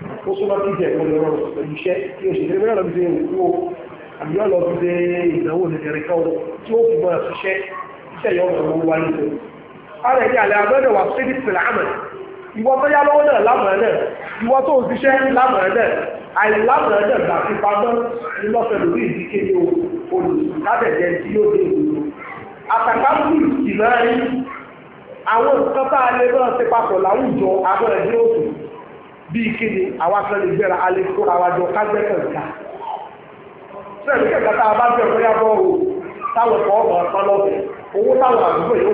ó súnmọ́ kí jẹ́ ìpínlẹ̀ rọrùn pẹ̀lú iṣẹ́ tí ó ṣèlérí mẹ́rẹ̀ lọ́bí ṣe ìwò àbí ọ̀lọ́ fi ṣe ìdánwò nìkẹrẹ kan tí ó fi mọ́ ṣiṣẹ́ iṣẹ́ yọ ọ̀rọ̀ wọn wáyé tó. ara ẹ̀yà alẹ́ abẹ́rẹ́ wà sí ìpìlẹ̀ àmà ìwọ tó yá lọ́wọ́ náà lámàá náà ìwọ tó ń ṣiṣẹ́ lámàá náà àìlámàá náà gbà fi pamọ́ nílọ́fẹ̀ lórí ìdíkéde olùsùnkádẹ̀jẹ tí yóò dé ìlú. àtàkàmù ìsìn náà àwọn nǹkan tá a lè náà ti papọ̀ láwùjọ abẹ́rẹ́ ní òtún bíi kíni àwọn akẹ́lẹ́ lè gbéra alẹ́ kó ra wájú kágbẹ́ kẹ̀kẹ́ sẹ́ẹ̀dì kẹ̀kẹ́ tá táwọn ọkọ̀ ọ̀gbọ̀n ọ̀sán owó táwọn àdúgbò yóò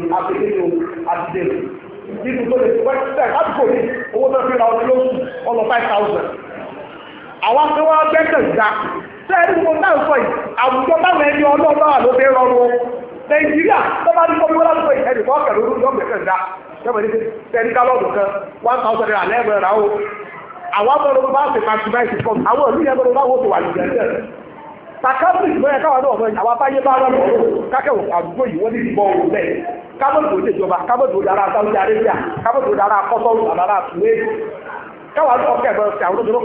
fi àtẹ̀lẹ́yìn nínú tó lè sẹ́ẹ̀ lásìkò ní owó tó fi ra ọdún lóṣù five thousand àwọn mo náà sọ sẹ́wọ̀n ní sẹ́ni gálọ́ọ̀nù kan one thousand naira lẹ́ẹ̀mọ̀ ẹ̀rá o àwọn ọmọ bá ṣe maximize fún àwọn ìlú yẹn bá wọ́n ti wà lùjẹ́ náà sakabrik bóyá káwọn náà mọ̀ àwọn abáyé bá rọ̀ lọ́wọ́ kákẹ́wọ̀ àdúgbò yìí wọ́n ní ìbọn òun bẹ́ẹ̀ kábọ̀dù òde ìjọba kábọ̀dù òde ara Saudi Arabia kábọ̀dù òde ara kọ́tọ́rù àbára àtúwé káwọn náà kẹ́ẹ̀bọ̀ sí àwọn olóṣèlú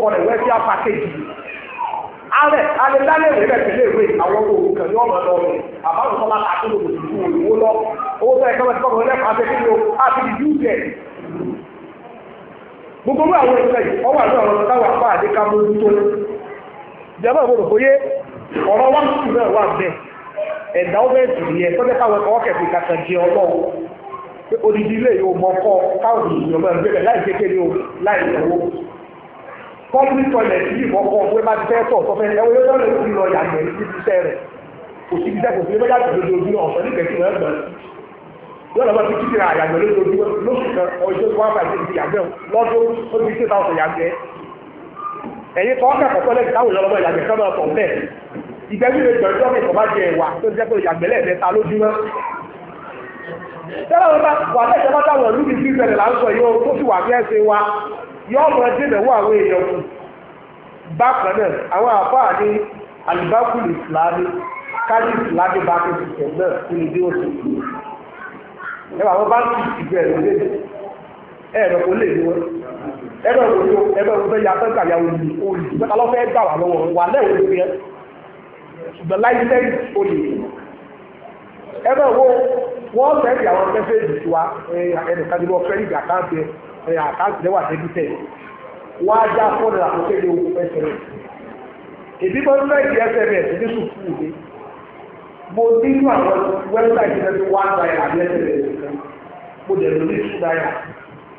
kọ̀ọ̀kú náà alẹ alẹ dálẹ rẹ bẹ tẹ́lẹ̀ ìwé àwọn ọmọ òun kan ní ọmọ lọ rẹ àbáwọn sọlá àtúndò kò tún fún olówó lọ owó tó ẹ̀ka mẹ́ta kọkànlá ẹ̀ka àti kíni o àti ìdí ìjẹ gbogbo bí àwọn ìṣẹ̀lẹ̀ yìí ọwọ́ àti ọ̀rọ̀ táwọn afọ àdéka mójú tó ìjọba ìwọlò bóyé ọ̀rọ̀ wá sí náà wà bẹ́ẹ̀ ẹ̀dá ọmọ ẹ̀sì yẹ tọ́jú káwọn ẹ̀kọ́ kẹ̀kẹ́ kàkà jẹ ọlọ́wọ́ odidi ilé yìí ò mọ̀ káwọn ènìyàn máa ń gbé public toilet yìí kọ̀ọ̀kan òwe máa ti fẹ́ tọ̀ tó yóò lọ́ọ̀lẹ̀ lọ yàgbẹ́ níbi iṣẹ́ rẹ̀ jẹ ẹ̀wà tó jẹ́ pé yàgbẹ́ lẹ́ẹ̀mẹ́ta lójúmọ́ tẹ́lẹ̀ bá wà lẹ́sẹ̀ bá táwọn ìlú ìfẹ̀lẹ̀ là ń tó sì wà bí ẹ̀sìn yọọ máa dènà wọ àwọn èèyàn kù bákan awọn afọ àfáà ní alibakulu islami kájú islami báńkì sísẹ náà kí otu ẹ wà wọn báńkì ìgbẹ ẹ lóde ẹ ẹ lọkọ wọn ẹ wọn tó ẹ wọn fẹ ya fẹ ya olè fẹ gbà wà lẹ olè ẹ àkáǹtì rẹ̀ wà débítẹ̀ wá já fóònù àkókèrè owó sms èbí bọ́ ní láì di sms ní sùkúù mi mo nínú àwọn wẹ́bsáìtì rẹ̀ ní one naira àbí sms nìkan mo dẹ̀ lórí two naira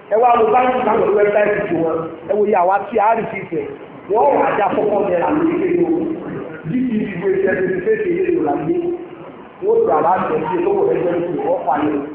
ẹ wá lo báńkì náà lórí wẹ́bsáìtì tí wọn ẹ wo iye àwa tí a rí fi fẹ̀ wọ́n wà já fọ́kọ́ naira lókèrè owó dídì ìdìbò ìṣẹ́ni fẹ́ẹ́ ṣe é lè rà ní wọ́n gbà láti ẹ̀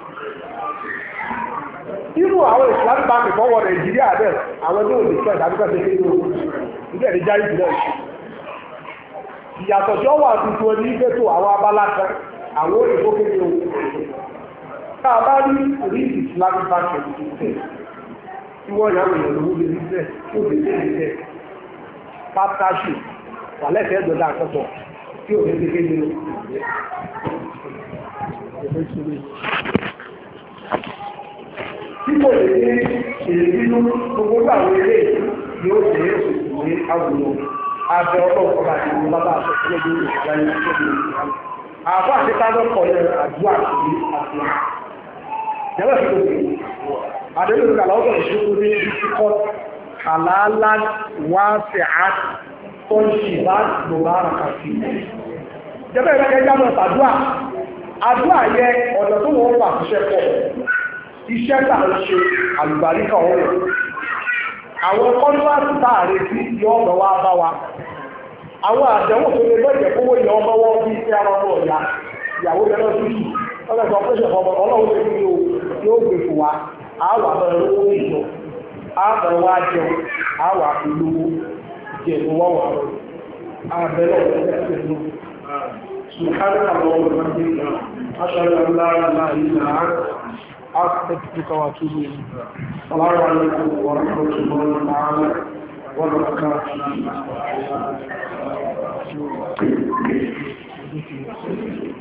irú àwọn islamic bank fọwọ́ nàìjíríà bẹ́ẹ̀ àwọn ní òní jù náà tuntun ẹni àwọn abala kan àwọn òyìnbó o a bá rí rí tuntun tẹ̀ tí wọ́n yà lówó lè rí bẹ́ẹ̀ tí ó lè lè rí bẹ́ẹ̀ partnership àkọ́tọ̀ tí ò tí kò lè ní ìrìnbínú gbogbo àwọn ilé yóò ṣe é sùkú ní àwùjọ abẹ ọlọ́pàá bá ti mú bàbá àṣọ tí lóbi ní ìgbà yìí tó ní ìgbà àbá àti táwọn kọ yẹn àdéhùn ìgbàlá ọgbọ̀n ní àlàálá wá sí á tó ń iṣẹ́ tá ń ṣe àlùbáríkà ọ̀rọ̀ àwọn kọ́ńtàkì tá à retí yọ ọ̀dọ̀ wa bá wa àwọn àdéhùn tó lè bẹ̀jẹ̀ kówó yọ ọmọ wọn bí iṣẹ́ ara ọmọ ọ̀yà ìyàwó yẹn lọ́sí yìí ọ̀gá ìṣọ̀ ọmọ ọlọ́run yóò gbè fún wa owó ìjọ jẹun wà سبحانك اللهم وبحمدك لا أستغفرك وأتوب إليك السلام عليكم ورحمة الله تعالى وبركاته